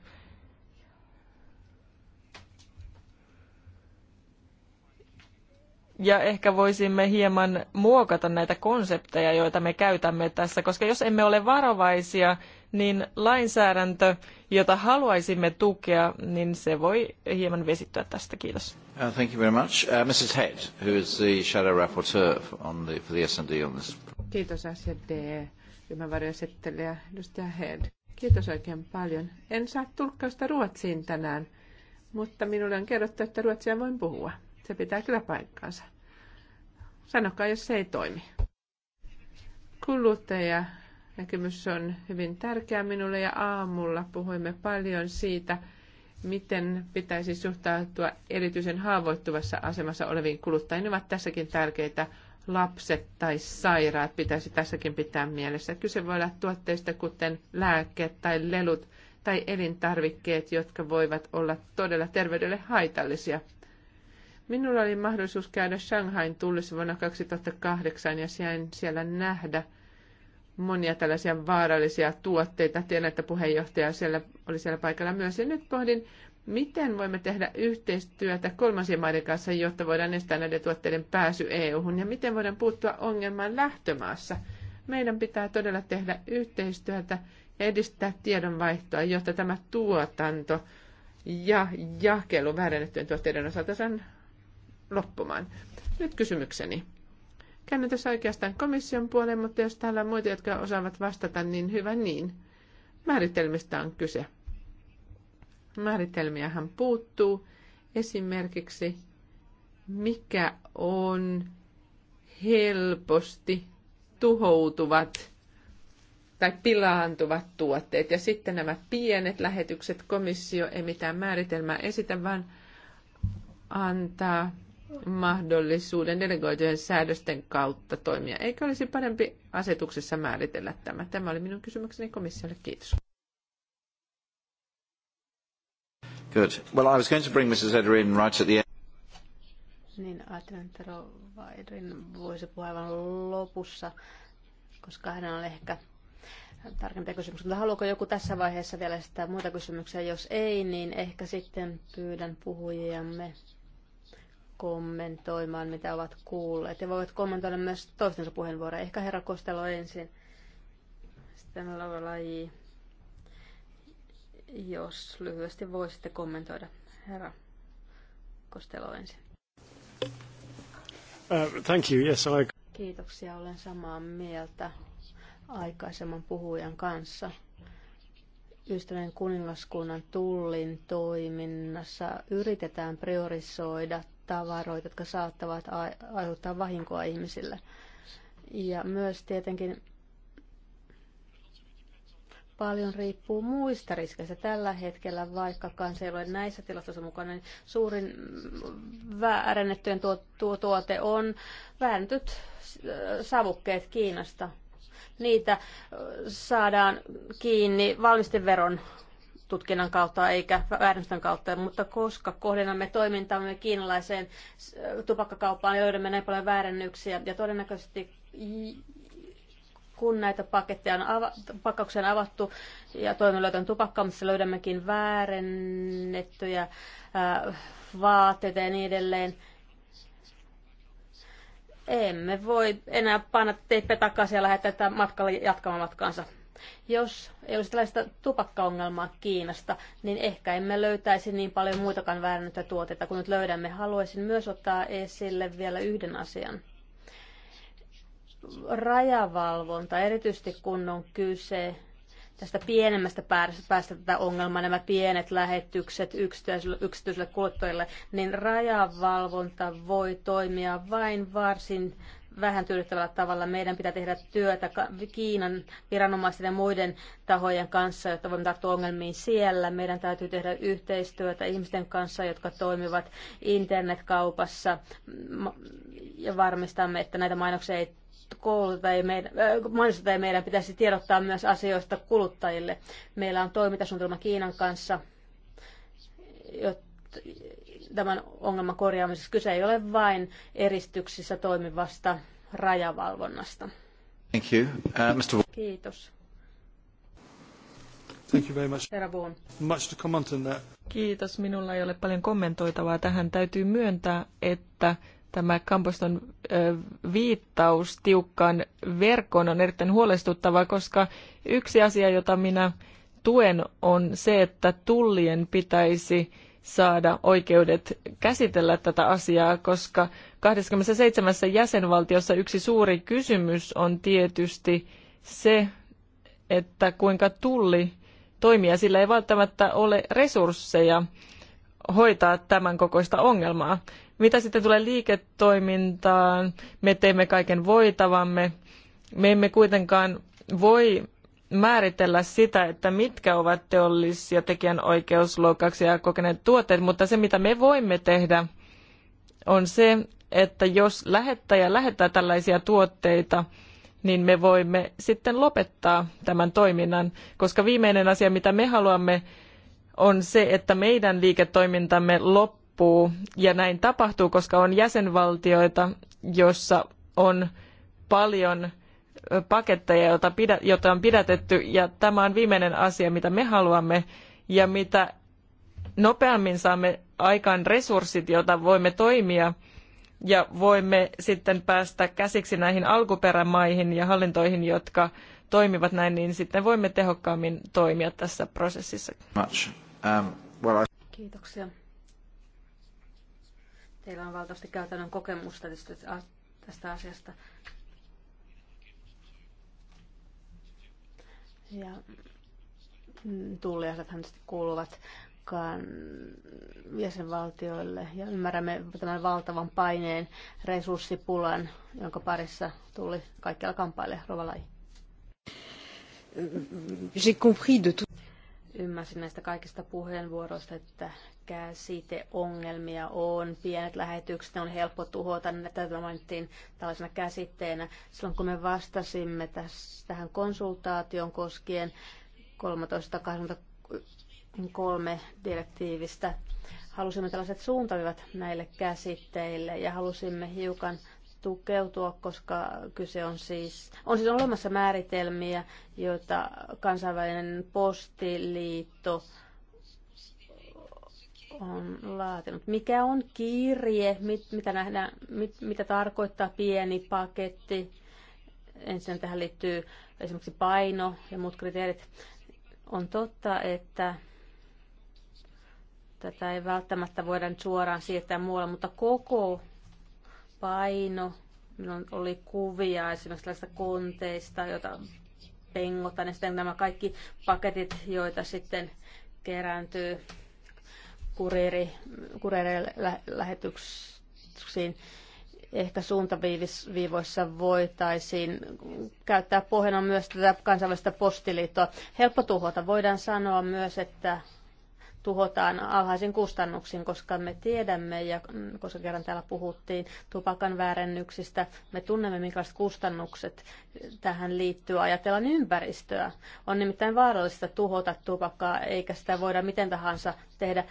ja ehkä voisimme hieman muokata näitä konsepteja, joita me käytämme tässä, koska jos emme ole varovaisia, niin lainsäädäntö, jota haluaisimme tukea, niin se voi hieman vesittyä tästä. Kiitos. Uh, thank you very much. Uh, Mrs. Head, who is the shadow rapporteur on the, for the S&D on this Kiitos SD-ryhmän varjoesittelijä edustaja Head. Kiitos oikein paljon. En saa tulkkausta Ruotsiin tänään, mutta minulle on kerrottu, että ruotsia voin puhua. Se pitää kyllä paikkaansa. Sanokaa, jos se ei toimi. Kuluttaja näkemys on hyvin tärkeä minulle ja aamulla puhuimme paljon siitä, miten pitäisi suhtautua erityisen haavoittuvassa asemassa oleviin kuluttajiin. Ne ovat tässäkin tärkeitä lapset tai sairaat pitäisi tässäkin pitää mielessä. Kyse voi olla tuotteista kuten lääkkeet tai lelut tai elintarvikkeet, jotka voivat olla todella terveydelle haitallisia. Minulla oli mahdollisuus käydä Shanghain tullissa vuonna 2008 ja sain siellä nähdä monia tällaisia vaarallisia tuotteita. Tiedän, että puheenjohtaja siellä, oli siellä paikalla myös. Ja nyt pohdin, Miten voimme tehdä yhteistyötä kolmansien maiden kanssa, jotta voidaan estää näiden tuotteiden pääsy EU-hun ja miten voidaan puuttua ongelmaan lähtömaassa? Meidän pitää todella tehdä yhteistyötä ja edistää tiedonvaihtoa, jotta tämä tuotanto ja jakelu väärennettyjen tuotteiden osalta sen loppumaan. Nyt kysymykseni. Käännän tässä oikeastaan komission puoleen, mutta jos täällä on muita, jotka osaavat vastata, niin hyvä niin. Määritelmistä on kyse määritelmiähän puuttuu. Esimerkiksi, mikä on helposti tuhoutuvat tai pilaantuvat tuotteet. Ja sitten nämä pienet lähetykset, komissio ei mitään määritelmää esitä, vaan antaa mahdollisuuden delegoitujen säädösten kautta toimia. Eikö olisi parempi asetuksessa määritellä tämä? Tämä oli minun kysymykseni komissiolle. Kiitos. Good. Well, I was going to bring Mrs. Eder in right at the end. Niin, ajattelin, että Rova Edrin voisi puhua aivan lopussa, koska hän on ehkä tarkempia kysymyksiä. Mutta haluaako joku tässä vaiheessa vielä sitä muita kysymyksiä? Jos ei, niin ehkä sitten pyydän puhujiamme kommentoimaan, mitä ovat kuulleet. Ja voivat kommentoida myös toistensa puheenvuoroja. Ehkä herra Kostelo ensin. Sitten laji. Jos lyhyesti voisitte kommentoida, herra Kostelo ensin. Uh, thank you. Yes, I... Kiitoksia, olen samaa mieltä aikaisemman puhujan kanssa. Ystävien kuningaskunnan tullin toiminnassa yritetään priorisoida tavaroita, jotka saattavat aiheuttaa vahinkoa ihmisille. Ja myös tietenkin paljon riippuu muista riskeistä. Tällä hetkellä, vaikka se ei ole näissä tilastoissa mukana, niin suurin väärennettyjen tuo, tuo tuote on väännetyt äh, savukkeet Kiinasta. Niitä äh, saadaan kiinni valmisteveron tutkinnan kautta eikä väärennysten kautta, mutta koska kohdennamme toimintamme kiinalaiseen äh, tupakkakauppaan, niin löydämme näin paljon väärennyksiä ja todennäköisesti kun näitä paketteja on ava- pakkauksia on avattu ja toimilöitön tupakka, missä löydämmekin väärennettyjä ää, äh, vaatteita ja niin edelleen, emme voi enää panna teippe takaisin ja lähettää matkalle jatkamaan matkaansa. Jos ei olisi tällaista tupakkaongelmaa Kiinasta, niin ehkä emme löytäisi niin paljon muitakaan väärännyttä tuotetta. kuin nyt löydämme. Haluaisin myös ottaa esille vielä yhden asian – rajavalvonta, erityisesti kun on kyse tästä pienemmästä päästä tätä ongelmaa, nämä pienet lähetykset yksityisille, yksityisille kuluttajille, niin rajavalvonta voi toimia vain varsin vähän tyydyttävällä tavalla. Meidän pitää tehdä työtä Kiinan viranomaisten ja muiden tahojen kanssa, jotta voimme tarttua ongelmiin siellä. Meidän täytyy tehdä yhteistyötä ihmisten kanssa, jotka toimivat internetkaupassa ja varmistamme, että näitä mainoksia ei kouluta ja meidän, mainosteta ja meidän pitäisi tiedottaa myös asioista kuluttajille. Meillä on toimintasuunnitelma Kiinan kanssa jotta tämän ongelman korjaamisessa. Kyse ei ole vain eristyksissä toimivasta rajavalvonnasta. Thank you. Uh, Mr. Kiitos. Thank you very much. Herra Boon. Much to comment on that. Kiitos. Minulla ei ole paljon kommentoitavaa. Tähän täytyy myöntää, että Tämä Kampuston viittaus tiukkaan verkkoon on erittäin huolestuttava, koska yksi asia, jota minä tuen, on se, että tullien pitäisi saada oikeudet käsitellä tätä asiaa, koska 27 jäsenvaltiossa yksi suuri kysymys on tietysti se, että kuinka tulli toimii. Sillä ei välttämättä ole resursseja hoitaa tämän kokoista ongelmaa. Mitä sitten tulee liiketoimintaan, me teemme kaiken voitavamme. Me emme kuitenkaan voi määritellä sitä, että mitkä ovat teollisia tekijänoikeusloukkauksia kokeneet tuotteet, mutta se mitä me voimme tehdä on se, että jos lähettäjä lähettää tällaisia tuotteita, niin me voimme sitten lopettaa tämän toiminnan, koska viimeinen asia, mitä me haluamme, on se, että meidän liiketoimintamme loppuu loppuu. Ja näin tapahtuu, koska on jäsenvaltioita, joissa on paljon paketteja, joita, on pidätetty. Ja tämä on viimeinen asia, mitä me haluamme ja mitä nopeammin saamme aikaan resurssit, joita voimme toimia ja voimme sitten päästä käsiksi näihin alkuperämaihin ja hallintoihin, jotka toimivat näin, niin sitten voimme tehokkaammin toimia tässä prosessissa. Um, Kiitoksia. Teillä on valtavasti käytännön kokemusta tästä asiasta. Ja tulliasathan kuuluvat jäsenvaltioille ja ymmärrämme tämän valtavan paineen resurssipulan, jonka parissa tuli kaikkialla kamppaille Rovalai. Ymmärsin näistä kaikista puheenvuoroista, että käsiteongelmia on, pienet lähetykset, ne on helppo tuhota, tätä mainittiin tällaisena käsitteenä. Silloin kun me vastasimme tässä, tähän konsultaation koskien 13.23 direktiivistä, halusimme tällaiset suuntavivat näille käsitteille ja halusimme hiukan tukeutua, koska kyse on siis, on siis olemassa määritelmiä, joita kansainvälinen postiliitto on laatinut. Mikä on kirje, mit, mitä, nähdään, mit, mitä tarkoittaa pieni paketti? Ensin tähän liittyy esimerkiksi paino ja muut kriteerit. On totta, että tätä ei välttämättä voida suoraan siirtää muualle, mutta koko paino. Minulla oli kuvia esimerkiksi tällaista konteista, jota pengotaan, ja sitten nämä kaikki paketit, joita sitten kerääntyy kuriiri, lähetyksiin ehkä suuntaviivoissa voitaisiin käyttää pohjana myös tätä kansainvälistä postiliittoa. Helppo tuhota. Voidaan sanoa myös, että tuhotaan alhaisin kustannuksin, koska me tiedämme, ja mm, koska kerran täällä puhuttiin tupakan väärennyksistä, me tunnemme, minkälaiset kustannukset tähän liittyy. Ajatellaan ympäristöä. On nimittäin vaarallista tuhota tupakkaa, eikä sitä voida miten tahansa tehdä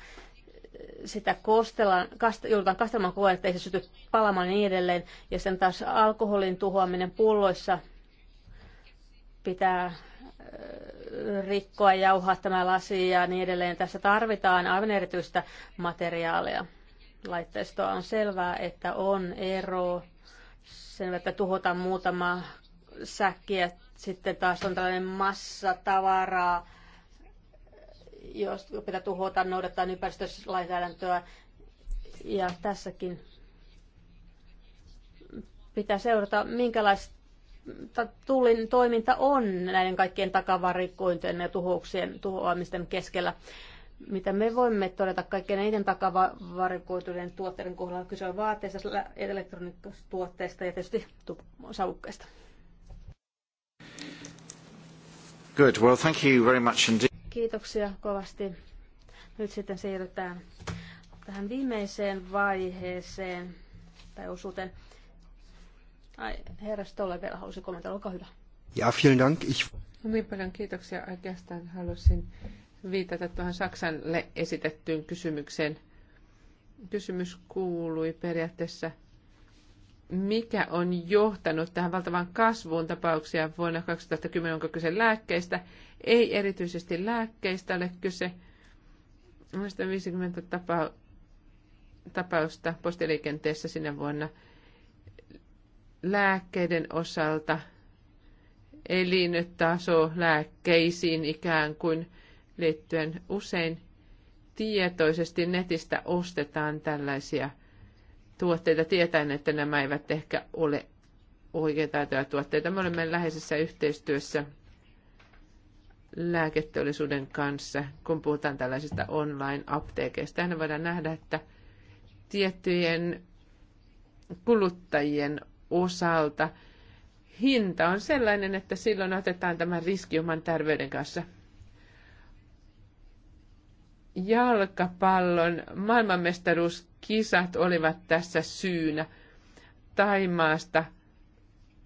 sitä kostellaan, kast, joudutaan kastelemaan koko ajan, ettei se syty palamaan niin edelleen. Ja sen taas alkoholin tuhoaminen pulloissa pitää rikkoa, jauhaa tämä lasi ja niin edelleen. Tässä tarvitaan aivan erityistä materiaalia. Laitteistoa on selvää, että on ero sen, että tuhotaan muutama säkki ja sitten taas on tällainen massa tavaraa, jos pitää tuhota, noudattaa ympäristölainsäädäntöä. Ja tässäkin pitää seurata, minkälaista tullin toiminta on näiden kaikkien takavarikointien ja tuhouksien tuhoamisten keskellä. Mitä me voimme todeta kaikkien eniten takavarikoituneiden tuotteiden kohdalla? Kyse on vaatteista, elektroniikkatuotteista ja tietysti savukkeista. Good. Well, thank you very much indeed. Kiitoksia kovasti. Nyt sitten siirrytään tähän viimeiseen vaiheeseen tai osuuteen herra Stolle vielä halusi kommentoida, olkaa hyvä. Ja, vielen dank. Ich... No niin paljon kiitoksia. Oikeastaan halusin viitata tuohon Saksanle esitettyyn kysymykseen. Kysymys kuului periaatteessa, mikä on johtanut tähän valtavaan kasvuun tapauksia vuonna 2010, onko kyse lääkkeistä? Ei erityisesti lääkkeistä ole kyse. 50 tapa- tapausta postiliikenteessä sinä vuonna – lääkkeiden osalta elintaso lääkkeisiin ikään kuin liittyen usein tietoisesti netistä ostetaan tällaisia tuotteita tietäen, että nämä eivät ehkä ole oikeita tuotteita. Me olemme läheisessä yhteistyössä lääketeollisuuden kanssa, kun puhutaan tällaisista online-apteekeista. Tähän voidaan nähdä, että tiettyjen kuluttajien osalta hinta on sellainen, että silloin otetaan tämä riski oman terveyden kanssa. Jalkapallon maailmanmestaruuskisat olivat tässä syynä. Taimaasta,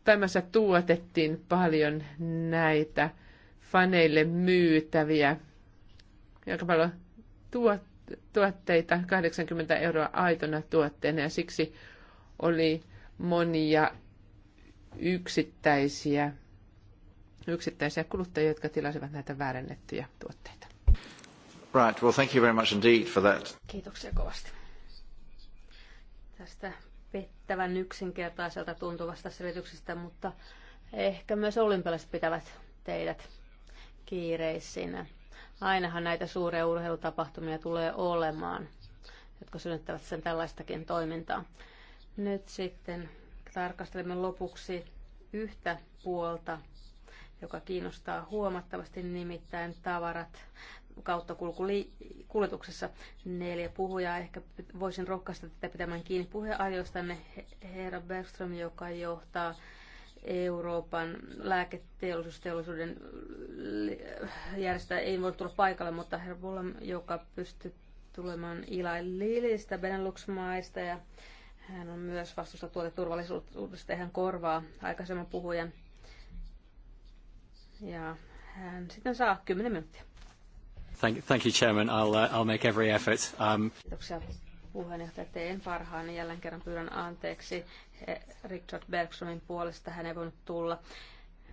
Taimassa tuotettiin paljon näitä faneille myytäviä jalkapallon tuot, tuotteita, 80 euroa aitona tuotteena ja siksi oli monia yksittäisiä, yksittäisiä kuluttajia, jotka tilasivat näitä väärennettyjä tuotteita. Right, well thank you very much indeed for that. Kiitoksia kovasti tästä pettävän yksinkertaiselta tuntuvasta selityksestä, mutta ehkä myös olympialaiset pitävät teidät kiireisinä. Ainahan näitä suuria urheilutapahtumia tulee olemaan, jotka synnyttävät sen tällaistakin toimintaa. Nyt sitten tarkastelemme lopuksi yhtä puolta, joka kiinnostaa huomattavasti, nimittäin tavarat kautta kuljetuksessa neljä puhujaa. Ehkä voisin rohkaista tätä pitämään kiinni puheenajoistanne herra Bergström, joka johtaa Euroopan lääketeollisuusteollisuuden järjestää Ei voi tulla paikalle, mutta herra Bullam, joka pystyy tulemaan Ilai Lilistä, Benelux-maista ja hän on myös vastuussa tuoteturvallisuudesta ja hän korvaa aikaisemman puhujan. Ja hän sitten saa 10 minuuttia. Thank, thank you, Chairman. I'll, uh, I'll make every effort. Um... Kiitoksia puheenjohtaja. Teen parhaani. Jälleen kerran pyydän anteeksi Richard Bergsonin puolesta. Hän ei voinut tulla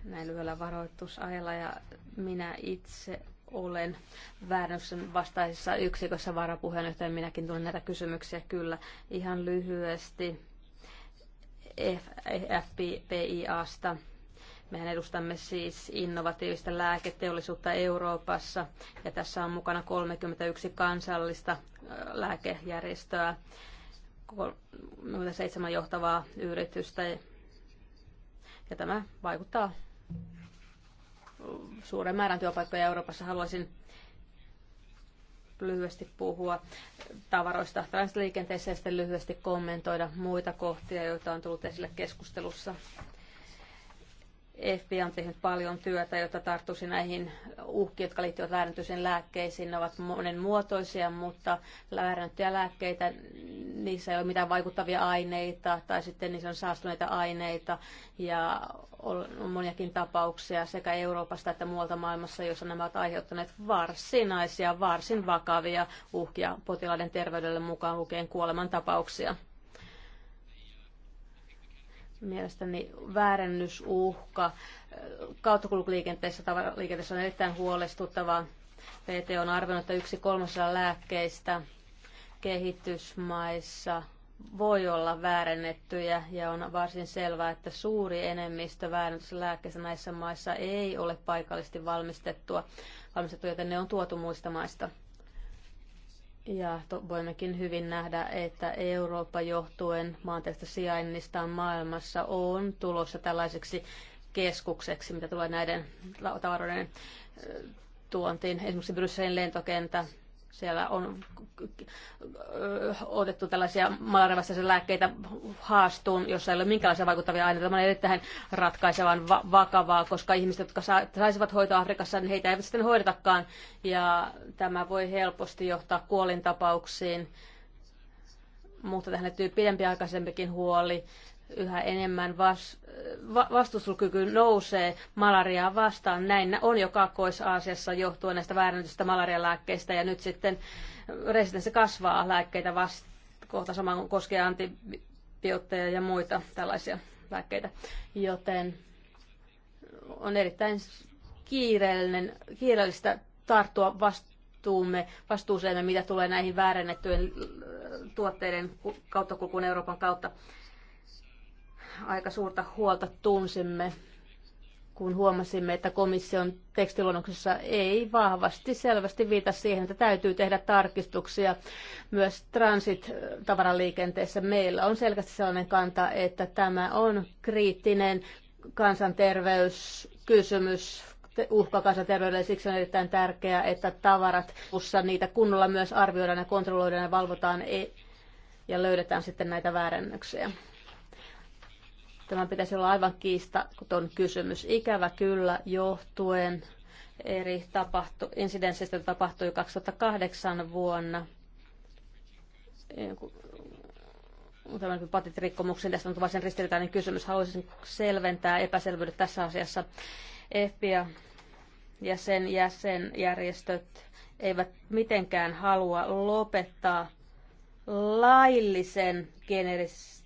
näin lyhyellä varoitusajalla ja minä itse olen väännöksen vastaisessa yksikössä varapuheenjohtaja. Minäkin tulen näitä kysymyksiä kyllä ihan lyhyesti FPIAsta. Mehän edustamme siis innovatiivista lääketeollisuutta Euroopassa ja tässä on mukana 31 kansallista lääkejärjestöä, 7 johtavaa yritystä ja tämä vaikuttaa suuren määrän työpaikkoja Euroopassa. Haluaisin lyhyesti puhua tavaroista transliikenteessä ja sitten lyhyesti kommentoida muita kohtia, joita on tullut esille keskustelussa. FBI on tehnyt paljon työtä, jotta tarttuisi näihin uhkiin, jotka liittyvät väärännettyisiin lääkkeisiin. Ne ovat monenmuotoisia, mutta väärännettyjä lääkkeitä, niissä ei ole mitään vaikuttavia aineita tai sitten niissä on saastuneita aineita. Ja on moniakin tapauksia sekä Euroopasta että muualta maailmassa, joissa nämä ovat aiheuttaneet varsinaisia, varsin vakavia uhkia potilaiden terveydelle mukaan lukien kuoleman tapauksia. Mielestäni väärennysuhka äh, kauttakulkuliikenteessä tavaraliikenteessä on erittäin huolestuttavaa. PT on arvioinut, että yksi kolmasosa lääkkeistä kehitysmaissa voi olla väärennettyjä ja on varsin selvää, että suuri enemmistö väärennetyistä näissä maissa ei ole paikallisesti valmistettua, valmistettu, joten ne on tuotu muista maista. Ja to, voimmekin hyvin nähdä, että Eurooppa johtuen maanteista sijainnistaan maailmassa on tulossa tällaiseksi keskukseksi, mitä tulee näiden tavaroiden tuontiin. Esimerkiksi Brysselin lentokenttä siellä on otettu tällaisia malariavastaisia lääkkeitä haastuun, jossa ei ole minkäänlaisia vaikuttavia aineita. Tämä on erittäin ratkaisevan va- vakavaa, koska ihmiset, jotka sa- saisivat hoitoa Afrikassa, niin heitä eivät sitten hoidetakaan. Ja tämä voi helposti johtaa kuolintapauksiin, mutta tähän liittyy pidempiaikaisempikin huoli yhä enemmän vas, va, vastustuskyky nousee malariaa vastaan. Näin on jo Kaakkois-Aasiassa johtuen näistä väärännytystä malarialääkkeistä ja nyt sitten resistenssi kasvaa lääkkeitä vastaan. Kohta sama koskee antibiootteja ja muita tällaisia lääkkeitä, joten on erittäin kiireellinen, kiireellistä tarttua vastuumme, vastuuseemme, mitä tulee näihin väärennettyjen tuotteiden kautta kulkuun Euroopan kautta aika suurta huolta tunsimme, kun huomasimme, että komission tekstiluonnoksessa ei vahvasti selvästi viita siihen, että täytyy tehdä tarkistuksia myös transit-tavaraliikenteessä. Meillä on selkeästi sellainen kanta, että tämä on kriittinen kansanterveyskysymys, uhka kansanterveydelle. Siksi on erittäin tärkeää, että tavarat, jossa niitä kunnolla myös arvioidaan ja kontrolloidaan ja valvotaan e- ja löydetään sitten näitä väärennöksiä. Tämä pitäisi olla aivan kiista, kiistaton kysymys. Ikävä kyllä johtuen eri tapahtu, insidenssistä tapahtui 2008 vuonna. Tällainen patitrikkomuksen tästä on varsin ristiriitainen kysymys. Haluaisin selventää epäselvyydet tässä asiassa. FBI ja sen jäsenjärjestöt eivät mitenkään halua lopettaa laillisen generis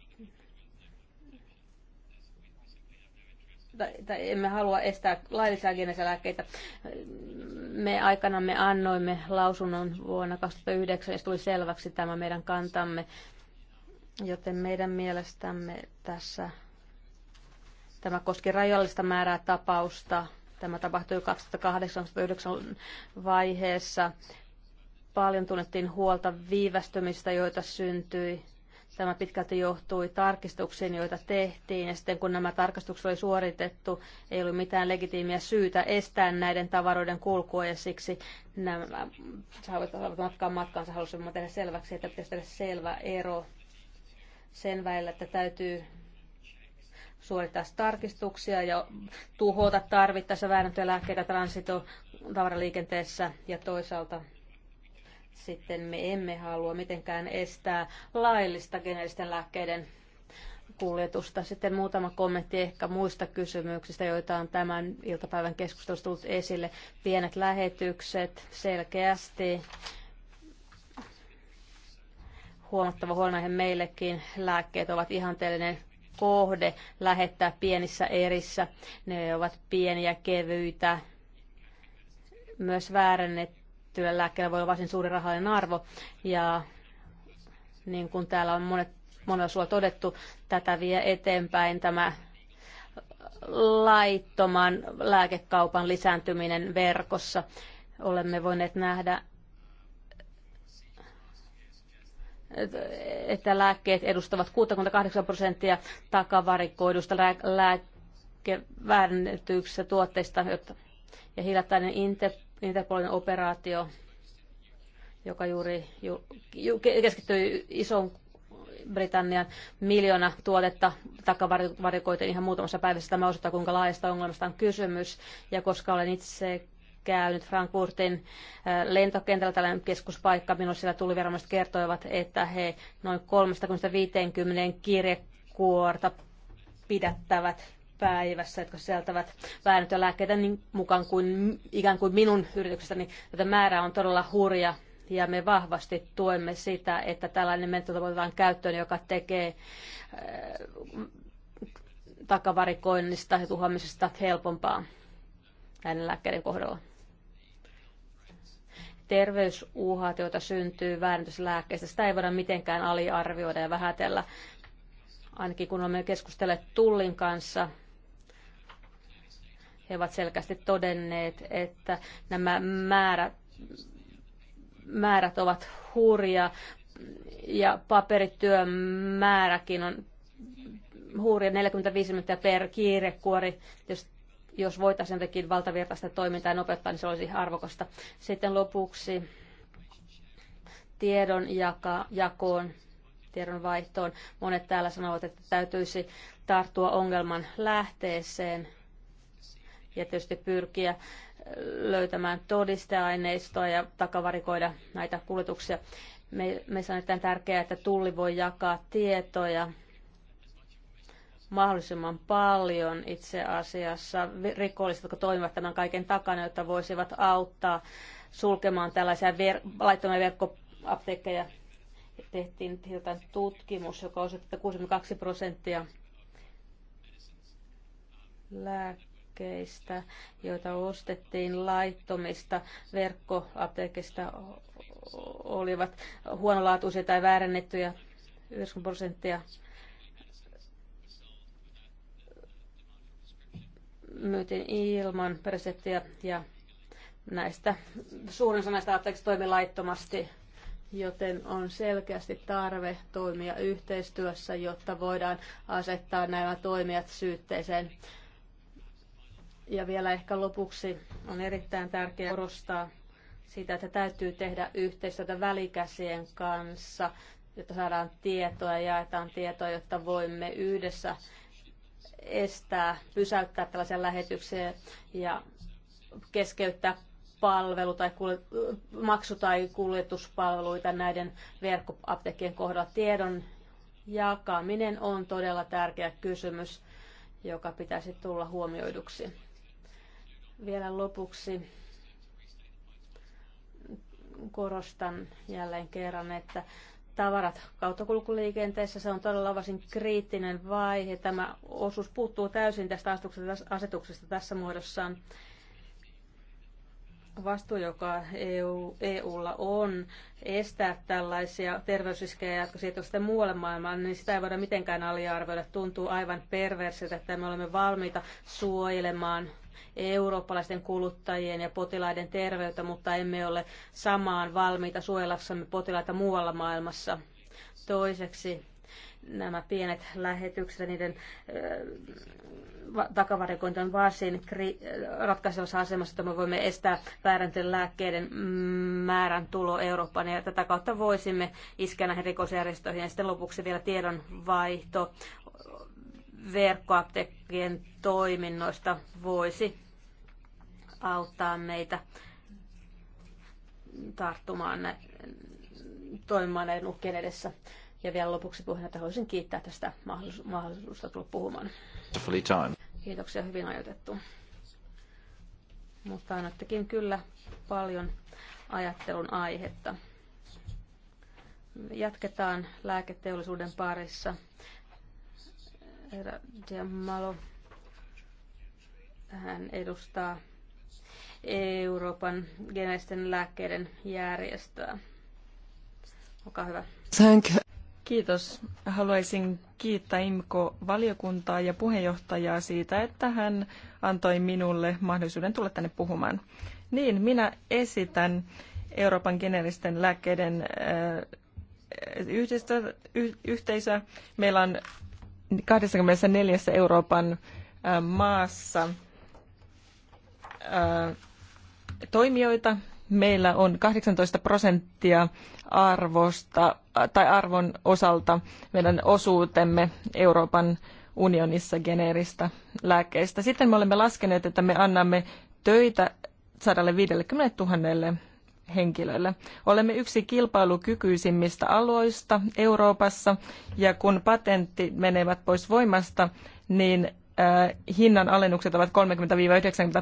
tai, tai emme halua estää laillisia lääkkeitä. Me aikana me annoimme lausunnon vuonna 2009 ja se tuli selväksi tämä meidän kantamme, joten meidän mielestämme tässä tämä koski rajallista määrää tapausta. Tämä tapahtui 2008-2009 vaiheessa. Paljon tunnettiin huolta viivästymistä, joita syntyi Tämä pitkälti johtui tarkistuksiin, joita tehtiin, ja sitten kun nämä tarkastukset oli suoritettu, ei ollut mitään legitiimiä syytä estää näiden tavaroiden kulkua, ja siksi nämä saavat matkaa matkaansa. Halusimme tehdä selväksi, että pitäisi tehdä selvä ero sen välillä, että täytyy suorittaa tarkistuksia ja tuhota tarvittaessa väännettyjä lääkkeitä transito tavaraliikenteessä ja toisaalta sitten me emme halua mitenkään estää laillista geneellisten lääkkeiden kuljetusta. Sitten muutama kommentti ehkä muista kysymyksistä, joita on tämän iltapäivän keskustelussa tullut esille. Pienet lähetykset selkeästi. Huomattava huolenaihe meillekin. Lääkkeet ovat ihanteellinen kohde lähettää pienissä erissä. Ne ovat pieniä, kevyitä, myös väärennettyjä tietyllä lääkkeellä voi olla varsin suuri rahallinen arvo. Ja niin kuin täällä on monet, monella sulla todettu, tätä vie eteenpäin tämä laittoman lääkekaupan lisääntyminen verkossa. Olemme voineet nähdä, että lääkkeet edustavat 68 prosenttia takavarikoidusta lääke- väärennetyistä tuotteista, ja hiljattainen Interpol Interpolin operaatio, joka juuri ju, keskittyi isoon Britannian miljoona tuotetta takavarikoitiin ihan muutamassa päivässä. Tämä osoittaa, kuinka laajasta ongelmasta on kysymys. Ja koska olen itse käynyt Frankfurtin äh, lentokentällä, tällainen keskuspaikka, minulle siellä tuliviranomaiset kertoivat, että he noin 350 kirjekuorta pidättävät päivässä, jotka sisältävät väännettyä lääkkeitä niin mukaan kuin ikään kuin minun yrityksestäni. Tätä määrää on todella hurja ja me vahvasti tuemme sitä, että tällainen menettely voidaan käyttöön, joka tekee äh, takavarikoinnista ja tuhoamisesta helpompaa näiden lääkkeiden kohdalla. Terveysuhat, joita syntyy väärennyslääkkeistä, sitä ei voida mitenkään aliarvioida ja vähätellä. Ainakin kun olemme keskustelleet Tullin kanssa, he ovat selkeästi todenneet, että nämä määrät, määrät ovat hurja ja paperityön määräkin on hurja 45 minuuttia per kiirekuori. Jos, jos voitaisiin jotenkin valtavirtaista toimintaa nopeuttaa, niin se olisi arvokasta. Sitten lopuksi tiedon jaka, jakoon, tiedon vaihtoon. Monet täällä sanovat, että täytyisi tarttua ongelman lähteeseen – ja tietysti pyrkiä löytämään todisteaineistoa ja takavarikoida näitä kuljetuksia. Me, me on erittäin tärkeää, että tulli voi jakaa tietoja mahdollisimman paljon itse asiassa rikolliset, jotka toimivat tämän kaiken takana, jotta voisivat auttaa sulkemaan tällaisia ver- laittomia verkkoapteekkeja. Tehtiin jotain tutkimus, joka osoitti, että 62 prosenttia lääkkeitä apteekeista, joita ostettiin laittomista verkkoapteekista, olivat huonolaatuisia tai väärännettyjä 90 prosenttia myytiin ilman presettiä ja näistä, suurin osa näistä apteekista toimi laittomasti, joten on selkeästi tarve toimia yhteistyössä, jotta voidaan asettaa nämä toimijat syytteeseen. Ja vielä ehkä lopuksi on erittäin tärkeää korostaa sitä, että täytyy tehdä yhteistyötä välikäsien kanssa, jotta saadaan tietoa ja jaetaan tietoa, jotta voimme yhdessä estää, pysäyttää tällaisia lähetyksiä ja keskeyttää palvelu tai kuljet- maksu- tai kuljetuspalveluita näiden verkkoapteekkien kohdalla. Tiedon jakaminen on todella tärkeä kysymys, joka pitäisi tulla huomioiduksi. Vielä lopuksi korostan jälleen kerran, että tavarat kautokulkuliikenteessä, Se on todella varsin kriittinen vaihe. Tämä osuus puuttuu täysin tästä asetuksesta tässä muodossaan. Vastuu, joka EU, EUlla on estää tällaisia terveysriskejä, jotka siirtyvät sitten muualle maailmaan, niin sitä ei voida mitenkään aliarvioida. Tuntuu aivan perversiltä, että me olemme valmiita suojelemaan eurooppalaisten kuluttajien ja potilaiden terveyttä, mutta emme ole samaan valmiita suojelassamme potilaita muualla maailmassa. Toiseksi nämä pienet lähetykset, niiden äh, takavarikointi on varsin ratkaisevassa asemassa, että me voimme estää vääräntyjen lääkkeiden mm, määrän tulo Eurooppaan ja tätä kautta voisimme iskeä näihin rikosjärjestöihin. Ja sitten lopuksi vielä tiedonvaihto verkkoapteekkien toiminnoista voisi auttaa meitä tarttumaan ne, toimimaan näiden uhkien edessä. Ja vielä lopuksi että haluaisin kiittää tästä mahdollisuudesta tulla puhumaan. Kiitoksia, hyvin ajoitettu. Mutta annattekin kyllä paljon ajattelun aihetta. Jatketaan lääketeollisuuden parissa. Herra Diamalo, hän edustaa Euroopan geneisten lääkkeiden järjestöä. Olkaa hyvä. Thank you. Kiitos. Haluaisin kiittää IMKO-valiokuntaa ja puheenjohtajaa siitä, että hän antoi minulle mahdollisuuden tulla tänne puhumaan. Niin, minä esitän Euroopan geneeristen lääkkeiden yhdistö, yh, Meillä on 24 Euroopan maassa toimijoita. Meillä on 18 prosenttia arvosta tai arvon osalta meidän osuutemme Euroopan unionissa geneeristä lääkkeistä. Sitten me olemme laskeneet, että me annamme töitä 150 000 henkilölle. Olemme yksi kilpailukykyisimmistä aloista Euroopassa ja kun patentti menevät pois voimasta, niin äh, hinnan alennukset ovat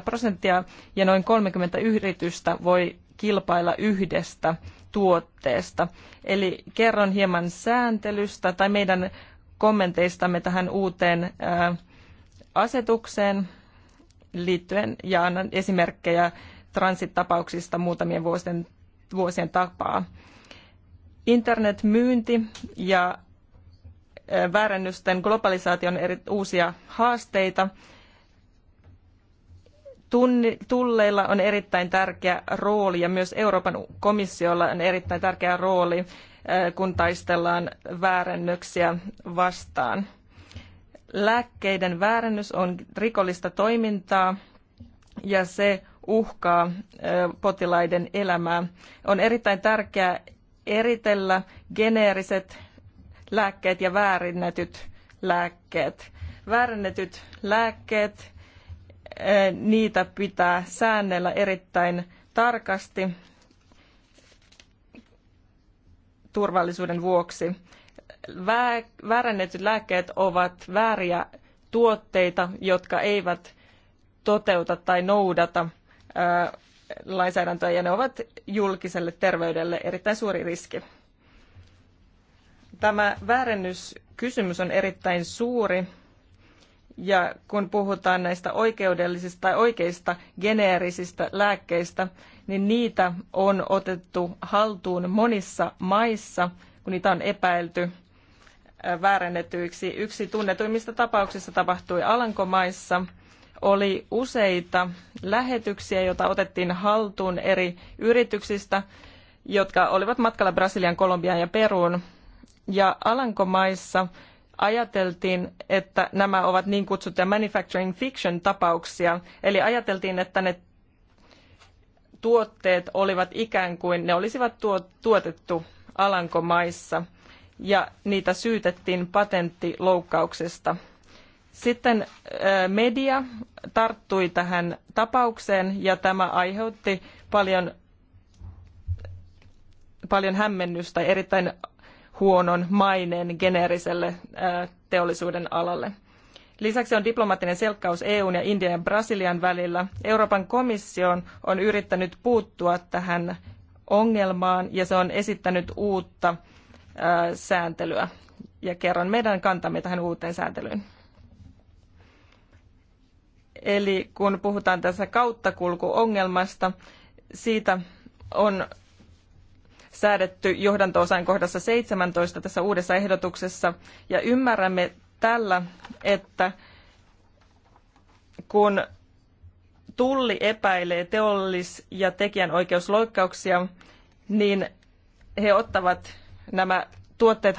30-90 prosenttia ja noin 30 yritystä voi kilpailla yhdestä tuotteesta. Eli kerron hieman sääntelystä tai meidän kommenteistamme tähän uuteen äh, asetukseen liittyen ja annan esimerkkejä transit-tapauksista muutamien vuosien, vuosien tapaa. Internetmyynti ja väärennysten globalisaation eri uusia haasteita. Tunni, tulleilla on erittäin tärkeä rooli ja myös Euroopan komissiolla on erittäin tärkeä rooli, kun taistellaan väärennöksiä vastaan. Lääkkeiden väärennys on rikollista toimintaa ja se uhkaa potilaiden elämää. On erittäin tärkeää eritellä geneeriset lääkkeet ja väärinnetyt lääkkeet. Väärinnetyt lääkkeet, niitä pitää säännellä erittäin tarkasti turvallisuuden vuoksi. Väärennetyt lääkkeet ovat vääriä tuotteita, jotka eivät toteuta tai noudata – lainsäädäntöä ja ne ovat julkiselle terveydelle erittäin suuri riski. Tämä väärennyskysymys on erittäin suuri ja kun puhutaan näistä oikeudellisista tai oikeista geneerisistä lääkkeistä, niin niitä on otettu haltuun monissa maissa, kun niitä on epäilty väärennetyiksi. Yksi tunnetuimmista tapauksista tapahtui Alankomaissa – oli useita lähetyksiä, joita otettiin haltuun eri yrityksistä, jotka olivat matkalla Brasilian, Kolumbiaan ja Peruun. Ja Alankomaissa ajateltiin, että nämä ovat niin kutsuttuja manufacturing fiction tapauksia. Eli ajateltiin, että ne tuotteet olivat ikään kuin ne olisivat tuotettu Alankomaissa ja niitä syytettiin patenttiloukkauksesta. Sitten media tarttui tähän tapaukseen ja tämä aiheutti paljon, paljon hämmennystä, erittäin huonon maineen geneeriselle teollisuuden alalle. Lisäksi on diplomaattinen selkkaus EUn ja Indian ja Brasilian välillä. Euroopan komissio on yrittänyt puuttua tähän ongelmaan ja se on esittänyt uutta sääntelyä. Ja kerron meidän kantamme tähän uuteen sääntelyyn. Eli kun puhutaan tässä kauttakulkuongelmasta, siitä on säädetty johdanto kohdassa 17 tässä uudessa ehdotuksessa. Ja ymmärrämme tällä, että kun tulli epäilee teollis- ja tekijänoikeusloikkauksia, niin he ottavat nämä tuotteet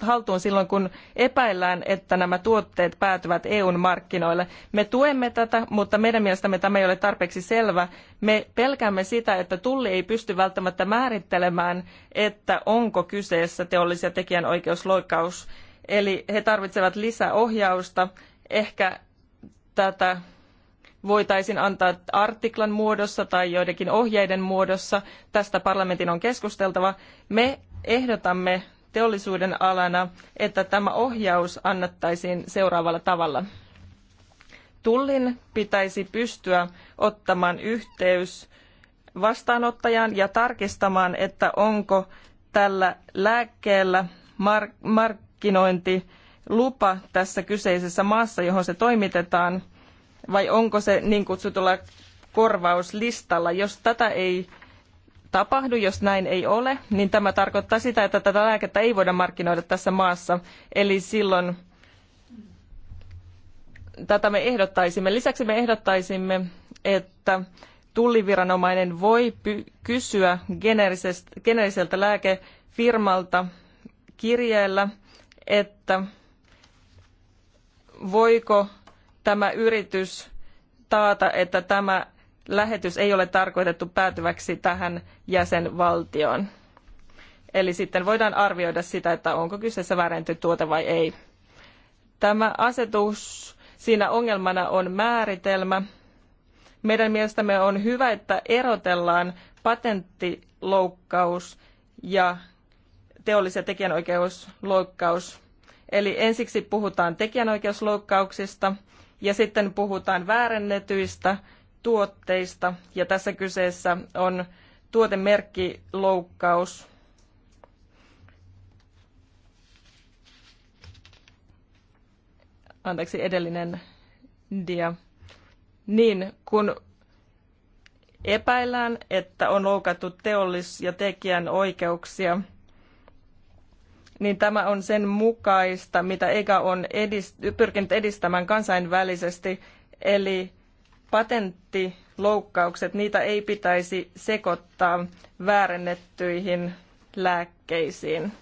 haltuun silloin, kun epäillään, että nämä tuotteet päätyvät EUn markkinoille. Me tuemme tätä, mutta meidän mielestämme tämä ei ole tarpeeksi selvä. Me pelkäämme sitä, että tulli ei pysty välttämättä määrittelemään, että onko kyseessä teollisia tekijänoikeusloikkaus. Eli he tarvitsevat lisäohjausta. Ehkä tätä voitaisiin antaa artiklan muodossa tai joidenkin ohjeiden muodossa. Tästä parlamentin on keskusteltava. Me ehdotamme teollisuuden alana, että tämä ohjaus annettaisiin seuraavalla tavalla. Tullin pitäisi pystyä ottamaan yhteys vastaanottajaan ja tarkistamaan, että onko tällä lääkkeellä mark- markkinointilupa tässä kyseisessä maassa, johon se toimitetaan, vai onko se niin kutsutulla korvauslistalla. Jos tätä ei tapahdu. Jos näin ei ole, niin tämä tarkoittaa sitä, että tätä lääkettä ei voida markkinoida tässä maassa. Eli silloin tätä me ehdottaisimme. Lisäksi me ehdottaisimme, että tulliviranomainen voi kysyä geneeriseltä lääkefirmalta kirjeellä, että voiko tämä yritys taata, että tämä lähetys ei ole tarkoitettu päätyväksi tähän jäsenvaltioon. Eli sitten voidaan arvioida sitä, että onko kyseessä väärenty tuote vai ei. Tämä asetus, siinä ongelmana on määritelmä. Meidän mielestämme on hyvä, että erotellaan patenttiloukkaus ja teollis- ja tekijänoikeusloukkaus. Eli ensiksi puhutaan tekijänoikeusloukkauksista ja sitten puhutaan väärennetyistä tuotteista ja tässä kyseessä on tuotemerkkiloukkaus. Anteeksi, edellinen dia. Niin, kun epäillään, että on loukattu teollis- ja tekijän oikeuksia, niin tämä on sen mukaista, mitä EGA on edist- pyrkinyt edistämään kansainvälisesti, eli patenttiloukkaukset, niitä ei pitäisi sekoittaa väärennettyihin lääkkeisiin.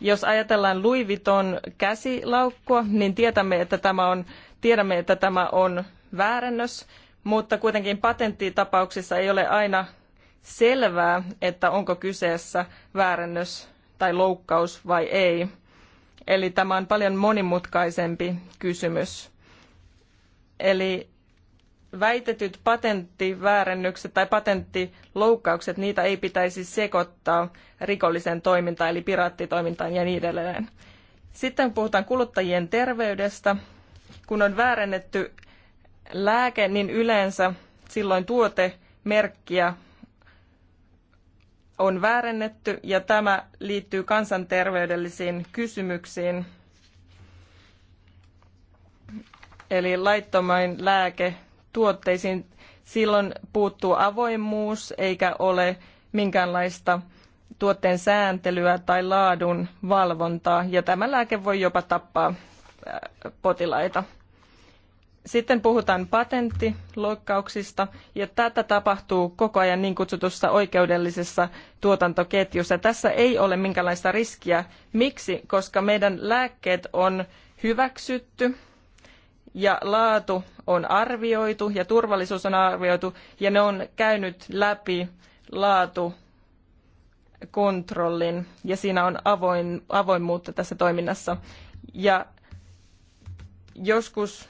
Jos ajatellaan Louis Vuitton käsilaukkua, niin tiedämme, että tämä on, tiedämme, että tämä on väärennös, mutta kuitenkin patenttitapauksissa ei ole aina selvää, että onko kyseessä väärennös tai loukkaus vai ei. Eli tämä on paljon monimutkaisempi kysymys. Eli väitetyt patenttiväärennykset tai patenttiloukkaukset, niitä ei pitäisi sekoittaa rikollisen toimintaan eli piraattitoimintaan ja niin edelleen. Sitten kun puhutaan kuluttajien terveydestä, kun on väärennetty lääke, niin yleensä silloin tuotemerkkiä on väärennetty ja tämä liittyy kansanterveydellisiin kysymyksiin. Eli laittomain lääke tuotteisiin. Silloin puuttuu avoimuus eikä ole minkäänlaista tuotteen sääntelyä tai laadun valvontaa, ja tämä lääke voi jopa tappaa äh, potilaita. Sitten puhutaan patenttiloukkauksista, ja tätä tapahtuu koko ajan niin kutsutussa oikeudellisessa tuotantoketjussa. Tässä ei ole minkäänlaista riskiä. Miksi? Koska meidän lääkkeet on hyväksytty ja laatu on arvioitu ja turvallisuus on arvioitu ja ne on käynyt läpi laatu kontrollin ja siinä on avoin, avoimuutta tässä toiminnassa. Ja joskus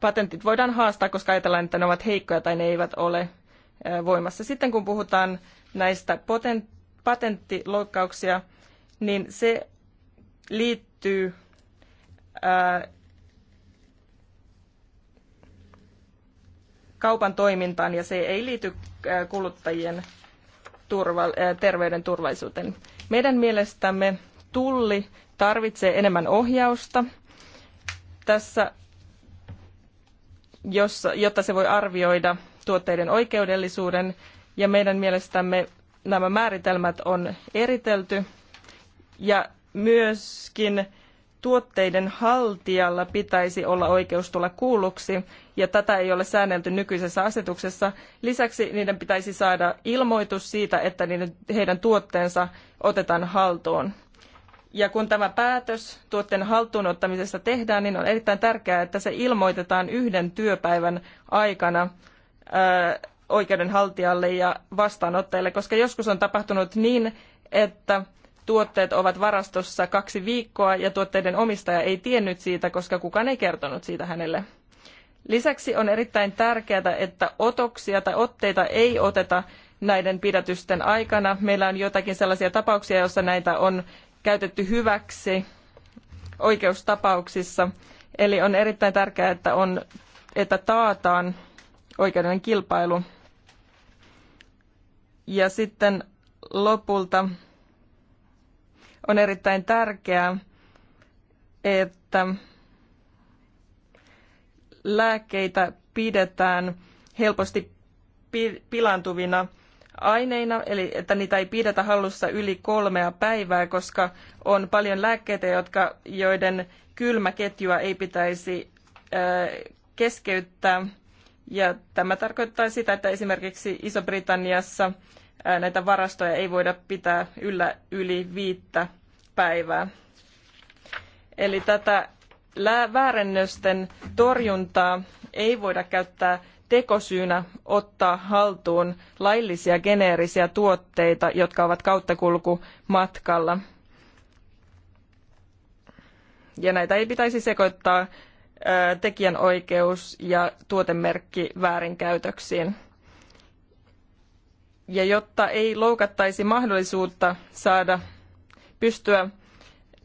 patentit voidaan haastaa, koska ajatellaan, että ne ovat heikkoja tai ne eivät ole voimassa. Sitten kun puhutaan näistä poten, patenttiloukkauksia, niin se liittyy ää, kaupan toimintaan ja se ei liity kuluttajien turva, terveyden turvallisuuteen. Meidän mielestämme tulli tarvitsee enemmän ohjausta tässä, jotta se voi arvioida tuotteiden oikeudellisuuden ja meidän mielestämme nämä määritelmät on eritelty ja myöskin tuotteiden haltijalla pitäisi olla oikeus tulla kuulluksi, ja tätä ei ole säännelty nykyisessä asetuksessa. Lisäksi niiden pitäisi saada ilmoitus siitä, että niiden, heidän tuotteensa otetaan haltuun. Ja kun tämä päätös tuotteen haltuun ottamisesta tehdään, niin on erittäin tärkeää, että se ilmoitetaan yhden työpäivän aikana ää, oikeudenhaltijalle ja vastaanottajalle, koska joskus on tapahtunut niin, että tuotteet ovat varastossa kaksi viikkoa ja tuotteiden omistaja ei tiennyt siitä, koska kukaan ei kertonut siitä hänelle. Lisäksi on erittäin tärkeää, että otoksia tai otteita ei oteta näiden pidätysten aikana. Meillä on jotakin sellaisia tapauksia, joissa näitä on käytetty hyväksi oikeustapauksissa. Eli on erittäin tärkeää, että, on, että taataan oikeudellinen kilpailu. Ja sitten lopulta on erittäin tärkeää, että lääkkeitä pidetään helposti pilantuvina aineina, eli että niitä ei pidetä hallussa yli kolmea päivää, koska on paljon lääkkeitä, jotka, joiden kylmäketjua ei pitäisi keskeyttää. Ja tämä tarkoittaa sitä, että esimerkiksi Iso-Britanniassa näitä varastoja ei voida pitää yllä yli viittä päivää. Eli tätä väärennösten torjuntaa ei voida käyttää tekosyynä ottaa haltuun laillisia geneerisiä tuotteita, jotka ovat kauttakulkumatkalla. Ja näitä ei pitäisi sekoittaa tekijänoikeus- ja tuotemerkki väärinkäytöksiin. Ja jotta ei loukattaisi mahdollisuutta saada pystyä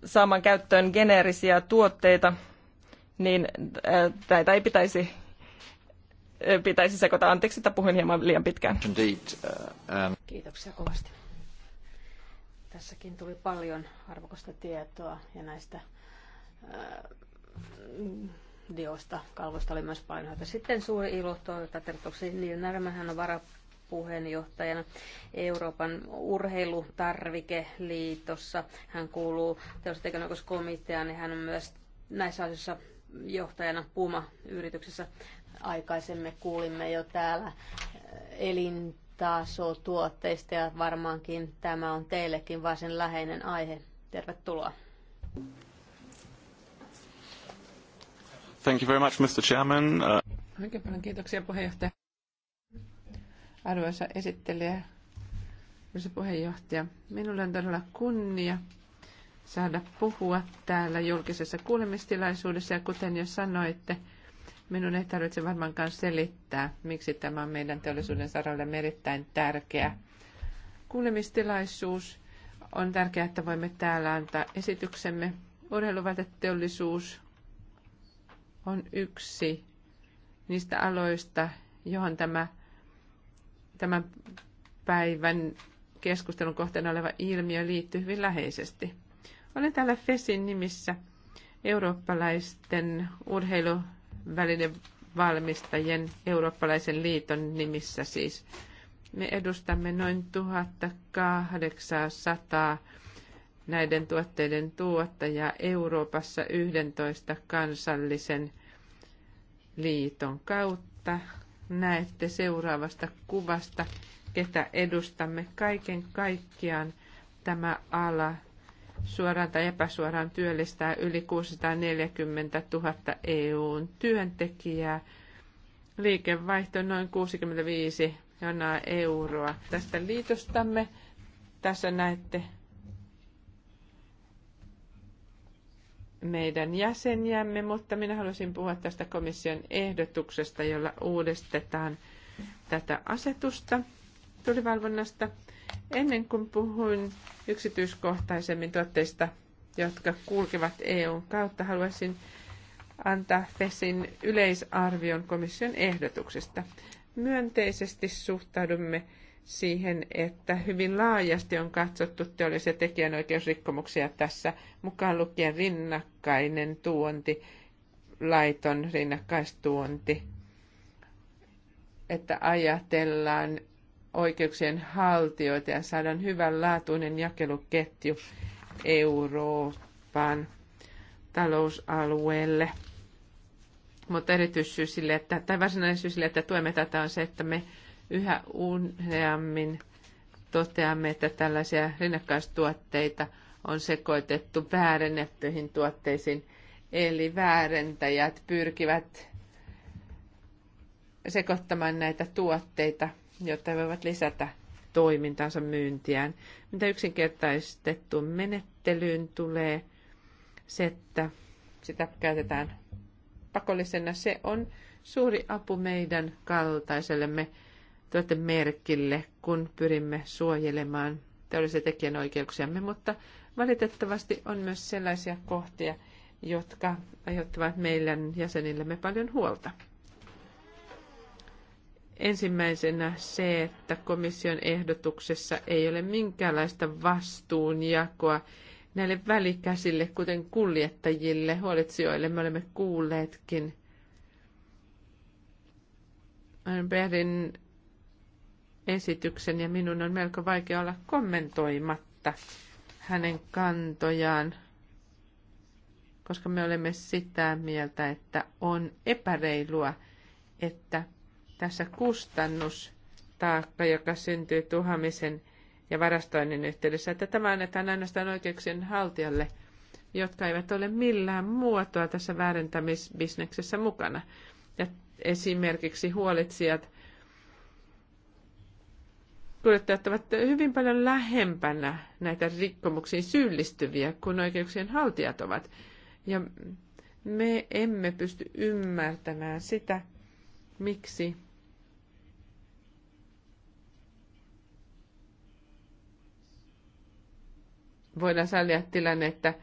saamaan käyttöön geneerisiä tuotteita, niin äh, näitä ei pitäisi, äh, pitäisi sekoita. Anteeksi, että puhuin hieman liian pitkään. Uh, um, Kiitoksia kovasti. Tässäkin tuli paljon arvokasta tietoa ja näistä äh, mm, dioista, kalvoista oli myös paljon. Sitten suuri ilo toivottaa tervetuloksi Niil Närmähän on varapuolella puheenjohtajana Euroopan urheilutarvikeliitossa. Hän kuuluu teollisuusteknologian ja hän on myös näissä asioissa johtajana Puma-yrityksessä. Aikaisemmin kuulimme jo täällä eh, elintasotuotteista ja varmaankin tämä on teillekin varsin läheinen aihe. Tervetuloa. Thank you very much, Mr. Chairman. Uh, Oikein paljon kiitoksia puheenjohtaja arvoisa esittelijä, arvoisa puheenjohtaja. Minulla on todella kunnia saada puhua täällä julkisessa kuulemistilaisuudessa. Ja kuten jo sanoitte, minun ei tarvitse varmaankaan selittää, miksi tämä on meidän teollisuuden saralle erittäin tärkeä kuulemistilaisuus. On tärkeää, että voimme täällä antaa esityksemme. Urheiluväteteollisuus on yksi niistä aloista, johon tämä tämän päivän keskustelun kohteena oleva ilmiö liittyy hyvin läheisesti. Olen täällä FESin nimissä eurooppalaisten urheiluvälinen valmistajien eurooppalaisen liiton nimissä siis. Me edustamme noin 1800 näiden tuotteiden tuottajaa Euroopassa 11 kansallisen liiton kautta näette seuraavasta kuvasta, ketä edustamme. Kaiken kaikkiaan tämä ala suoraan tai epäsuoraan työllistää yli 640 000 EUn työntekijää. Liikevaihto noin 65 miljoonaa euroa tästä liitostamme. Tässä näette meidän jäseniämme, mutta minä haluaisin puhua tästä komission ehdotuksesta, jolla uudistetaan tätä asetusta tulivalvonnasta. Ennen kuin puhuin yksityiskohtaisemmin tuotteista, jotka kulkevat EUn kautta, haluaisin antaa FESin yleisarvion komission ehdotuksesta. Myönteisesti suhtaudumme siihen, että hyvin laajasti on katsottu teollisia tekijänoikeusrikkomuksia tässä, mukaan lukien rinnakkainen tuonti, laiton rinnakkaistuonti, että ajatellaan oikeuksien haltijoita ja saadaan hyvänlaatuinen jakeluketju Euroopan talousalueelle. Mutta erityissyy sille, että, tai varsinainen syy sille, että tuemme tätä on se, että me Yhä useammin toteamme, että tällaisia rinnakkaistuotteita on sekoitettu väärennettyihin tuotteisiin, eli väärentäjät pyrkivät sekoittamaan näitä tuotteita, jotta he voivat lisätä toimintansa myyntiään. Mitä yksinkertaistettu menettelyyn tulee, se, että sitä käytetään pakollisena, se on suuri apu meidän kaltaisellemme tuotte merkille, kun pyrimme suojelemaan teollisia tekijänoikeuksiamme, mutta valitettavasti on myös sellaisia kohtia, jotka aiheuttavat meidän jäsenillemme paljon huolta. Ensimmäisenä se, että komission ehdotuksessa ei ole minkäänlaista vastuunjakoa näille välikäsille, kuten kuljettajille, huolitsijoille. Me olemme kuulleetkin Berlin esityksen ja minun on melko vaikea olla kommentoimatta hänen kantojaan, koska me olemme sitä mieltä, että on epäreilua, että tässä kustannustaakka, joka syntyy tuhamisen ja varastoinnin yhteydessä, että tämä annetaan ainoastaan oikeuksien haltijalle, jotka eivät ole millään muotoa tässä väärentämisbisneksessä mukana. Ja esimerkiksi huolitsijat – kuljettajat ovat hyvin paljon lähempänä näitä rikkomuksiin syyllistyviä kuin oikeuksien haltijat ovat. Ja me emme pysty ymmärtämään sitä, miksi voidaan sallia tilanne, että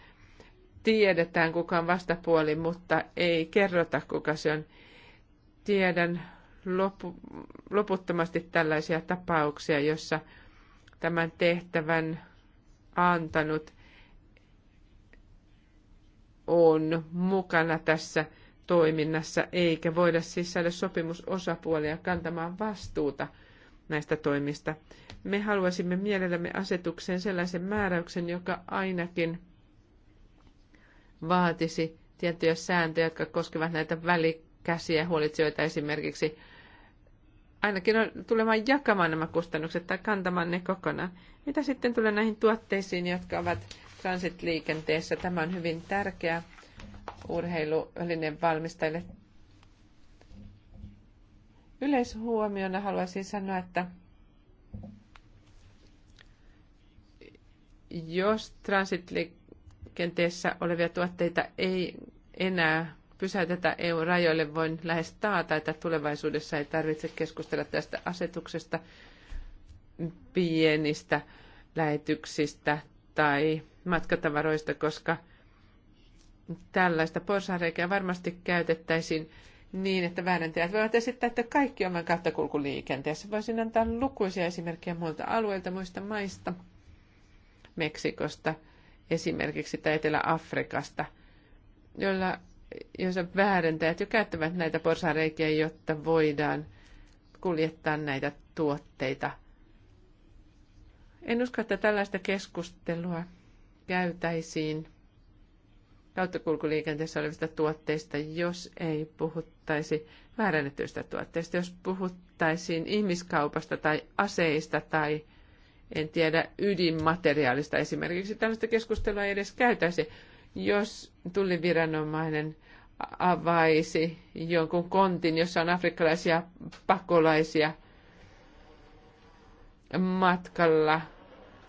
tiedetään kuka on vastapuoli, mutta ei kerrota kuka se on. Tiedän lopu, loputtomasti tällaisia tapauksia, jossa tämän tehtävän antanut on mukana tässä toiminnassa, eikä voida siis saada sopimusosapuolia kantamaan vastuuta näistä toimista. Me haluaisimme mielellämme asetukseen sellaisen määräyksen, joka ainakin vaatisi tiettyjä sääntöjä, jotka koskevat näitä välikäsiä huolitsijoita esimerkiksi ainakin tulemaan jakamaan nämä kustannukset tai kantamaan ne kokonaan. Mitä sitten tulee näihin tuotteisiin, jotka ovat transitliikenteessä? Tämä on hyvin tärkeä urheiluvälineen valmistajille. Yleishuomiona haluaisin sanoa, että jos transitliikenteessä olevia tuotteita ei enää pysäytetä EU-rajoille, voin lähes taata, että tulevaisuudessa ei tarvitse keskustella tästä asetuksesta pienistä lähetyksistä tai matkatavaroista, koska tällaista porsareikää varmasti käytettäisiin niin, että väärentäjät voivat esittää, että kaikki on vain kauttakulkuliikenteessä. Voisin antaa lukuisia esimerkkejä muilta alueilta, muista maista, Meksikosta esimerkiksi tai Etelä-Afrikasta, joilla jos väärentäjät jo käyttävät näitä porsareikiä, jotta voidaan kuljettaa näitä tuotteita. En usko, että tällaista keskustelua käytäisiin kauttakulkuliikenteessä olevista tuotteista, jos ei puhuttaisi väärännetyistä tuotteista, jos puhuttaisiin ihmiskaupasta tai aseista tai en tiedä ydinmateriaalista esimerkiksi. Tällaista keskustelua ei edes käytäisi, jos tulliviranomainen avaisi jonkun kontin, jossa on afrikkalaisia pakolaisia matkalla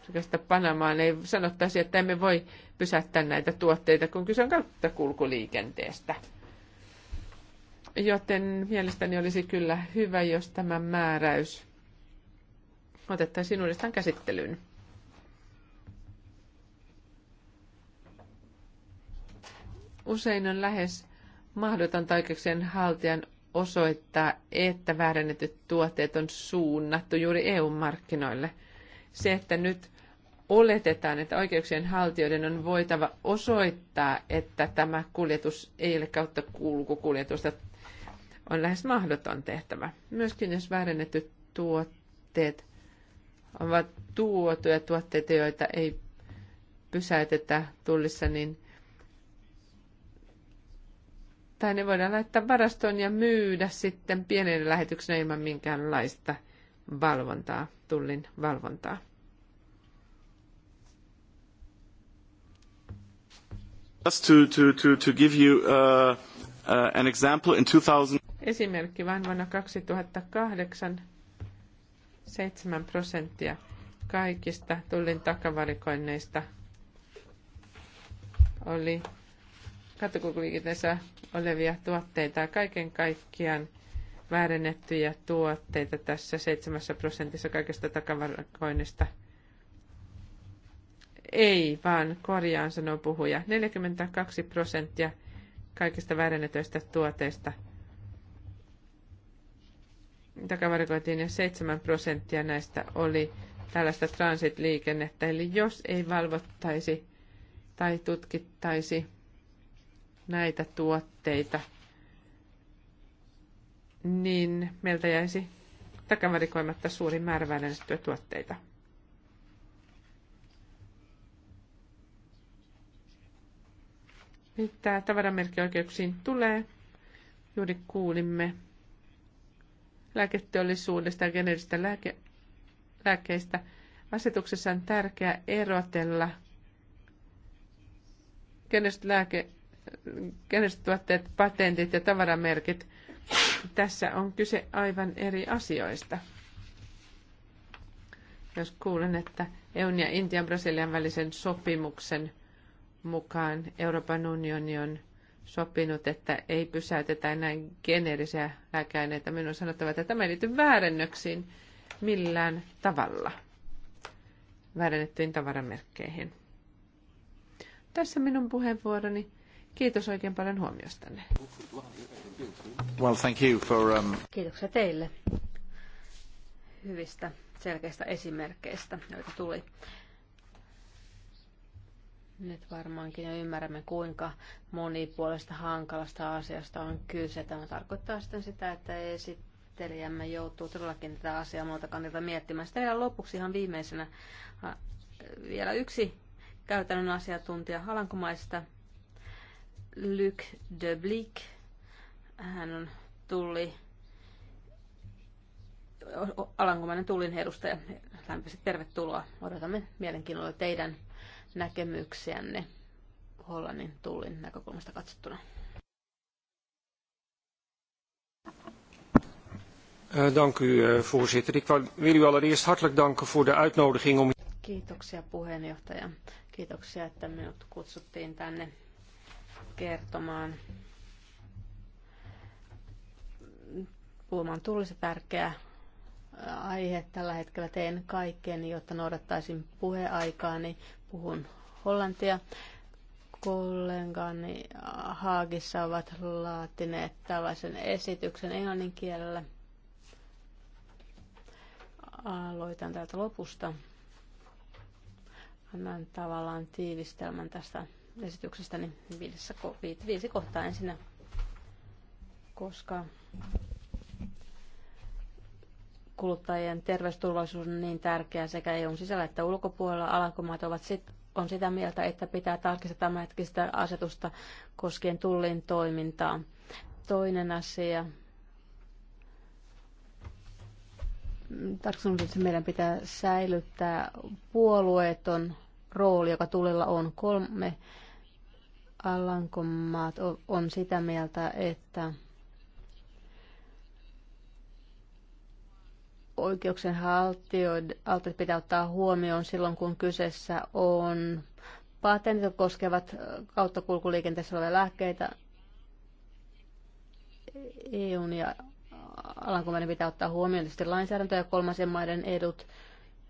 Afrikasta Panamaan, ei sanottaisi, että emme voi pysäyttää näitä tuotteita, kun kyse on kulkuliikenteestä. Joten mielestäni olisi kyllä hyvä, jos tämä määräys otettaisiin uudestaan käsittelyyn. Usein on lähes mahdoton taikeuksien haltijan osoittaa, että väärennetyt tuotteet on suunnattu juuri EU-markkinoille. Se, että nyt oletetaan, että oikeuksien haltijoiden on voitava osoittaa, että tämä kuljetus ei ole kautta kulkukuljetusta, on lähes mahdoton tehtävä. Myöskin jos väärennetyt tuotteet ovat tuotuja tuotteita, joita ei pysäytetä tullissa, niin – tai ne voidaan laittaa varastoon ja myydä sitten pienen lähetyksenä ilman minkäänlaista valvontaa, tullin valvontaa. Just to, to, to, to give you uh, uh, an example, in 2000... Esimerkki vain vuonna 2008 7 prosenttia kaikista tullin takavarikoinneista oli katukulkuliikenteessä olevia tuotteita, kaiken kaikkiaan väärennettyjä tuotteita tässä 7 prosentissa kaikesta takavakoinnista. Ei, vaan korjaan, sanoo puhuja. 42 prosenttia kaikista väärennetyistä tuotteista takavarikoitiin ja 7 prosenttia näistä oli tällaista transitliikennettä. Eli jos ei valvottaisi tai tutkittaisi näitä tuotteita, niin meiltä jäisi takavarikoimatta suuri määrä väärennettyjä tuotteita. Mitä tavaramerkkioikeuksiin tulee, juuri kuulimme lääketeollisuudesta ja geneerisistä lääke- lääkkeistä. Asetuksessa on tärkeää erotella geneeriset lääke- tuotteet, patentit ja tavaramerkit. Tässä on kyse aivan eri asioista. Jos kuulen, että EUn ja Intian Brasilian välisen sopimuksen mukaan Euroopan unioni on sopinut, että ei pysäytetä näin geneerisiä lääkeaineita. Minun on sanottava, että tämä ei liity väärennöksiin millään tavalla väärennettyihin tavaramerkkeihin. Tässä minun puheenvuoroni. Kiitos oikein paljon huomiostanne. Well, thank you for, um... Kiitoksia teille hyvistä selkeistä esimerkkeistä, joita tuli. Nyt varmaankin jo ymmärrämme, kuinka monipuolista hankalasta asiasta on kyse. Tämä tarkoittaa sitten sitä, että esittelijämme joutuu todellakin tätä asiaa muilta kannalta miettimään. Sitten vielä lopuksi ihan viimeisenä vielä yksi käytännön asiantuntija Halankomaista, Luc de Blic. Hän on tulli Alankomainen tullin edustaja. Lämpimästi tervetuloa. Odotamme mielenkiinnolla teidän näkemyksiänne Hollannin tullin näkökulmasta katsottuna. Eh, dank u, eh, voorzitter. Ik wil u allereerst hartelijk danken voor de uitnodiging om... Kiitoksia puheenjohtaja. Kiitoksia, että minut kutsuttiin tänne kertomaan puhumaan tulisi tärkeä aihe. Tällä hetkellä teen kaikkeni, jotta noudattaisin puheaikaani. Puhun hollantia. Kollegani Haagissa ovat laatineet tällaisen esityksen englannin kielellä. Aloitan täältä lopusta. Annan tavallaan tiivistelmän tästä esityksestäni viidessä, viisi kohtaa ensinnä, koska kuluttajien terveysturvallisuus on niin tärkeää sekä EUn sisällä että ulkopuolella. Alankomaat ovat sit, on sitä mieltä, että pitää tarkistaa tämänhetkistä asetusta koskien tullin toimintaa. Toinen asia, tarkoitus, että meidän pitää säilyttää puolueeton rooli, joka tulilla on kolme Alankomaat on sitä mieltä, että oikeuksien haltijat pitää ottaa huomioon silloin, kun kyseessä on patentit koskevat kauttakulkuliikenteessä olevia lääkkeitä. EUn e ja Alankomaiden pitää ottaa huomioon tietysti lainsäädäntö ja kolmansien maiden edut.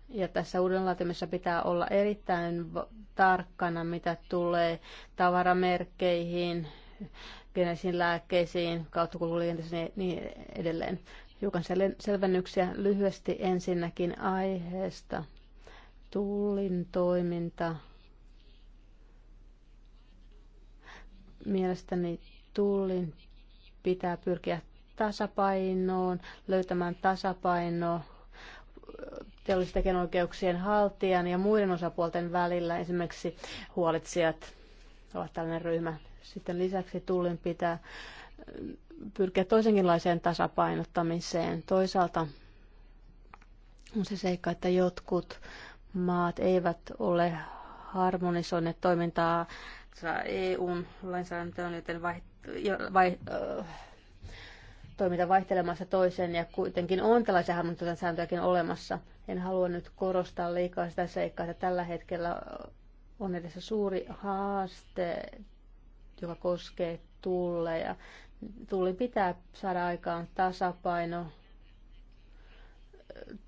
Ja tässä uuden pitää olla erittäin tarkkana, mitä tulee tavaramerkkeihin, geneisiin lääkkeisiin, kauttakulkuliikenteeseen ja niin edelleen. Hiukan sel- selvennyksiä lyhyesti ensinnäkin aiheesta. Tullin toiminta. Mielestäni tullin pitää pyrkiä tasapainoon, löytämään tasapaino teollisten tekijänoikeuksien haltijan ja muiden osapuolten välillä. Esimerkiksi huolitsijat ovat tällainen ryhmä. Sitten lisäksi tullin pitää pyrkiä toisenkinlaiseen tasapainottamiseen. Toisaalta on se seikka, että jotkut maat eivät ole harmonisoineet toimintaa eu lainsäädäntöön, joten vai, vai, toiminta vaihtelemassa toiseen ja kuitenkin on tällaisia harmonisoinnin sääntöjäkin olemassa. En halua nyt korostaa liikaa sitä seikkaa, että tällä hetkellä on edessä suuri haaste, joka koskee tulleja. Tullin pitää saada aikaan tasapaino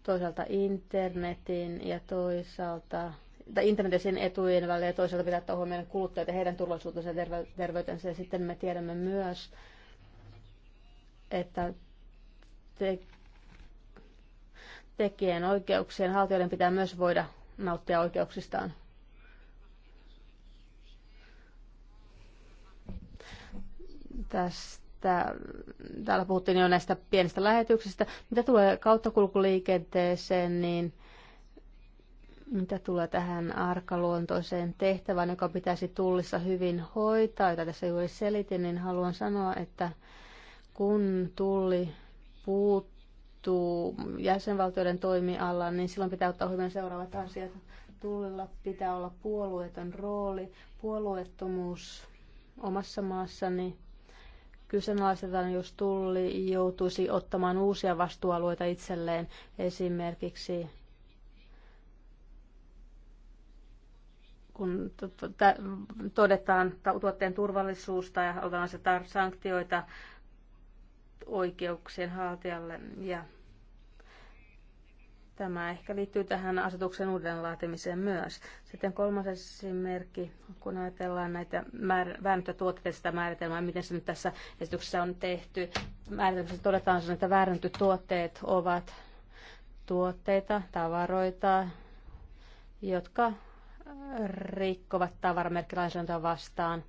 toisaalta internetin ja toisaalta tai internetin etujen välillä ja toisaalta pitää ottaa huomioon kuluttajat ja heidän turvallisuutensa ja terveytensä. Ja sitten me tiedämme myös, että te- tekijän oikeuksien haltijoiden pitää myös voida nauttia oikeuksistaan. Tästä, täällä puhuttiin jo näistä pienistä lähetyksistä. Mitä tulee kauttakulkuliikenteeseen, niin mitä tulee tähän arkaluontoiseen tehtävään, joka pitäisi tullissa hyvin hoitaa, jota tässä juuri selitin, niin haluan sanoa, että kun tulli puut sijoittuu jäsenvaltioiden toimialaan, niin silloin pitää ottaa huomioon seuraavat asiat. Tullilla pitää olla puolueeton rooli, puolueettomuus omassa maassani. Kyseenalaistetaan, jos tulli joutuisi ottamaan uusia vastuualueita itselleen, esimerkiksi kun todetaan tuotteen turvallisuus tai otetaan sanktioita oikeuksien haltijalle ja Tämä ehkä liittyy tähän asetuksen uuden laatimiseen myös. Sitten kolmas esimerkki, kun ajatellaan näitä määr- tuotteista määritelmää, miten se nyt tässä esityksessä on tehty. Määritelmässä todetaan, että tuotteet ovat tuotteita, tavaroita, jotka rikkovat tavaramerkkilainsäädäntöä vastaan.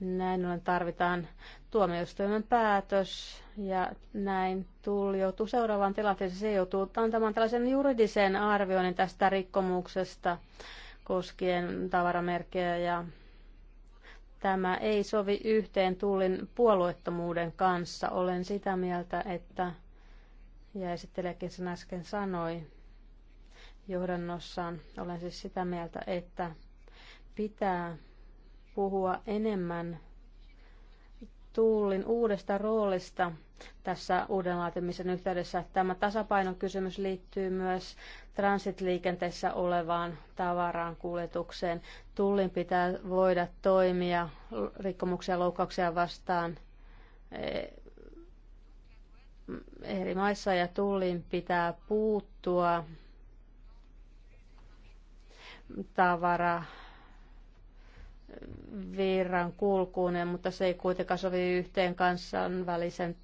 Näin ollen tarvitaan tuomioistuimen päätös ja näin tuli joutuu seuraavaan tilanteeseen. Se joutuu antamaan tällaisen juridisen arvioinnin tästä rikkomuksesta koskien tavaramerkkejä ja tämä ei sovi yhteen tullin puolueettomuuden kanssa. Olen sitä mieltä, että ja esittelijäkin sen äsken sanoi johdannossaan, olen siis sitä mieltä, että pitää puhua enemmän Tuulin uudesta roolista tässä uudenlaatimisen yhteydessä. Tämä tasapainokysymys liittyy myös transitliikenteessä olevaan tavaraan kuljetukseen. Tullin pitää voida toimia rikkomuksia ja loukkauksia vastaan eh, eri maissa ja Tullin pitää puuttua tavara virran kulkuun, mutta se ei kuitenkaan sovi yhteen kansainvälisen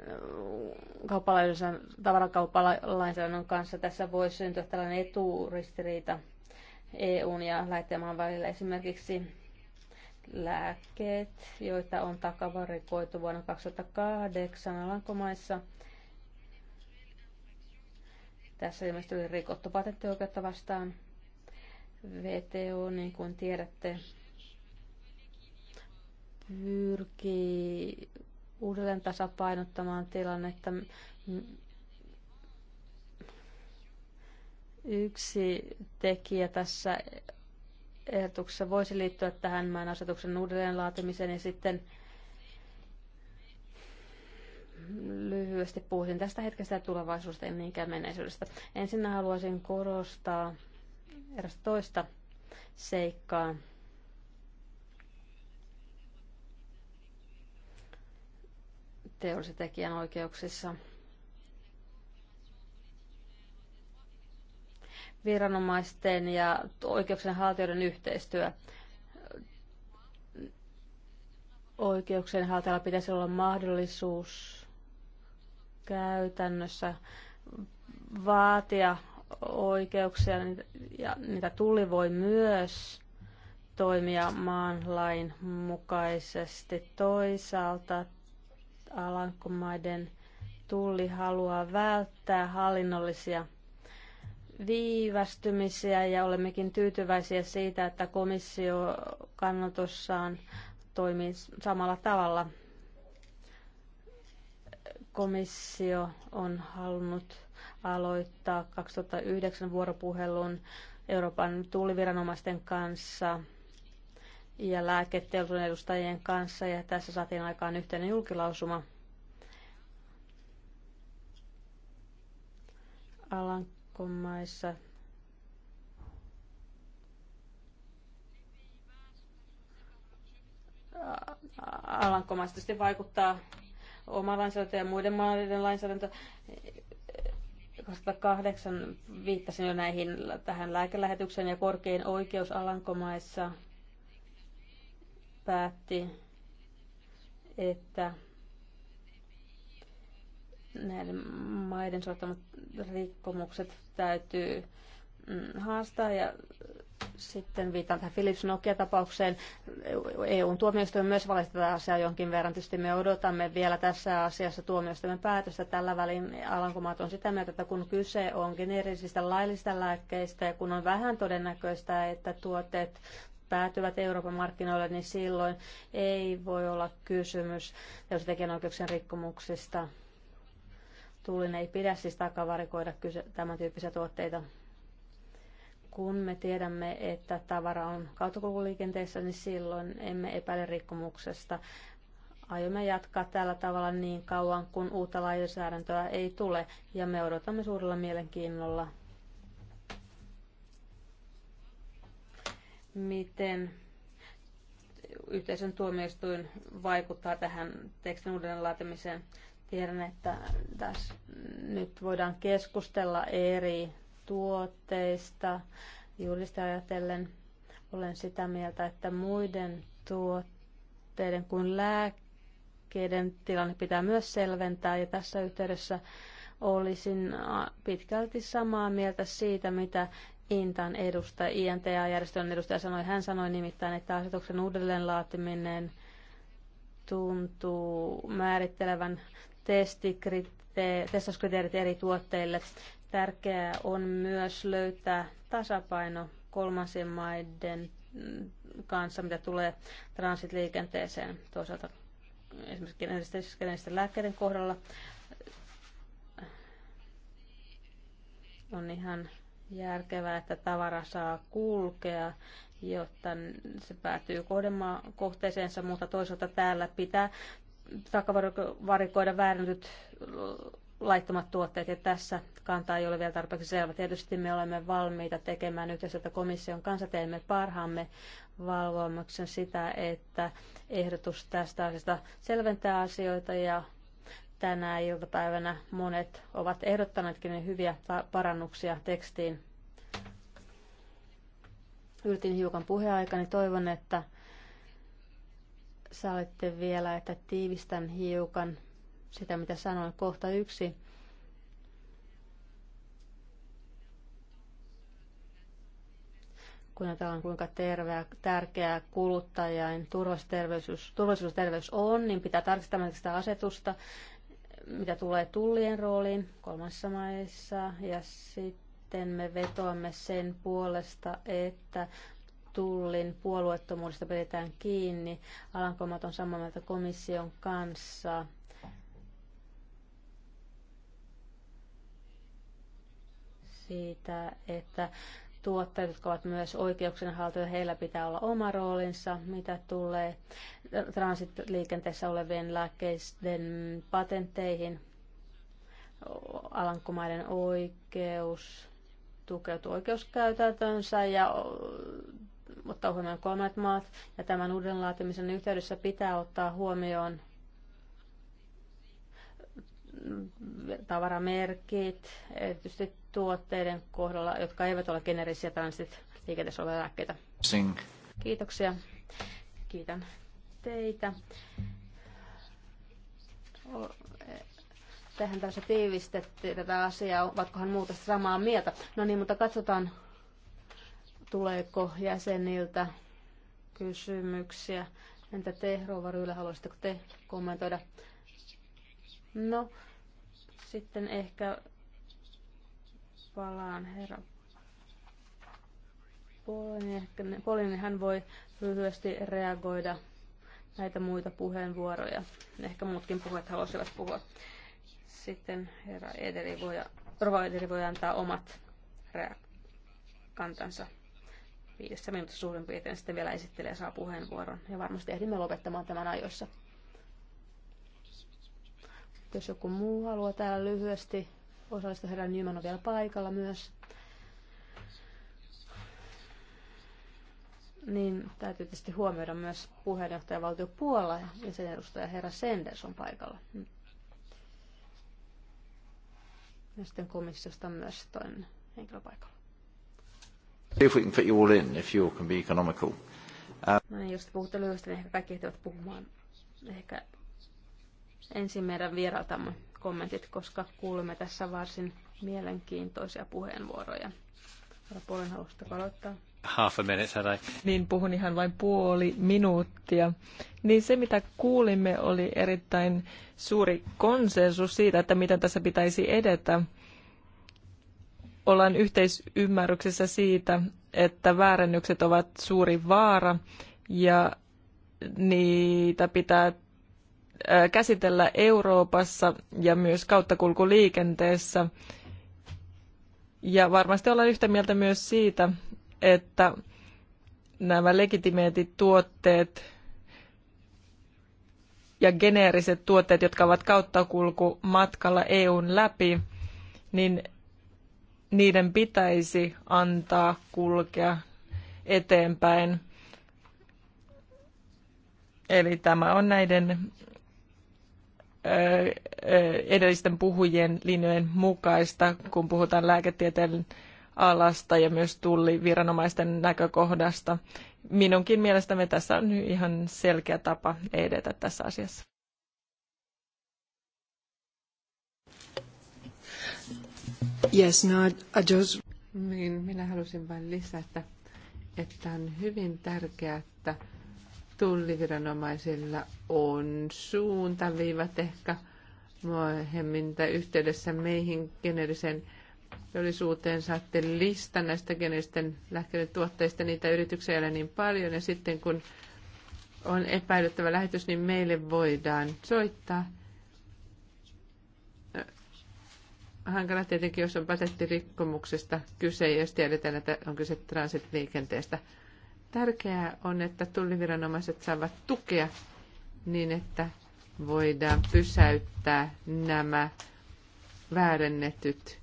äh, tavarakauppalainsäädännön kanssa. Tässä voi syntyä tällainen eturistiriita EUn ja lähtemaan välillä. Esimerkiksi lääkkeet, joita on takavarikoitu vuonna 2008 Alankomaissa. Tässä ilmeisesti oli rikottu patenttioikeutta vastaan. VTO, niin kuin tiedätte, pyrkii uudelleen tasapainottamaan tilannetta. Yksi tekijä tässä ehdotuksessa voisi liittyä tähän maan asetuksen uudelleenlaatimiseen ja sitten lyhyesti puhuisin tästä hetkestä ja tulevaisuudesta ja niinkään menneisyydestä. Ensinnä haluaisin korostaa erästä toista seikkaa, teollisen tekijän oikeuksissa. Viranomaisten ja oikeuksien haltijoiden yhteistyö. Oikeuksien haltijalla pitäisi olla mahdollisuus käytännössä vaatia oikeuksia ja niitä tuli voi myös toimia maan lain mukaisesti. Toisaalta Alankomaiden tulli haluaa välttää hallinnollisia viivästymisiä ja olemmekin tyytyväisiä siitä, että komissio kannatossaan toimii samalla tavalla. Komissio on halunnut aloittaa 2009 vuoropuhelun Euroopan tulliviranomaisten kanssa ja lääketeollisuuden edustajien kanssa ja tässä saatiin aikaan yhteinen julkilausuma. Alankomaissa Alankomaissa tietysti vaikuttaa oma lainsäädäntö ja muiden maiden lainsäädäntö. 2008 viittasin jo näihin tähän lääkelähetykseen ja korkein oikeus Alankomaissa – päätti, että näiden maiden suorittamat rikkomukset täytyy mm, haastaa ja sitten viitaan tähän Philips Nokia-tapaukseen. eu e tuomioistuin myös valitsi tätä asiaa jonkin verran. Tietysti me odotamme vielä tässä asiassa tuomioistuimen päätöstä. Tällä välin Alankomaat on sitä mieltä, että kun kyse on geneerisistä laillisista lääkkeistä ja kun on vähän todennäköistä, että tuotteet päätyvät Euroopan markkinoille, niin silloin ei voi olla kysymys jos tekijänoikeuksien rikkomuksista. Tullin ei pidä siis takavarikoida tämän tyyppisiä tuotteita. Kun me tiedämme, että tavara on kautokulkuliikenteessä, niin silloin emme epäile rikkomuksesta. Aiomme jatkaa tällä tavalla niin kauan, kun uutta lainsäädäntöä ei tule, ja me odotamme suurella mielenkiinnolla miten yhteisön tuomioistuin vaikuttaa tähän tekstin uudelleen laatimiseen. Tiedän, että tässä nyt voidaan keskustella eri tuotteista. Juuri ajatellen olen sitä mieltä, että muiden tuotteiden kuin lääkkeiden tilanne pitää myös selventää. Ja tässä yhteydessä olisin pitkälti samaa mieltä siitä, mitä Intan edustaja, INTA-järjestön edustaja sanoi, hän sanoi nimittäin, että asetuksen uudelleenlaatiminen tuntuu määrittelevän testauskriteerit eri tuotteille. Tärkeää on myös löytää tasapaino kolmansien maiden kanssa, mitä tulee transitliikenteeseen. Toisaalta esimerkiksi geneeristen lääkkeiden kohdalla on ihan järkevää, että tavara saa kulkea, jotta se päätyy kohdemaa kohteeseensa, mutta toisaalta täällä pitää takavarikoida väärännyt laittomat tuotteet, ja tässä kanta ei ole vielä tarpeeksi selvä. Tietysti me olemme valmiita tekemään yhteistyötä komission kanssa, teemme parhaamme valvoamaksen sitä, että ehdotus tästä asiasta selventää asioita ja Tänä iltapäivänä monet ovat ehdottaneetkin hyviä parannuksia tekstiin. Yritin hiukan puheaikani. Toivon, että sallitte vielä, että tiivistän hiukan sitä, mitä sanoin. Kohta yksi. kun ajatellaan kuinka terveä, tärkeää kuluttajien turvallisuusterveys, terveys on, niin pitää tarkistaa sitä asetusta mitä tulee tullien rooliin kolmassa maissa ja sitten me vetoamme sen puolesta, että tullin puolueettomuudesta pidetään kiinni. Alankomat on samaa mieltä komission kanssa. Siitä, että tuottajat, jotka ovat myös oikeuksenhaltijoita, heillä pitää olla oma roolinsa, mitä tulee transitliikenteessä olevien lääkkeiden patenteihin, alankomaiden oikeus, tukeutuu oikeuskäytäntönsä ja ottaa huomioon kolmat maat. Ja tämän uuden laatimisen yhteydessä pitää ottaa huomioon tavaramerkit, erityisesti tuotteiden kohdalla, jotka eivät ole geneerisiä transit liikenteessä olevia lääkkeitä. Sing. Kiitoksia. Kiitän teitä. E, Tähän tässä tiivistettiin tätä asiaa, ovatkohan muuta samaa mieltä. No niin, mutta katsotaan, tuleeko jäseniltä kysymyksiä. Entä te, Rouva Ryylä, haluaisitteko te kommentoida? No, sitten ehkä palaan herra Polinen. Hän voi lyhyesti reagoida näitä muita puheenvuoroja. Ehkä muutkin puhujat haluaisivat puhua. Sitten herra Ederi voi, Rova Ederi voi antaa omat kantansa viidessä minuutissa suurin piirtein. Sitten vielä esittelee saa puheenvuoron. Ja varmasti ehdimme lopettamaan tämän ajoissa. Jos joku muu haluaa täällä lyhyesti osallistu. Herra Nyman on vielä paikalla myös. Niin täytyy tietysti huomioida myös puheenjohtaja Valtio Puola ja sen edustaja herra Senders on paikalla. Ja sitten komissiosta myös toinen henkilö paikalla. If we can fit you all in, if you can be economical. Uh, no niin, jos puhutte lyhyesti, niin ehkä kaikki ehtivät puhumaan. Ehkä ensin meidän vierailtamme kommentit, koska kuulemme tässä varsin mielenkiintoisia puheenvuoroja. Puolen halusta aloittaa? Half a minute, had I. Niin puhun ihan vain puoli minuuttia. Niin se, mitä kuulimme, oli erittäin suuri konsensus siitä, että miten tässä pitäisi edetä. Ollaan yhteisymmärryksessä siitä, että väärennykset ovat suuri vaara ja niitä pitää käsitellä Euroopassa ja myös kauttakulkuliikenteessä. Ja varmasti ollaan yhtä mieltä myös siitä, että nämä legitimeetit tuotteet ja geneeriset tuotteet, jotka ovat kauttakulku matkalla EUn läpi, niin niiden pitäisi antaa kulkea eteenpäin. Eli tämä on näiden edellisten puhujien linjojen mukaista, kun puhutaan lääketieteen alasta ja myös tulliviranomaisten näkökohdasta. Minunkin mielestäni tässä on ihan selkeä tapa edetä tässä asiassa. Yes, no, I just... Niin, minä halusin vain lisätä, että on hyvin tärkeää, että tulliviranomaisilla on suuntaviivat ehkä myöhemmin tai yhteydessä meihin generisen teollisuuteen saatte listan näistä geneeristen lääkkeiden tuotteista. Niitä yrityksiä ei ole niin paljon ja sitten kun on epäilyttävä lähetys, niin meille voidaan soittaa. Hankala tietenkin, jos on patenttirikkomuksesta kyse, jos tiedetään, että on kyse transitliikenteestä. liikenteestä Tärkeää on, että tulliviranomaiset saavat tukea niin, että voidaan pysäyttää nämä väärennetyt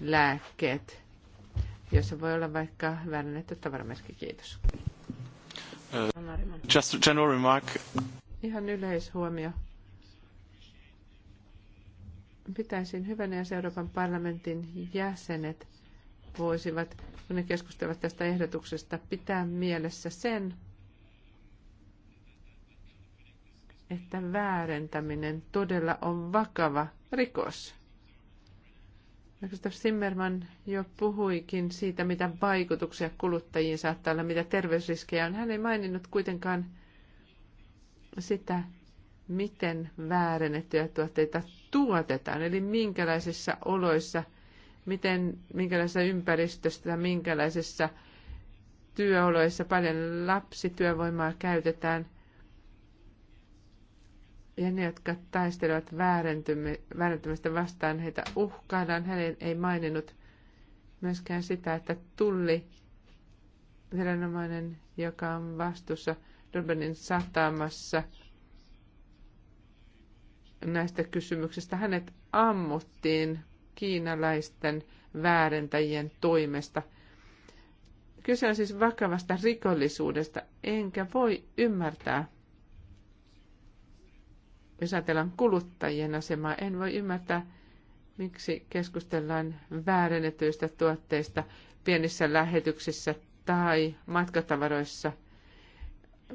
lääkkeet, jossa voi olla vaikka väärennetty tavaramerkki. Kiitos. Uh, just a general remark. Ihan yleishuomio. Pitäisin hyvänä, jos Euroopan parlamentin jäsenet voisivat kun ne keskustelevat tästä ehdotuksesta, pitää mielessä sen, että väärentäminen todella on vakava rikos. Gustav Zimmerman jo puhuikin siitä, mitä vaikutuksia kuluttajiin saattaa olla, mitä terveysriskejä on. Hän ei maininnut kuitenkaan sitä, miten väärennettyjä tuotteita tuotetaan, eli minkälaisissa oloissa – miten, minkälaisessa ympäristössä, minkälaisessa työoloissa paljon lapsityövoimaa käytetään. Ja ne, jotka taistelevat väärentymistä vastaan, heitä uhkaillaan. Hän ei maininnut myöskään sitä, että tulli viranomainen, joka on vastuussa Durbanin satamassa näistä kysymyksistä, hänet ammuttiin kiinalaisten väärentäjien toimesta. Kyse on siis vakavasta rikollisuudesta, enkä voi ymmärtää, jos ajatellaan kuluttajien asemaa, en voi ymmärtää, miksi keskustellaan väärennetyistä tuotteista pienissä lähetyksissä tai matkatavaroissa.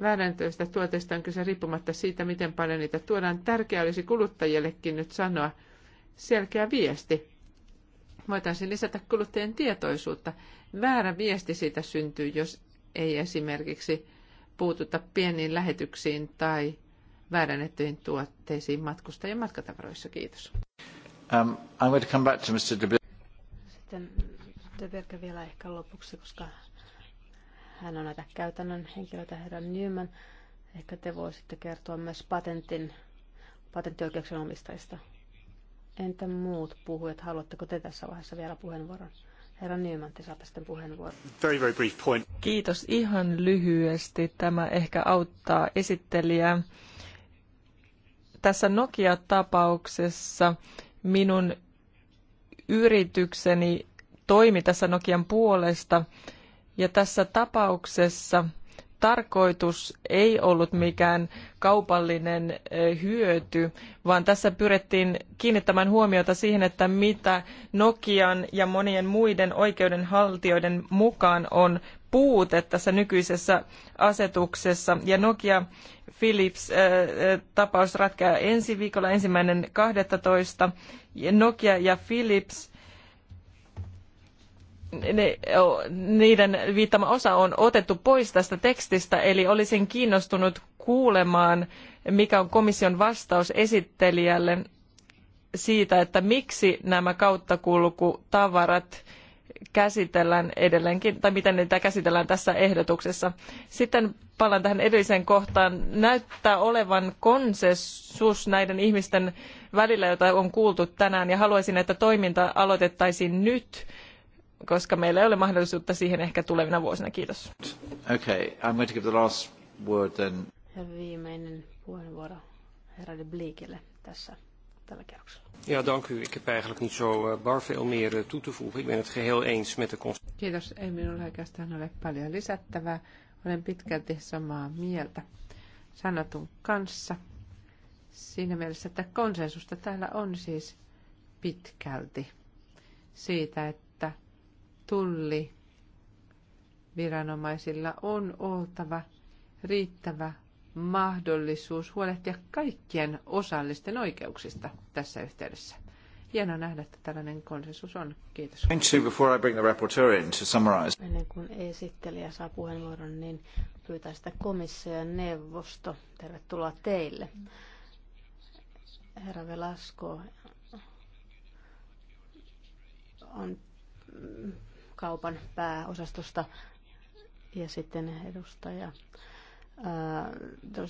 Väärennetyistä tuotteista on kyse riippumatta siitä, miten paljon niitä tuodaan. Tärkeää olisi kuluttajillekin nyt sanoa selkeä viesti voitaisiin lisätä kuluttajien tietoisuutta. Väärä viesti siitä syntyy, jos ei esimerkiksi puututa pieniin lähetyksiin tai väärännettyihin tuotteisiin matkusta- ja matkatavaroissa. Kiitos. Um, I'm going to come back to Mr. De Sitten De Berge vielä ehkä lopuksi, koska hän on näitä käytännön henkilöitä, herra Newman. Ehkä te voisitte kertoa myös patentin, patenttioikeuksien omistajista. Entä muut puhujat? Haluatteko te tässä vaiheessa vielä puheenvuoron? Herra Nyman, te saatte sitten puheenvuoron. Very, very brief point. Kiitos ihan lyhyesti. Tämä ehkä auttaa esittelijää. Tässä Nokia-tapauksessa minun yritykseni toimi tässä Nokian puolesta. Ja tässä tapauksessa – tarkoitus ei ollut mikään kaupallinen hyöty, vaan tässä pyrittiin kiinnittämään huomiota siihen, että mitä Nokian ja monien muiden oikeudenhaltijoiden mukaan on puute tässä nykyisessä asetuksessa. Ja Nokia Philips tapaus ratkeaa ensi viikolla ensimmäinen 12. Nokia ja Philips ne, niiden viittama osa on otettu pois tästä tekstistä, eli olisin kiinnostunut kuulemaan, mikä on komission vastaus esittelijälle siitä, että miksi nämä kauttakulkutavarat käsitellään edelleenkin, tai miten niitä käsitellään tässä ehdotuksessa. Sitten palaan tähän edelliseen kohtaan. Näyttää olevan konsensus näiden ihmisten välillä, jota on kuultu tänään, ja haluaisin, että toiminta aloitettaisiin nyt koska meillä ei ole mahdollisuutta siihen ehkä tulevina vuosina. Kiitos. Okay, I'm going to give the last word then. Ja viimeinen puheenvuoro herra de Bleekille tässä tällä kerroksella. Ja, dank u. Ik heb eigenlijk niet zo eh, bar veel meer eh, toe te voegen. Ik ben het geheel eens met de Kiitos. Ei minulla oikeastaan ole paljon lisättävää. Olen pitkälti samaa mieltä sanotun kanssa. Siinä mielessä, että konsensusta täällä on siis pitkälti siitä, että tulli viranomaisilla on oltava riittävä mahdollisuus huolehtia kaikkien osallisten oikeuksista tässä yhteydessä. Hienoa nähdä, että tällainen konsensus on. Kiitos. Ennen kuin esittelijä saa puheenvuoron, niin pyytää sitä komission neuvosto. Tervetuloa teille. Herra Velasko on kaupan pääosastosta ja sitten edustaja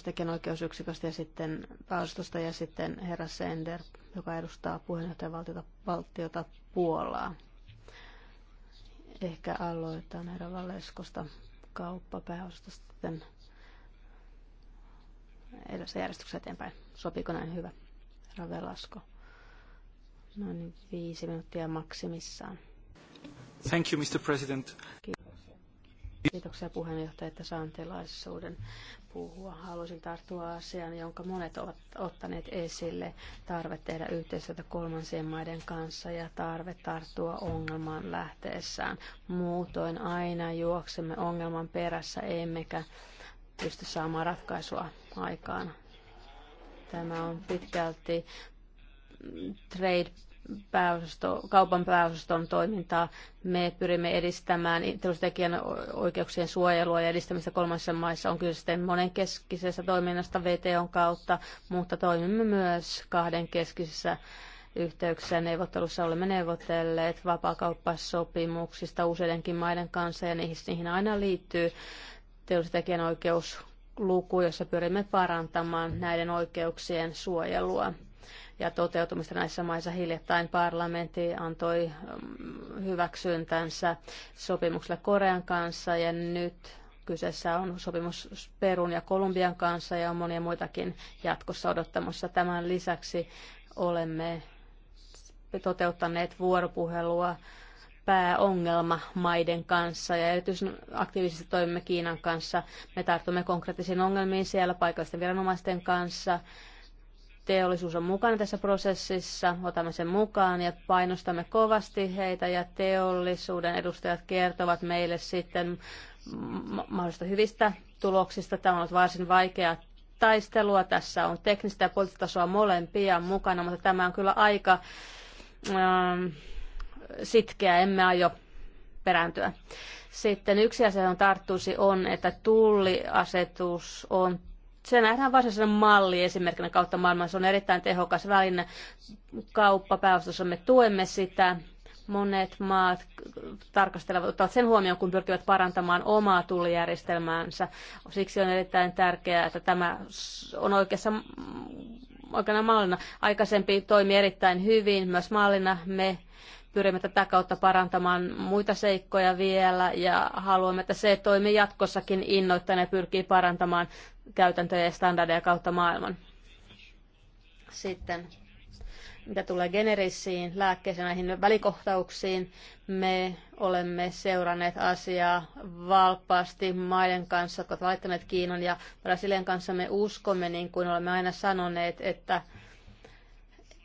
tekijänoikeusyksiköstä ja sitten pääosastosta ja sitten herra Sender, joka edustaa puheenjohtajavaltiota valtiota Puolaa. Ehkä aloitetaan herra Valeskosta kauppapääosastosta sitten edessä järjestyksessä eteenpäin. Sopiiko näin hyvä? Ravelasko. Noin niin, viisi minuuttia maksimissaan. Thank you, Mr. President. Kiitoksia. puheenjohtaja, että saan tilaisuuden puhua. Haluaisin tarttua asiaan, jonka monet ovat ottaneet esille. Tarve tehdä yhteistyötä kolmansien maiden kanssa ja tarve tarttua ongelman lähteessään. Muutoin aina juoksemme ongelman perässä, emmekä pysty saamaan ratkaisua aikaan. Tämä on pitkälti trade pääosasto, kaupan pääosaston toimintaa. Me pyrimme edistämään teollisuustekijän oikeuksien suojelua ja edistämistä kolmansissa maissa. On kyse sitten monenkeskisessä toiminnasta VTOn kautta, mutta toimimme myös kahdenkeskisissä yhteyksissä neuvottelussa olemme neuvotelleet vapaakauppasopimuksista useidenkin maiden kanssa ja niihin, niihin aina liittyy teollisuustekijän oikeusluku, jossa pyrimme parantamaan näiden oikeuksien suojelua ja toteutumista näissä maissa. Hiljattain parlamentti antoi mm, hyväksyntänsä sopimukselle Korean kanssa ja nyt Kyseessä on sopimus Perun ja Kolumbian kanssa ja on monia muitakin jatkossa odottamassa. Tämän lisäksi olemme toteuttaneet vuoropuhelua pääongelma maiden kanssa ja erityisen aktiivisesti toimimme Kiinan kanssa. Me tartumme konkreettisiin ongelmiin siellä paikallisten viranomaisten kanssa Teollisuus on mukana tässä prosessissa, otamme sen mukaan ja painostamme kovasti heitä ja teollisuuden edustajat kertovat meille sitten mahdollisista hyvistä tuloksista. Tämä on ollut varsin vaikea taistelua. Tässä on teknistä ja poliittista tasoa molempia mukana, mutta tämä on kyllä aika ähm, sitkeä. Emme aio perääntyä. Sitten yksi asia, johon tarttuisi, on, että tulliasetus on se nähdään varsinaisena malli esimerkkinä kautta maailman. Se on erittäin tehokas väline. Kauppapääosassa me tuemme sitä. Monet maat tarkastelevat, ottavat sen huomioon, kun pyrkivät parantamaan omaa tulijärjestelmäänsä. Siksi on erittäin tärkeää, että tämä on oikeassa oikeana mallina. Aikaisempi toimi erittäin hyvin myös mallina. Me pyrimme tätä kautta parantamaan muita seikkoja vielä ja haluamme, että se toimii jatkossakin innoittain ja pyrkii parantamaan käytäntöjä ja standardeja kautta maailman. Sitten mitä tulee generisiin, lääkkeisiin, näihin välikohtauksiin, me olemme seuranneet asiaa valppaasti maiden kanssa, jotka ovat laittaneet Kiinan ja Brasilian kanssa. Me uskomme, niin kuin olemme aina sanoneet, että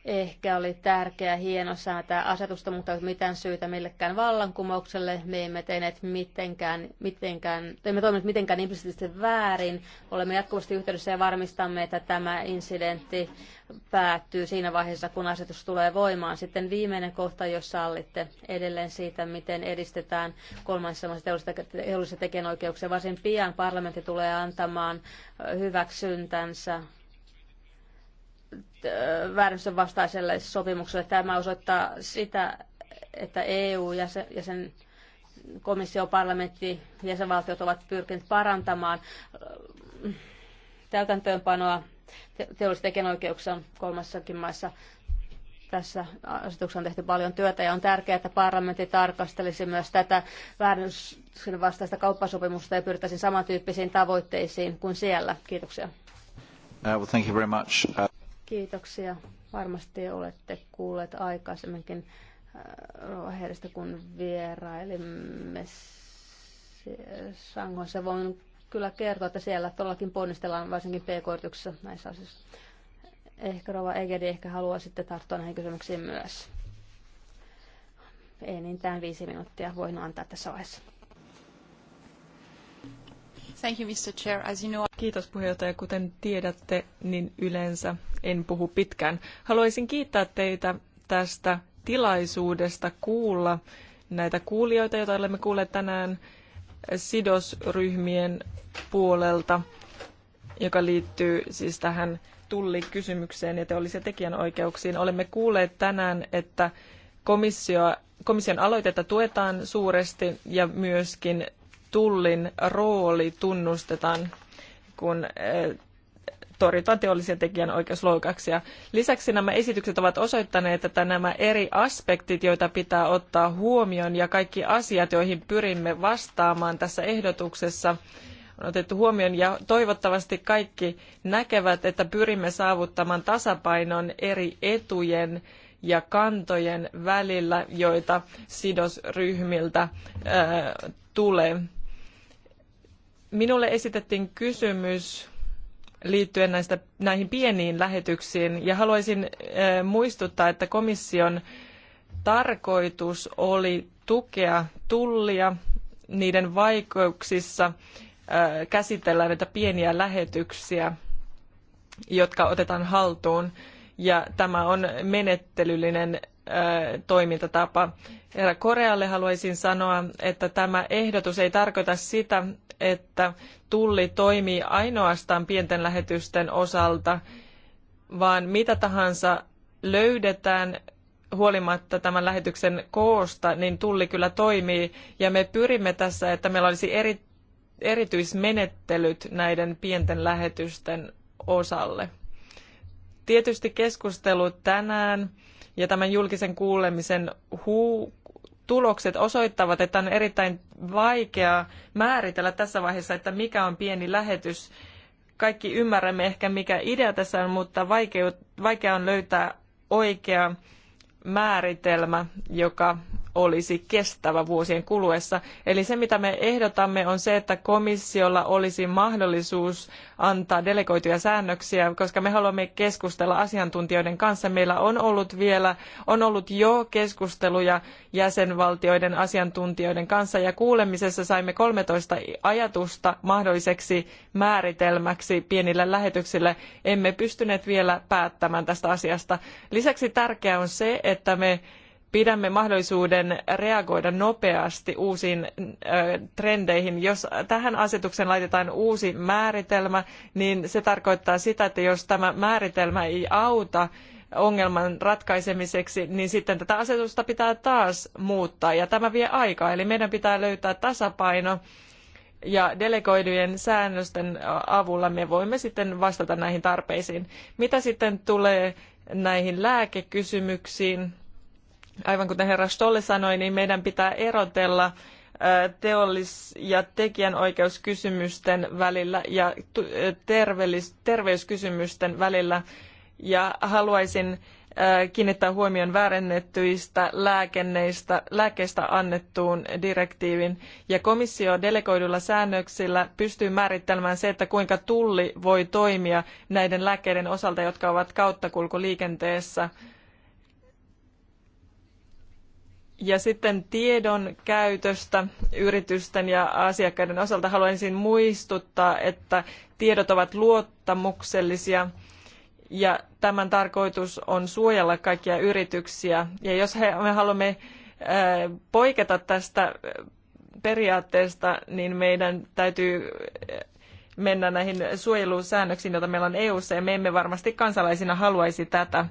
Ehkä oli tärkeää hieno säätää asetusta, mutta ei mitään syytä millekään vallankumoukselle. Me emme tehneet mitenkään, mitenkään, emme toimineet mitenkään implisiittisesti väärin. Olemme jatkuvasti yhteydessä ja varmistamme, että tämä incidentti päättyy siinä vaiheessa, kun asetus tulee voimaan. Sitten viimeinen kohta, jos sallitte edelleen siitä, miten edistetään kolmansissa maissa teollisia tekijänoikeuksia. Varsin pian parlamentti tulee antamaan hyväksyntänsä Äh, väärännösten vastaiselle sopimukselle. Tämä osoittaa sitä, että EU ja, ja sen komissio, parlamentti, jäsenvaltiot ovat pyrkineet parantamaan äh, täytäntöönpanoa teollisten tekijänoikeuksia kolmassakin maissa. Tässä asetuksessa on tehty paljon työtä ja on tärkeää, että parlamentti tarkastelisi myös tätä väärennyksen vastaista kauppasopimusta ja pyrittäisiin samantyyppisiin tavoitteisiin kuin siellä. Kiitoksia. Uh, well, thank you very much. Uh... Kiitoksia. Varmasti olette kuulleet aikaisemminkin äh, Roherista, kun vierailimme Sangossa. Voin kyllä kertoa, että siellä todellakin ponnistellaan varsinkin pk-yrityksessä näissä asioissa. Ehkä Rova Egedi ehkä haluaa sitten tarttua näihin kysymyksiin myös. Enintään viisi minuuttia voin antaa tässä vaiheessa. Kiitos puheenjohtaja. Kuten tiedätte, niin yleensä en puhu pitkään. Haluaisin kiittää teitä tästä tilaisuudesta kuulla näitä kuulijoita, joita olemme kuulleet tänään sidosryhmien puolelta, joka liittyy siis tähän tullikysymykseen ja teollisiin tekijänoikeuksiin. Olemme kuulleet tänään, että komissio, komission aloitetta tuetaan suuresti ja myöskin tullin rooli tunnustetaan, kun eh, torjutaan teollisia tekijänoikeusloukauksia. Lisäksi nämä esitykset ovat osoittaneet, että nämä eri aspektit, joita pitää ottaa huomioon ja kaikki asiat, joihin pyrimme vastaamaan tässä ehdotuksessa, on otettu huomioon ja toivottavasti kaikki näkevät, että pyrimme saavuttamaan tasapainon eri etujen ja kantojen välillä, joita sidosryhmiltä ää, eh, tulee. Minulle esitettiin kysymys liittyen näistä, näihin pieniin lähetyksiin ja haluaisin äh, muistuttaa, että komission tarkoitus oli tukea tullia niiden vaikeuksissa äh, käsitellä näitä pieniä lähetyksiä, jotka otetaan haltuun. Ja tämä on menettelyllinen toimintatapa. Herra Korealle haluaisin sanoa, että tämä ehdotus ei tarkoita sitä, että tulli toimii ainoastaan pienten lähetysten osalta, vaan mitä tahansa löydetään huolimatta tämän lähetyksen koosta, niin tulli kyllä toimii. Ja me pyrimme tässä, että meillä olisi eri, erityismenettelyt näiden pienten lähetysten osalle. Tietysti keskustelu tänään ja tämän julkisen kuulemisen huu- tulokset osoittavat, että on erittäin vaikea määritellä tässä vaiheessa, että mikä on pieni lähetys. Kaikki ymmärrämme ehkä, mikä idea tässä on, mutta vaikea, vaikea on löytää oikea määritelmä, joka olisi kestävä vuosien kuluessa. Eli se, mitä me ehdotamme, on se, että komissiolla olisi mahdollisuus antaa delegoituja säännöksiä, koska me haluamme keskustella asiantuntijoiden kanssa. Meillä on ollut vielä, on ollut jo keskusteluja jäsenvaltioiden asiantuntijoiden kanssa, ja kuulemisessa saimme 13 ajatusta mahdolliseksi määritelmäksi pienille lähetyksille. Emme pystyneet vielä päättämään tästä asiasta. Lisäksi tärkeää on se, että me pidämme mahdollisuuden reagoida nopeasti uusiin trendeihin. Jos tähän asetukseen laitetaan uusi määritelmä, niin se tarkoittaa sitä, että jos tämä määritelmä ei auta ongelman ratkaisemiseksi, niin sitten tätä asetusta pitää taas muuttaa ja tämä vie aikaa. Eli meidän pitää löytää tasapaino ja delegoidujen säännösten avulla me voimme sitten vastata näihin tarpeisiin. Mitä sitten tulee näihin lääkekysymyksiin, Aivan kuten herra Stolle sanoi, niin meidän pitää erotella teollis- ja tekijänoikeuskysymysten välillä ja terveyskysymysten välillä. Ja haluaisin kiinnittää huomion väärennettyistä lääkkeistä annettuun direktiivin. Ja komissio delegoiduilla säännöksillä pystyy määrittelemään se, että kuinka tulli voi toimia näiden lääkkeiden osalta, jotka ovat kauttakulkuliikenteessä liikenteessä ja sitten tiedon käytöstä yritysten ja asiakkaiden osalta haluaisin muistuttaa, että tiedot ovat luottamuksellisia ja tämän tarkoitus on suojella kaikkia yrityksiä. Ja jos me haluamme äh, poiketa tästä äh, periaatteesta, niin meidän täytyy äh, mennä näihin suojelusäännöksiin, joita meillä on EU:ssa, ja me emme varmasti kansalaisina haluaisi tätä.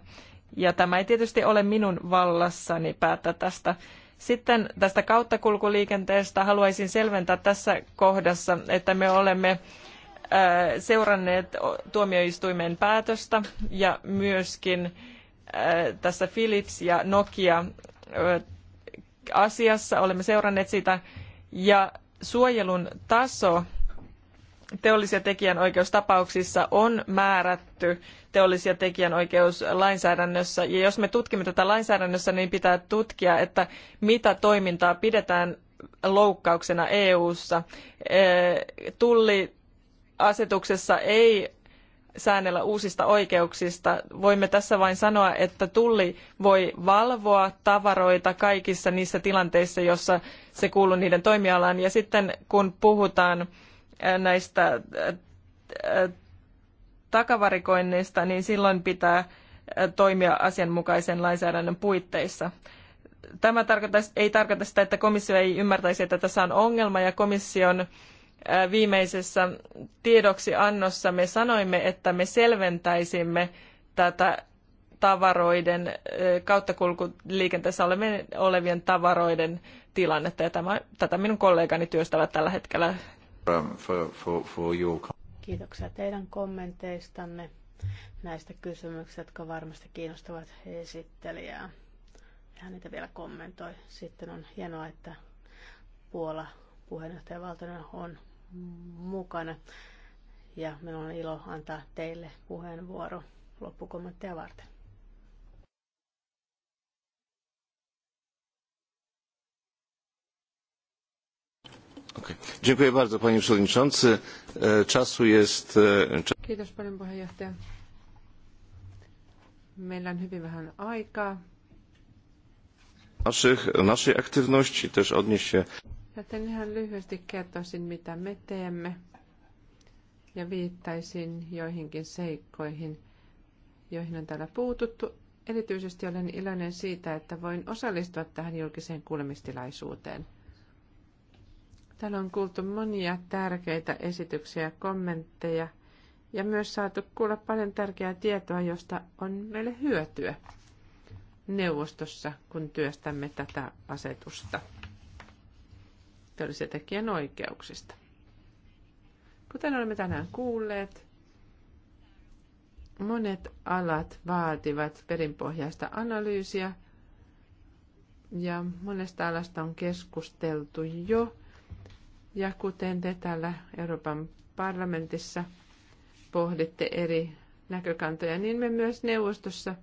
Ja tämä ei tietysti ole minun vallassani päättää tästä. Sitten tästä kauttakulkuliikenteestä haluaisin selventää tässä kohdassa, että me olemme äh, seuranneet tuomioistuimen päätöstä ja myöskin äh, tässä Philips ja Nokia äh, asiassa olemme seuranneet sitä ja suojelun taso teollisia tekijänoikeustapauksissa on määrätty teollisia tekijänoikeuslainsäädännössä. Ja jos me tutkimme tätä lainsäädännössä, niin pitää tutkia, että mitä toimintaa pidetään loukkauksena EU-ssa. Tulliasetuksessa ei säännellä uusista oikeuksista. Voimme tässä vain sanoa, että tulli voi valvoa tavaroita kaikissa niissä tilanteissa, jossa se kuuluu niiden toimialaan. Ja sitten kun puhutaan näistä äh, äh, takavarikoinnista, niin silloin pitää äh, toimia asianmukaisen lainsäädännön puitteissa. Tämä ei tarkoita sitä, että komissio ei ymmärtäisi, että tässä on ongelma ja komission viimeisessä tiedoksiannossa me sanoimme, että me selventäisimme tätä tavaroiden, kauttakulkuliikenteessä olevien tavaroiden tilannetta. Ja tämä, tätä minun kollegani työstävät tällä hetkellä Um, for, for, for your... Kiitoksia teidän kommenteistanne näistä kysymyksistä, jotka varmasti kiinnostavat esittelijää. Ja hän niitä vielä kommentoi. Sitten on hienoa, että Puola Valtonen on mukana. Ja minulla on ilo antaa teille puheenvuoro loppukommentteja varten. panie przewodniczący. E, czasu jest... E, Kiitos paljon, puheenjohtaja. Meillä on hyvin vähän aikaa. Naszych, naszej aktywności też odnieść się... Joten ihan lyhyesti kertoisin, mitä me teemme ja viittaisin joihinkin seikkoihin, joihin on täällä puututtu. Erityisesti olen iloinen siitä, että voin osallistua tähän julkiseen kuulemistilaisuuteen – Täällä on kuultu monia tärkeitä esityksiä ja kommentteja ja myös saatu kuulla paljon tärkeää tietoa, josta on meille hyötyä neuvostossa, kun työstämme tätä asetusta teollisen tekijän oikeuksista. Kuten olemme tänään kuulleet, monet alat vaativat perinpohjaista analyysiä ja monesta alasta on keskusteltu jo – ja kuten te täällä Euroopan parlamentissa pohditte eri näkökantoja, niin me myös neuvostossa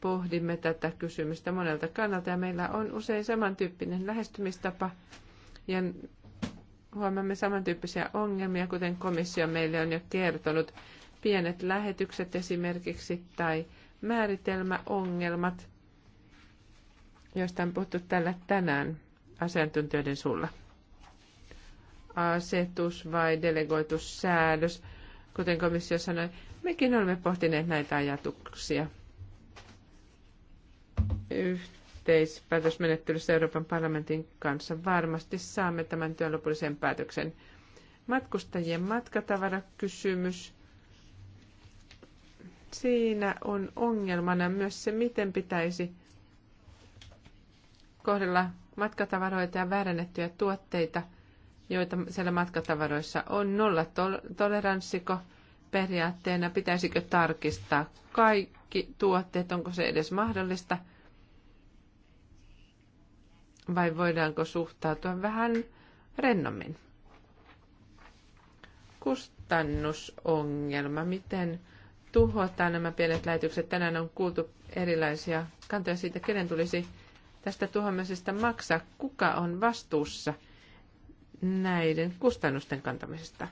pohdimme tätä kysymystä monelta kannalta ja meillä on usein samantyyppinen lähestymistapa ja huomaamme samantyyppisiä ongelmia, kuten komissio meille on jo kertonut. Pienet lähetykset esimerkiksi tai määritelmäongelmat, joista on puhuttu tällä tänään asiantuntijoiden sulla asetus vai delegoitu säädös, kuten komissio sanoi. Mekin olemme pohtineet näitä ajatuksia. Yhteispäätösmenettelyssä Euroopan parlamentin kanssa varmasti saamme tämän työn lopullisen päätöksen. Matkustajien matkatavarakysymys. Siinä on ongelmana myös se, miten pitäisi kohdella matkatavaroita ja väärennettyjä tuotteita – joita siellä matkatavaroissa on. Nolla toleranssiko periaatteena, pitäisikö tarkistaa kaikki tuotteet, onko se edes mahdollista, vai voidaanko suhtautua vähän rennommin. Kustannusongelma, miten tuhotaan nämä pienet lähetykset. Tänään on kuultu erilaisia kantoja siitä, kenen tulisi tästä tuhoamisesta maksaa, kuka on vastuussa – näiden kustannusten kantamisesta.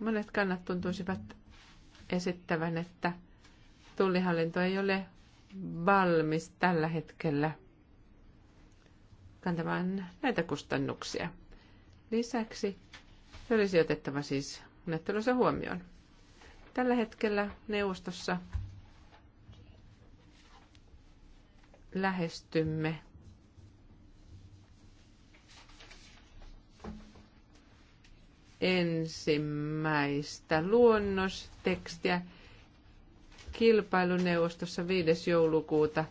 Monet kannat tuntuisivat esittävän, että tullihallinto ei ole valmis tällä hetkellä kantamaan näitä kustannuksia. Lisäksi se olisi otettava siis neuvottelussa huomioon. Tällä hetkellä neuvostossa lähestymme ensimmäistä luonnostekstiä kilpailuneuvostossa 5. joulukuuta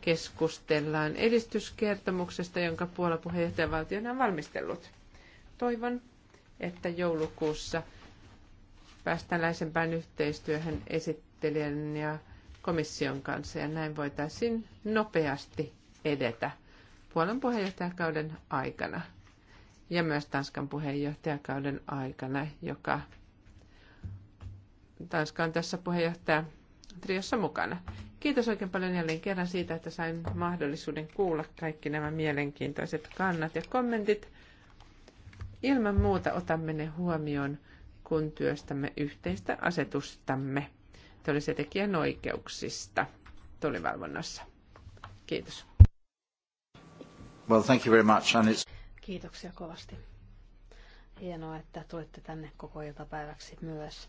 keskustellaan edistyskertomuksesta, jonka Puola puheenjohtajavaltiona on valmistellut. Toivon, että joulukuussa päästään läisempään yhteistyöhön esittelijän ja komission kanssa ja näin voitaisiin nopeasti edetä Puolan puheenjohtajakauden aikana ja myös Tanskan puheenjohtajakauden aikana, joka Tanska on tässä puheenjohtaja triossa mukana. Kiitos oikein paljon jälleen kerran siitä, että sain mahdollisuuden kuulla kaikki nämä mielenkiintoiset kannat ja kommentit. Ilman muuta otamme ne huomioon, kun työstämme yhteistä asetustamme teollis- tekijän oikeuksista tulivalvonnassa. Kiitos. Well, thank you very much. And it's... Kiitoksia kovasti. Hienoa, että tulitte tänne koko iltapäiväksi myös.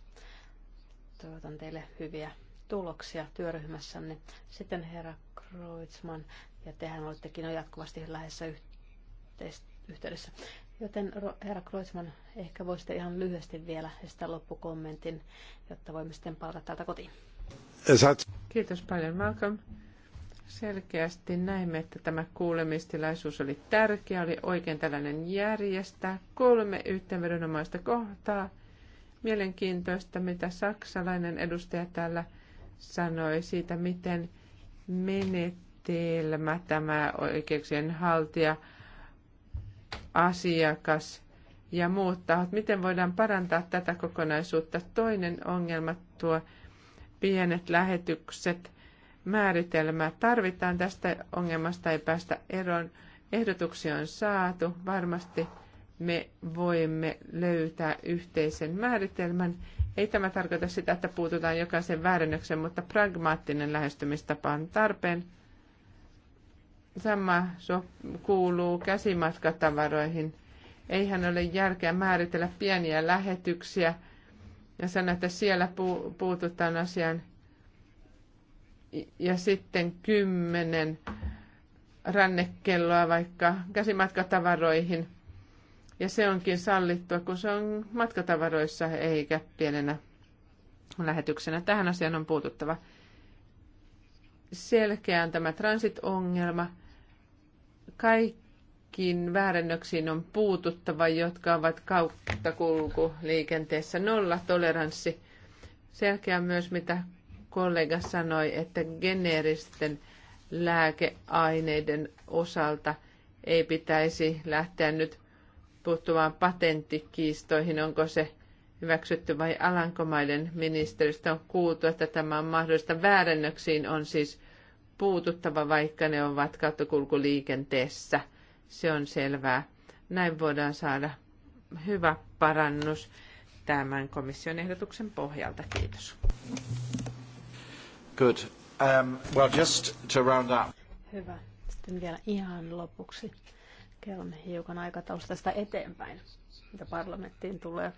Toivotan teille hyviä tuloksia työryhmässänne. Sitten herra Kreutzmann, ja tehän olittekin jatkuvasti läheisessä yhteydessä. Joten herra Kreutzmann, ehkä voisitte ihan lyhyesti vielä estää loppukommentin, jotta voimme sitten palata täältä kotiin. Kiitos paljon, Malcolm selkeästi näimme, että tämä kuulemistilaisuus oli tärkeä, oli oikein tällainen järjestää. Kolme yhteenvedonomaista kohtaa. Mielenkiintoista, mitä saksalainen edustaja täällä sanoi siitä, miten menetelmä tämä oikeuksien haltija, asiakas ja muut tahot, miten voidaan parantaa tätä kokonaisuutta. Toinen ongelma tuo pienet lähetykset – määritelmä tarvitaan. Tästä ongelmasta ei päästä eroon. Ehdotuksia on saatu. Varmasti me voimme löytää yhteisen määritelmän. Ei tämä tarkoita sitä, että puututaan jokaisen väärännöksen, mutta pragmaattinen lähestymistapa on tarpeen. Sama so, kuuluu käsimatkatavaroihin. Eihän ole järkeä määritellä pieniä lähetyksiä ja sanoa, että siellä pu, puututaan asiaan ja sitten kymmenen rannekelloa vaikka käsimatkatavaroihin. Ja se onkin sallittua, kun se on matkatavaroissa eikä pienenä lähetyksenä. Tähän asiaan on puututtava. Selkeään tämä transit-ongelma. Kaikkiin väärennöksiin on puututtava, jotka ovat kulku liikenteessä nolla toleranssi. Selkeä myös, mitä kollega sanoi, että geneeristen lääkeaineiden osalta ei pitäisi lähteä nyt puuttumaan patenttikiistoihin, onko se hyväksytty vai Alankomaiden ministeristä on kuultu, että tämä on mahdollista. Väärännöksiin on siis puututtava, vaikka ne ovat kauttakulkuliikenteessä. Se on selvää. Näin voidaan saada hyvä parannus tämän komission ehdotuksen pohjalta. Kiitos. Good. Um, well, just to round up. Hyvä. Sitten vielä ihan lopuksi Kerron hiukan aikataulusta tästä eteenpäin, mitä parlamenttiin tulee.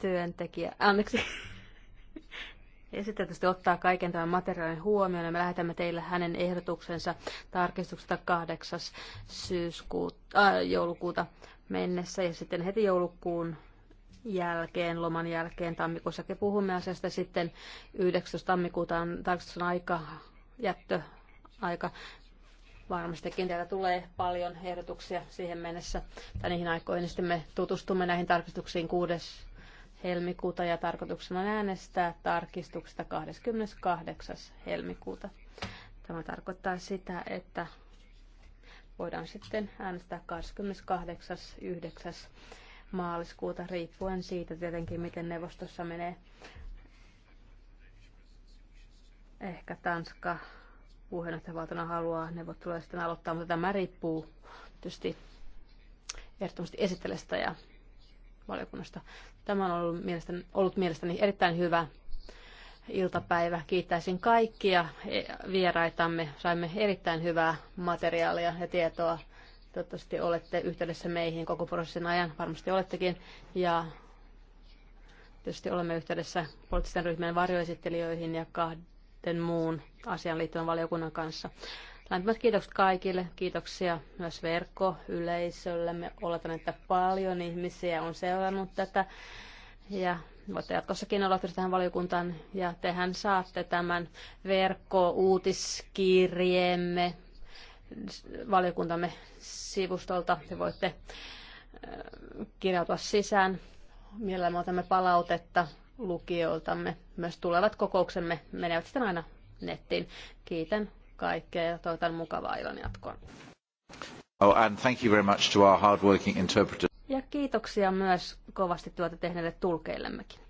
Työntekijä, anteeksi. Ja sitten tietysti ottaa kaiken tämän materiaalin huomioon ja me lähetämme teille hänen ehdotuksensa tarkistuksesta 8. Syyskuuta, äh, joulukuuta mennessä ja sitten heti joulukuun jälkeen, loman jälkeen tammikuussa. Puhumme asiasta sitten 19. tammikuuta on tarkastuksen aika, jättöaika. Varmastikin teillä tulee paljon ehdotuksia siihen mennessä tai niihin aikoihin. Sitten me tutustumme näihin tarkistuksiin 6 helmikuuta ja tarkoituksena on äänestää tarkistuksesta 28. helmikuuta. Tämä tarkoittaa sitä, että voidaan sitten äänestää 28.9 maaliskuuta, riippuen siitä tietenkin, miten neuvostossa menee. Ehkä Tanska puheenjohtajavaltona haluaa neuvotteluja sitten aloittaa, mutta tämä riippuu tietysti ehdottomasti esittelestä ja valiokunnasta. Tämä on ollut mielestäni, ollut mielestäni erittäin hyvä iltapäivä. Kiittäisin kaikkia vieraitamme. Saimme erittäin hyvää materiaalia ja tietoa Toivottavasti olette yhteydessä meihin koko prosessin ajan, varmasti olettekin. Ja tietysti olemme yhteydessä poliittisten ryhmien varjoesittelijöihin ja kahden muun asian liittyvän valiokunnan kanssa. Lämpimät kiitokset kaikille. Kiitoksia myös verkkoyleisöllemme. Oletan, että paljon ihmisiä on seurannut tätä. Ja voitte jatkossakin olla yhteydessä tähän valiokuntaan. Ja tehän saatte tämän verkko-uutiskirjeemme valiokuntamme sivustolta. Te voitte äh, kirjautua sisään. Mielellämme otamme palautetta lukijoiltamme. Myös tulevat kokouksemme menevät sitten aina nettiin. Kiitän kaikkea ja toivotan mukavaa ilon jatkoa. Oh, and thank you very much to our hardworking interpreters. Ja kiitoksia myös kovasti työtä tehneille tulkeillemmekin.